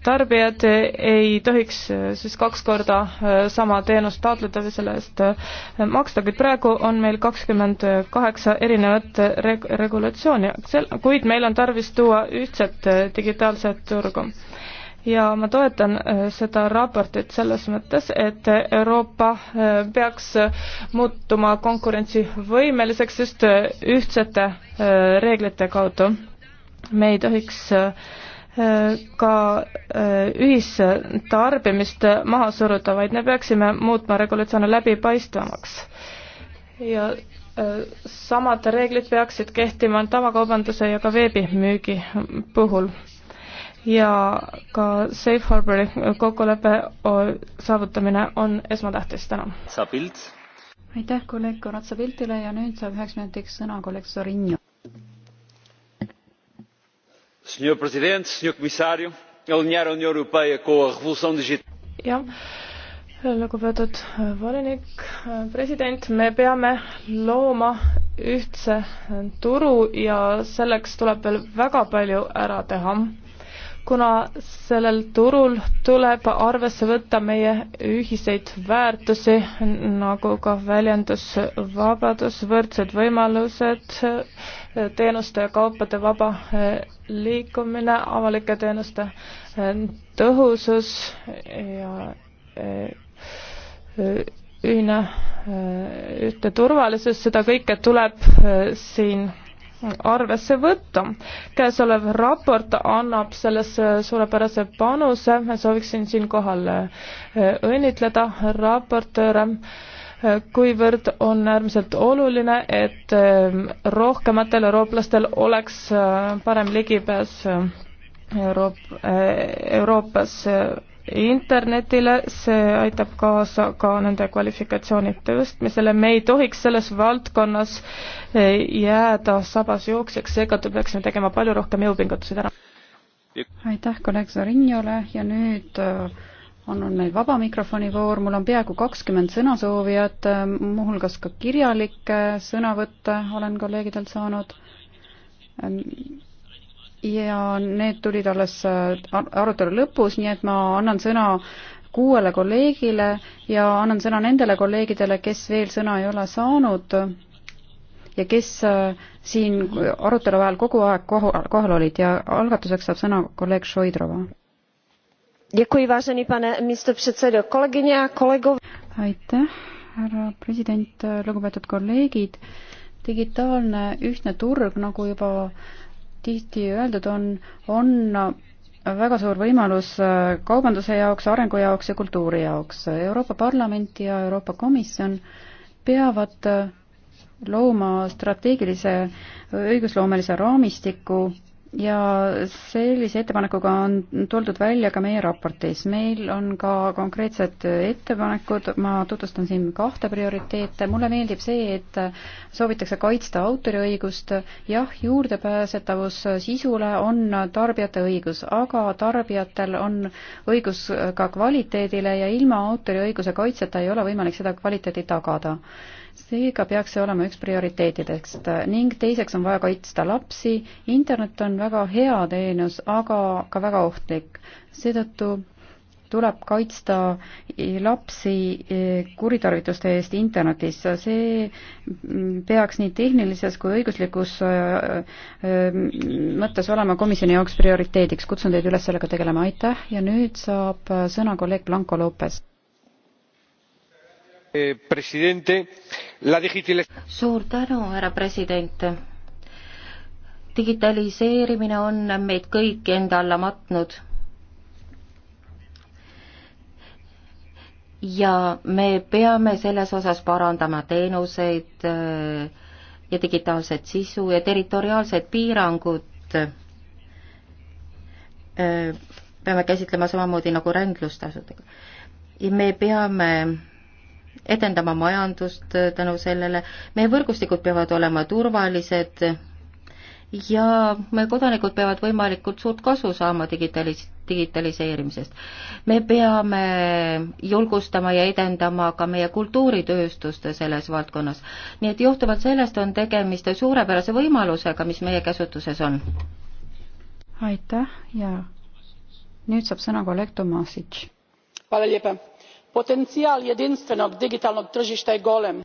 tarbijad ei tohiks eh, siis kaks korda eh, sama teenust taotleda või selle eest eh, maksta, kuid praegu on meil kakskümmend kaheksa erinevat reg-, regulatsiooni, kuid meil on tarvis tuua ühtset digitaalset turgu ja ma toetan seda raportit selles mõttes, et Euroopa peaks muutuma konkurentsivõimeliseks just ühtsete reeglite kaudu. me ei tohiks äh, Äh, ka äh, ühistarbimist maha suruda, vaid me peaksime muutma regulatsioone läbipaistvamaks. ja äh, samad reeglid peaksid kehtima tavakaubanduse ja ka veebimüügi puhul. ja ka Safe Harbori kokkuleppe saavutamine on esmatähtis täna. aitäh kolleeg Konatsa Piltile ja nüüd saab üheks minutiks sõna kolleeg Sorinio senhor presidente senhor comissário alinhar a união europeia com a revolução digital. jah lugupeetud äh, volinik äh, president me peame looma ühtse äh, turu ja selleks tuleb veel väga palju ära teha kuna sellel turul tuleb arvesse võtta meie ühiseid väärtusi, nagu ka väljendusvabadus, võrdsed võimalused, teenuste ja kaupade vaba eh, liikumine, avalike teenuste eh, tõhusus ja eh, ühine, ühtne turvalisus, seda kõike tuleb siin arvesse võtta. käesolev raport annab sellesse suurepärase panuse, ma sooviksin siinkohal õnnitleda raportööre kuivõrd on äärmiselt oluline, et ehm, rohkematel eurooplastel oleks ehm, parem ligipääs ehm, Euroop-, eh, Euroopas eh, internetile, see aitab kaasa ka nende kvalifikatsiooni tõstmisele, me ei tohiks selles valdkonnas eh, jääda sabas jooksjaks, seega peaksime tegema palju rohkem jõupingutusi täna. aitäh kolleeg Zorinjole ja nüüd äh, on, on meil vaba mikrofoni voor, mul on peaaegu kakskümmend sõnasoovijat, äh, muuhulgas ka kirjalikke äh, sõnavõtte äh, olen kolleegidelt saanud. Ähm, ja need tulid alles arutelu lõpus, nii et ma annan sõna kuuele kolleegile ja annan sõna nendele kolleegidele, kes veel sõna ei ole saanud ja kes siin arutelu ajal kogu aeg kohal, kohal olid ja algatuseks saab sõna kolleeg Šoidrova aitäh, härra president, lugupeetud kolleegid. digitaalne ühtne turg, nagu juba tihti öeldud on, on väga suur võimalus kaubanduse jaoks, arengu jaoks ja kultuuri jaoks. Euroopa Parlament ja Euroopa Komisjon peavad looma strateegilise õigusloomelise raamistiku ja sellise ettepanekuga on tuldud välja ka meie raportis. meil on ka konkreetsed ettepanekud, ma tutvustan siin kahte prioriteete. mulle meeldib see, et soovitakse kaitsta autoriõigust. jah, juurdepääsetavus sisule on tarbijate õigus, aga tarbijatel on õigus ka kvaliteedile ja ilma autoriõiguse kaitseta ei ole võimalik seda kvaliteeti tagada seega peaks see olema üks prioriteetidest ning teiseks on vaja kaitsta lapsi. internet on väga hea teenus, aga ka väga ohtlik. seetõttu tuleb kaitsta lapsi eh, kuritarvituste eest internetis. see mm, peaks nii tehnilises kui õiguslikus eh, eh, mõttes olema komisjoni jaoks prioriteediks. kutsun teid üles sellega tegelema, aitäh ja nüüd saab sõna kolleeg Blanco Lopez. presidente suur tänu, härra president. digitaliseerimine on meid kõiki enda alla matnud ja me peame selles osas parandama teenuseid äh, ja digitaalset sisu ja territoriaalsed piirangud äh, peame käsitlema samamoodi nagu rändlustasudega. ja me peame edendama majandust äh, tänu sellele, meie võrgustikud peavad olema turvalised ja meie kodanikud peavad võimalikult suurt kasu saama digitalis-, digitaliseerimisest. me peame julgustama ja edendama ka meie kultuuritööstust selles valdkonnas. nii et johtuvalt sellest on tegemist suurepärase võimalusega, mis meie käsutuses on. aitäh ja nüüd saab sõna kolleeg Tomasic potencijal jedinstvenog digitalnog tržišta je golem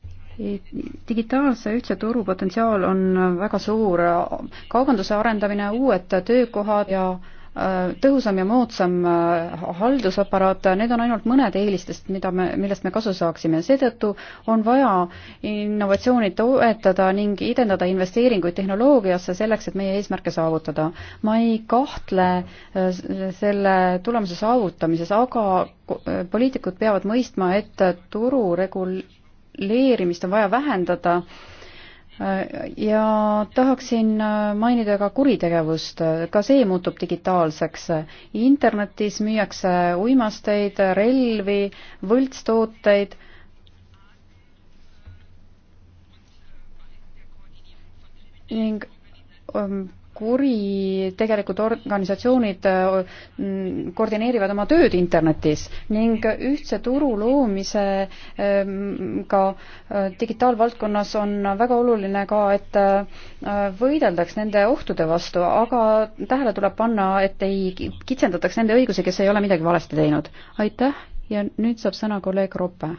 digitaalse ühtse turu potentsiaal on väga suur. kaubanduse arendamine, uued töökohad ja tõhusam ja moodsam äh, haldusaparaat, need on ainult mõned eelistest, mida me, millest me kasu saaksime. seetõttu on vaja innovatsiooni toetada ning edendada investeeringuid tehnoloogiasse selleks, et meie eesmärke saavutada. ma ei kahtle äh, selle tulemuse saavutamises, aga äh, poliitikud peavad mõistma, et turu regul-, leerimist on vaja vähendada äh, ja tahaksin äh, mainida ka kuritegevust, ka see muutub digitaalseks. internetis müüakse uimasteid, relvi, võltstooteid ning ähm, kuritegelikud organisatsioonid mm, koordineerivad oma tööd internetis ning ühtse turu loomisega ehm, äh, digitaalvaldkonnas on väga oluline ka, et äh, võideldaks nende ohtude vastu, aga tähele tuleb panna, et ei kitsendataks nende õigusi, kes ei ole midagi valesti teinud. aitäh ja nüüd saab sõna kolleeg Roppe.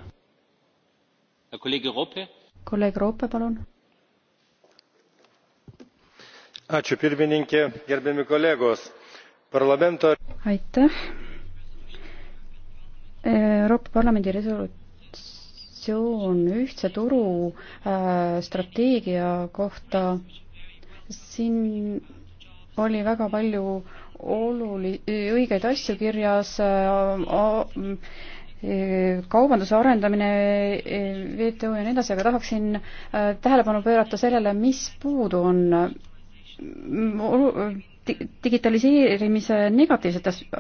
kolleeg Roppe, palun Parlamento... aitäh! Euroopa Parlamendi resolutsioon ühtse turu äh, strateegia kohta, siin oli väga palju oluli-, õigeid asju kirjas äh,, äh kaubanduse arendamine, äh, WTO ja nii edasi, aga tahaksin äh, tähelepanu pöörata sellele, mis puudu on digitaliseerimise negatiivsetest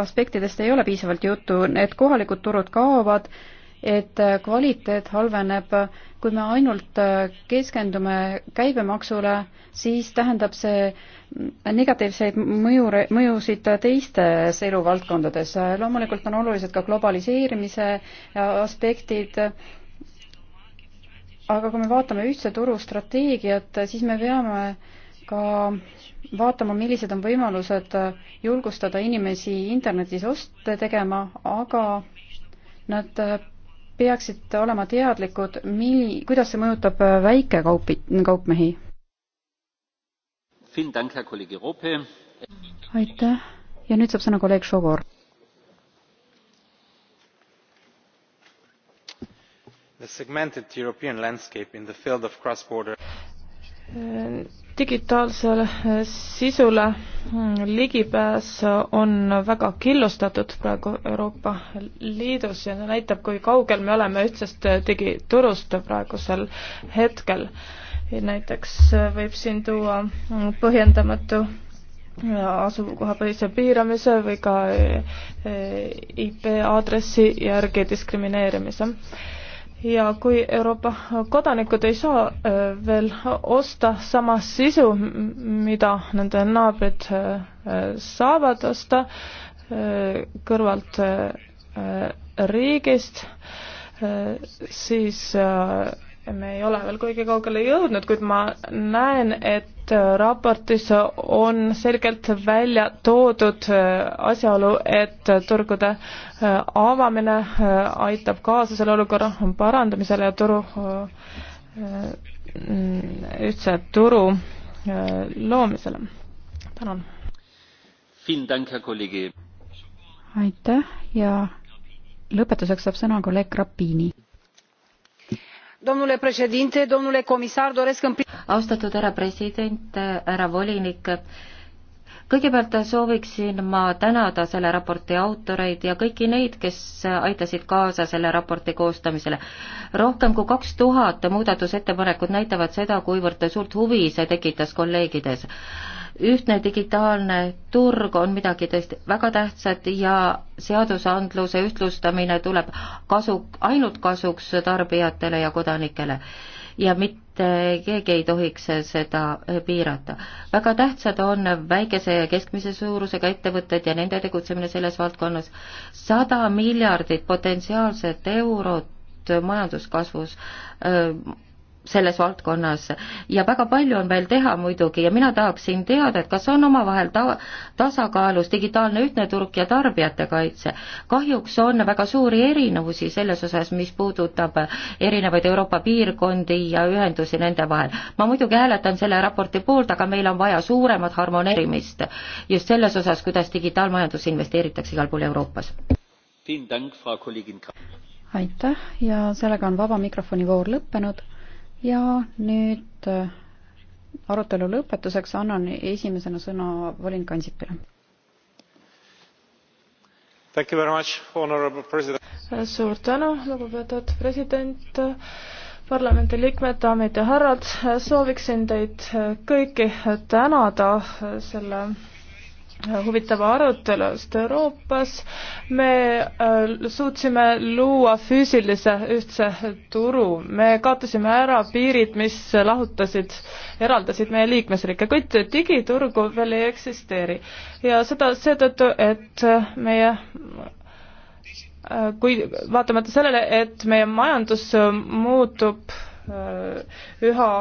aspektidest ei ole piisavalt juttu, et kohalikud turud kaovad, et kvaliteet halveneb, kui me ainult keskendume käibemaksule, siis tähendab see negatiivseid mõju, mõjusid teistes eluvaldkondades. loomulikult on olulised ka globaliseerimise aspektid, aga kui me vaatame ühtse turu strateegiat, siis me peame ka vaatama, millised on võimalused julgustada inimesi internetis oste tegema, aga nad peaksid olema teadlikud, mil-, kuidas see mõjutab väikekaupi, kaupmehi. aitäh ja nüüd saab sõna kolleeg Šogor. The segmented European landscape in the field of cross-border äh, digitaalsele eh, sisule hm, ligipääs on väga killustatud praegu Euroopa Liidus ja see näitab, kui kaugel me oleme ühtsest eh, digiturust praegusel hetkel. näiteks eh, võib siin tuua hm, põhjendamatu asukohapõhise piiramise või ka IP aadressi järgi diskrimineerimise ja kui Euroopa kodanikud ei saa äh, veel osta sama sisu, mida nende naabrid äh, saavad osta äh, kõrvalt riigist, siis me ei ole veel kuigi kaugele jõudnud, kuid ma näen, et Äh, raportis on selgelt välja toodud äh, asjaolu, et äh, turgude avamine aitab kaasa selle olukorra parandamisele ja turu, ühtse turu loomisele. tänan. aitäh ja lõpetuseks saab sõna kolleeg Grappini domnule președinte domnule comisar doresc în primul austatud härra president härra volinik kõigepealt sooviksin ma tänada selle raporti autoreid ja kõiki neid, kes aitasid kaasa selle raporti koostamisele. rohkem kui kaks tuhat muudatusettepanekut näitavad seda, kuivõrd suurt huvi see tekitas kolleegides ühtne digitaalne turg on midagi tõesti väga tähtsat ja seadusandluse ühtlustamine tuleb kasu, ainult kasuks tarbijatele ja kodanikele. ja mitte keegi ei tohiks seda piirata. väga tähtsad on väikese ja keskmise suurusega ettevõtted ja nende tegutsemine selles valdkonnas. sada miljardit potentsiaalset eurot majanduskasvus öö, selles valdkonnas ja väga palju on veel teha muidugi ja mina tahaksin teada, et kas on omavahel ta-, tasakaalus digitaalne ühtne turg ja tarbijate kaitse. kahjuks on väga suuri erinevusi selles osas, mis puudutab erinevaid Euroopa piirkondi ja ühendusi nende vahel. ma muidugi hääletan selle raporti poolt, aga meil on vaja suuremat harmoneerimist just selles osas, kuidas digitaalmajandusse investeeritakse igal pool Euroopas. aitäh ja sellega on vaba mikrofoni voor lõppenud ja nüüd äh, arutelu lõpetuseks annan esimesena sõna volinik Ansipile. Äh, suur tänu, lugupeetud president, äh, parlamendi liikmed, daamid ja härrad, sooviksin teid kõiki tänada selle huvitava arutelu, sest Euroopas me äh, suutsime luua füüsilise ühtse turu, me kaotasime ära piirid, mis lahutasid, eraldasid meie liikmesriike, kuid digiturgu veel ei eksisteeri ja seda seetõttu, et meie äh, kui vaatamata sellele, et meie majandus muutub äh, üha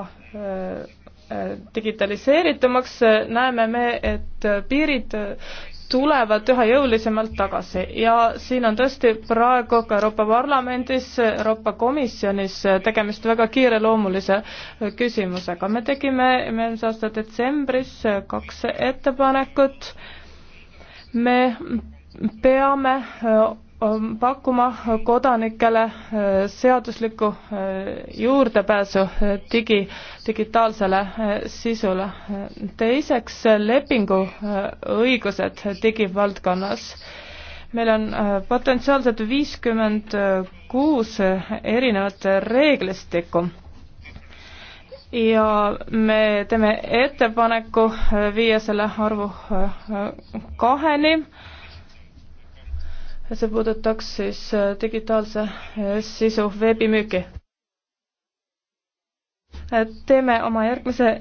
digitaliseeritumaks, näeme me, et piirid tulevad üha jõulisemalt tagasi ja siin on tõesti praegu ka Euroopa Parlamendis, Euroopa Komisjonis tegemist väga kiireloomulise küsimusega. me tegime eelmise aasta detsembris kaks ettepanekut, me peame pakkuma kodanikele äh, seaduslikku äh, juurdepääsu äh, digi, digitaalsele sisule. teiseks, lepinguõigused digivaldkonnas. meil on potentsiaalselt viiskümmend kuus erinevat reeglistikku ja me teeme ettepaneku viia selle arvu kaheni see puudutaks siis äh, digitaalse äh, sisu veebimüüki. Äh, teeme oma järgmise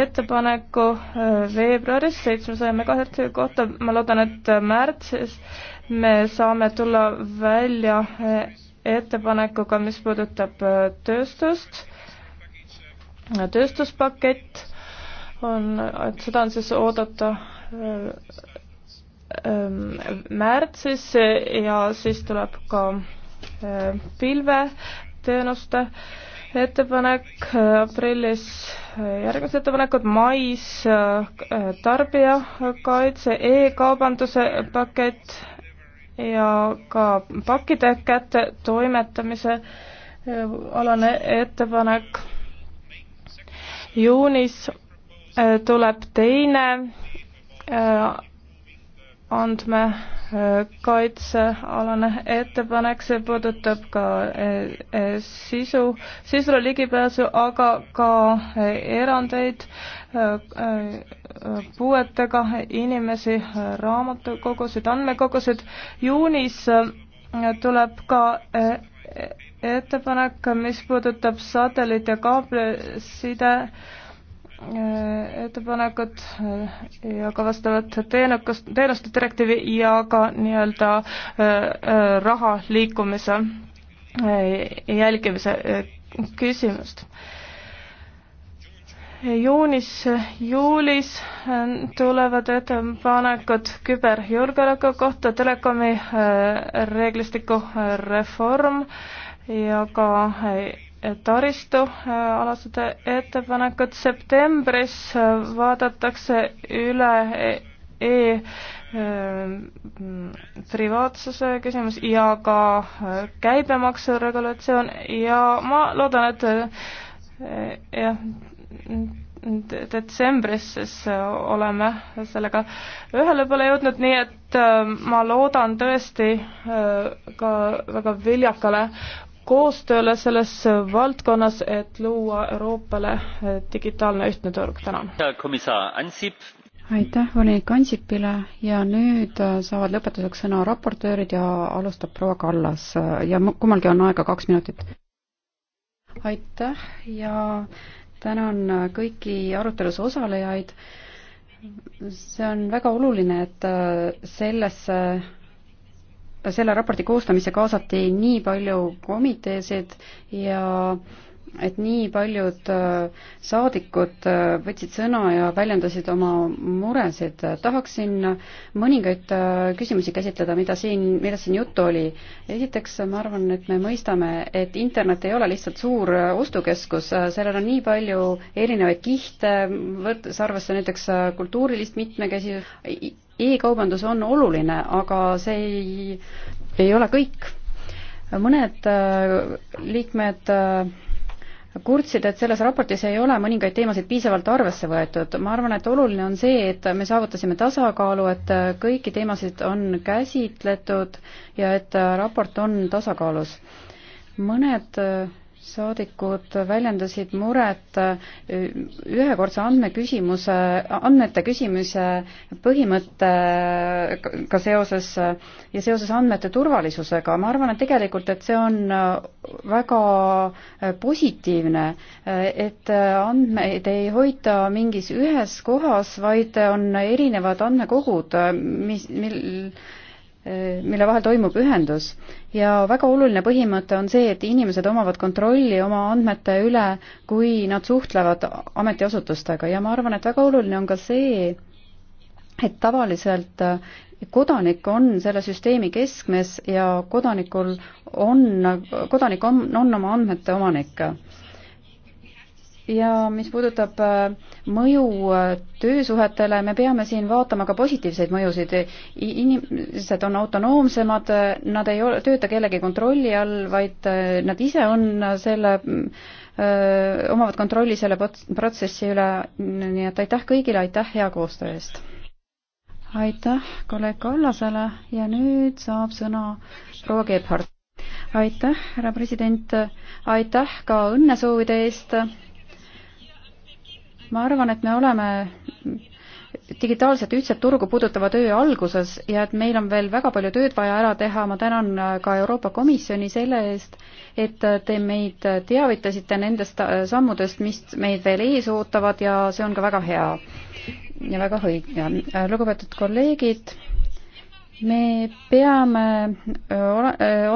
ettepaneku veebruaris seitsmesaja megahertsi kohta, ma loodan, et märtsis me saame tulla välja ettepanekuga, mis puudutab tööstust, tööstuspakett on, et seda on siis oodata Ähm, märtsis ja siis tuleb ka äh, pilveteenuste ettepanek, äh, aprillis äh, järgmised ettepanekud, mais tarbijakaitse e, e-kaubanduse pakett ja ka pakkide kätte toimetamise alane ettepanek. juunis tuleb teine andmekaitsealane äh, ettepanek, see puudutab ka äh, äh, sisu, sisule ligipääsu, aga ka erandeid, puuetega inimesi, raamatukogusid, andmekogusid. juunis tuleb ka ettepanek, mis puudutab satelliit- ja kaabliside Äh, ettepanekut äh, ja ka vastavat teenukust, teenuste direktiivi ja ka nii-öelda äh, raha liikumise jälgimise küsimust juunis, juulis tulevad ettepanekud küberjulgeoleku kohta, telekomi reeglistiku reform ja ka taristualased äh, ettepanekud. septembris äh, vaadatakse üle e, e äh, privaatsuse küsimus ja ka käibemaksu regulatsioon ja ma loodan, et jah, detsembris siis oleme sellega ühele poole jõudnud, nii et ma loodan tõesti ka väga viljakale koostööle selles valdkonnas, et luua Euroopale digitaalne ühtne turg, tänan. aitäh volinik Ansipile ja nüüd äh, saavad lõpetuseks sõna raportöörid ja alustab proua Kallas äh, ja kummalgi on aega kaks minutit. aitäh ja tänan äh, kõiki arutelus osalejaid. see on väga oluline, et sellesse selle raporti koostamisse kaasati nii palju komiteesid ja et nii paljud äh, saadikud äh, võtsid sõna ja väljendasid oma muresid. tahaksin mõningaid äh, küsimusi käsitleda, mida siin, millest siin juttu oli. esiteks ma arvan, et me mõistame, et internet ei ole lihtsalt suur ostukeskus, sellel on nii palju erinevaid kihte, võttes arvesse näiteks kultuurilist mitmekesi, e-kaubandus on oluline, aga see ei, ei ole kõik. mõned äh, liikmed äh, kurtsid, et selles raportis ei ole mõningaid teemasid piisavalt arvesse võetud. ma arvan, et oluline on see, et me saavutasime tasakaalu, et äh, kõiki teemasid on käsitletud ja et raport on tasakaalus. mõned saadikud väljendasid muret äh, ühekordse andmeküsimuse, andmete küsimise põhimõttega äh, seoses ja seoses andmete turvalisusega. ma arvan, et tegelikult, et see on äh, väga positiivne, et andmeid ei hoita mingis ühes kohas, vaid on erinevad andmekogud, mis, mil mille vahel toimub ühendus. ja väga oluline põhimõte on see, et inimesed omavad kontrolli oma andmete üle, kui nad suhtlevad ametiasutustega ja ma arvan, et väga oluline on ka see, et tavaliselt kodanik on selle süsteemi keskmes ja kodanikul on, kodanik on, on oma andmete omanik ja mis puudutab äh, mõju äh, töösuhetele, me peame siin vaatama ka positiivseid mõjusid. inimesed on autonoomsemad, äh, nad ei ole, tööta kellegi kontrolli all, vaid nad ise on selle omavad kontrolli selle protsessi üle, nii et aitäh kõigile, aitäh hea koostöö eest! aitäh kolleeg Kallasele ja nüüd saab sõna proua Gebhardt. aitäh, härra president, aitäh ka õnnesoovide eest ma arvan, et me oleme digitaalset ühtset turgu puudutava töö alguses ja et meil on veel väga palju tööd vaja ära teha, ma tänan ka Euroopa Komisjoni selle eest, et te meid teavitasite nendest sammudest, mis meid veel ees ootavad ja see on ka väga hea ja väga õige. lugupeetud kolleegid, me peame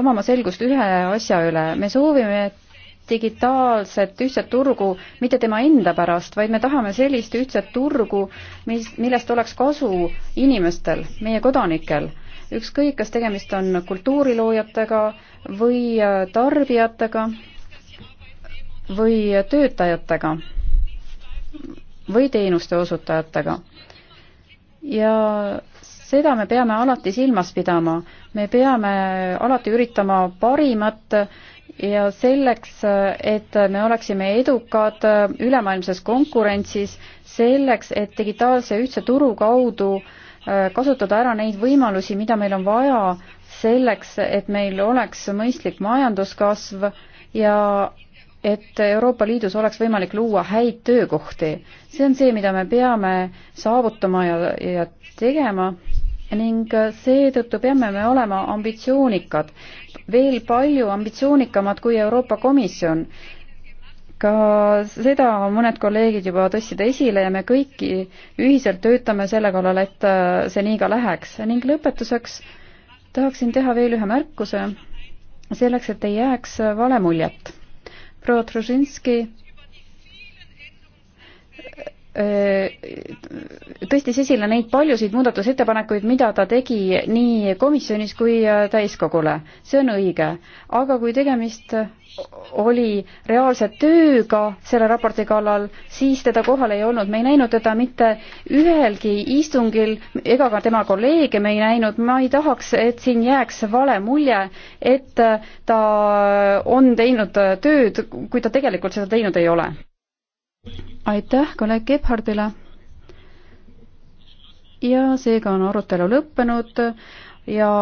omama selgust ühe asja üle, me soovime, et digitaalset ühtset turgu mitte tema enda pärast, vaid me tahame sellist ühtset turgu, mis, millest oleks kasu inimestel, meie kodanikel. ükskõik, kas tegemist on kultuuriloojatega või äh, tarbijatega või töötajatega või teenuste osutajatega. ja seda me peame alati silmas pidama, me peame alati üritama parimat ja selleks, et me oleksime edukad ülemaailmses konkurentsis, selleks, et digitaalse ühtse turu kaudu äh, kasutada ära neid võimalusi, mida meil on vaja selleks, et meil oleks mõistlik majanduskasv ja et Euroopa Liidus oleks võimalik luua häid töökohti. see on see, mida me peame saavutama ja, ja tegema ning seetõttu peame me olema ambitsioonikad veel palju ambitsioonikamad kui Euroopa Komisjon. ka seda mõned kolleegid juba tõstsid esile ja me kõiki ühiselt töötame selle kallal, et äh, see nii ka läheks. ning lõpetuseks tahaksin teha veel ühe märkuse, selleks et ei jääks vale muljet. proua Trušinski tõstis esile neid paljusid muudatusettepanekuid, mida ta tegi nii komisjonis kui äh, täiskogule. see on õige. aga kui tegemist oli reaalse tööga selle raporti kallal, siis teda kohal ei olnud, me ei näinud teda mitte ühelgi istungil ega ka tema kolleege me ei näinud, ma ei tahaks, et siin jääks vale mulje, et ta on teinud tööd, kui ta tegelikult seda teinud ei ole aitäh kolleeg Gebhardile. ja seega on arutelu lõppenud ja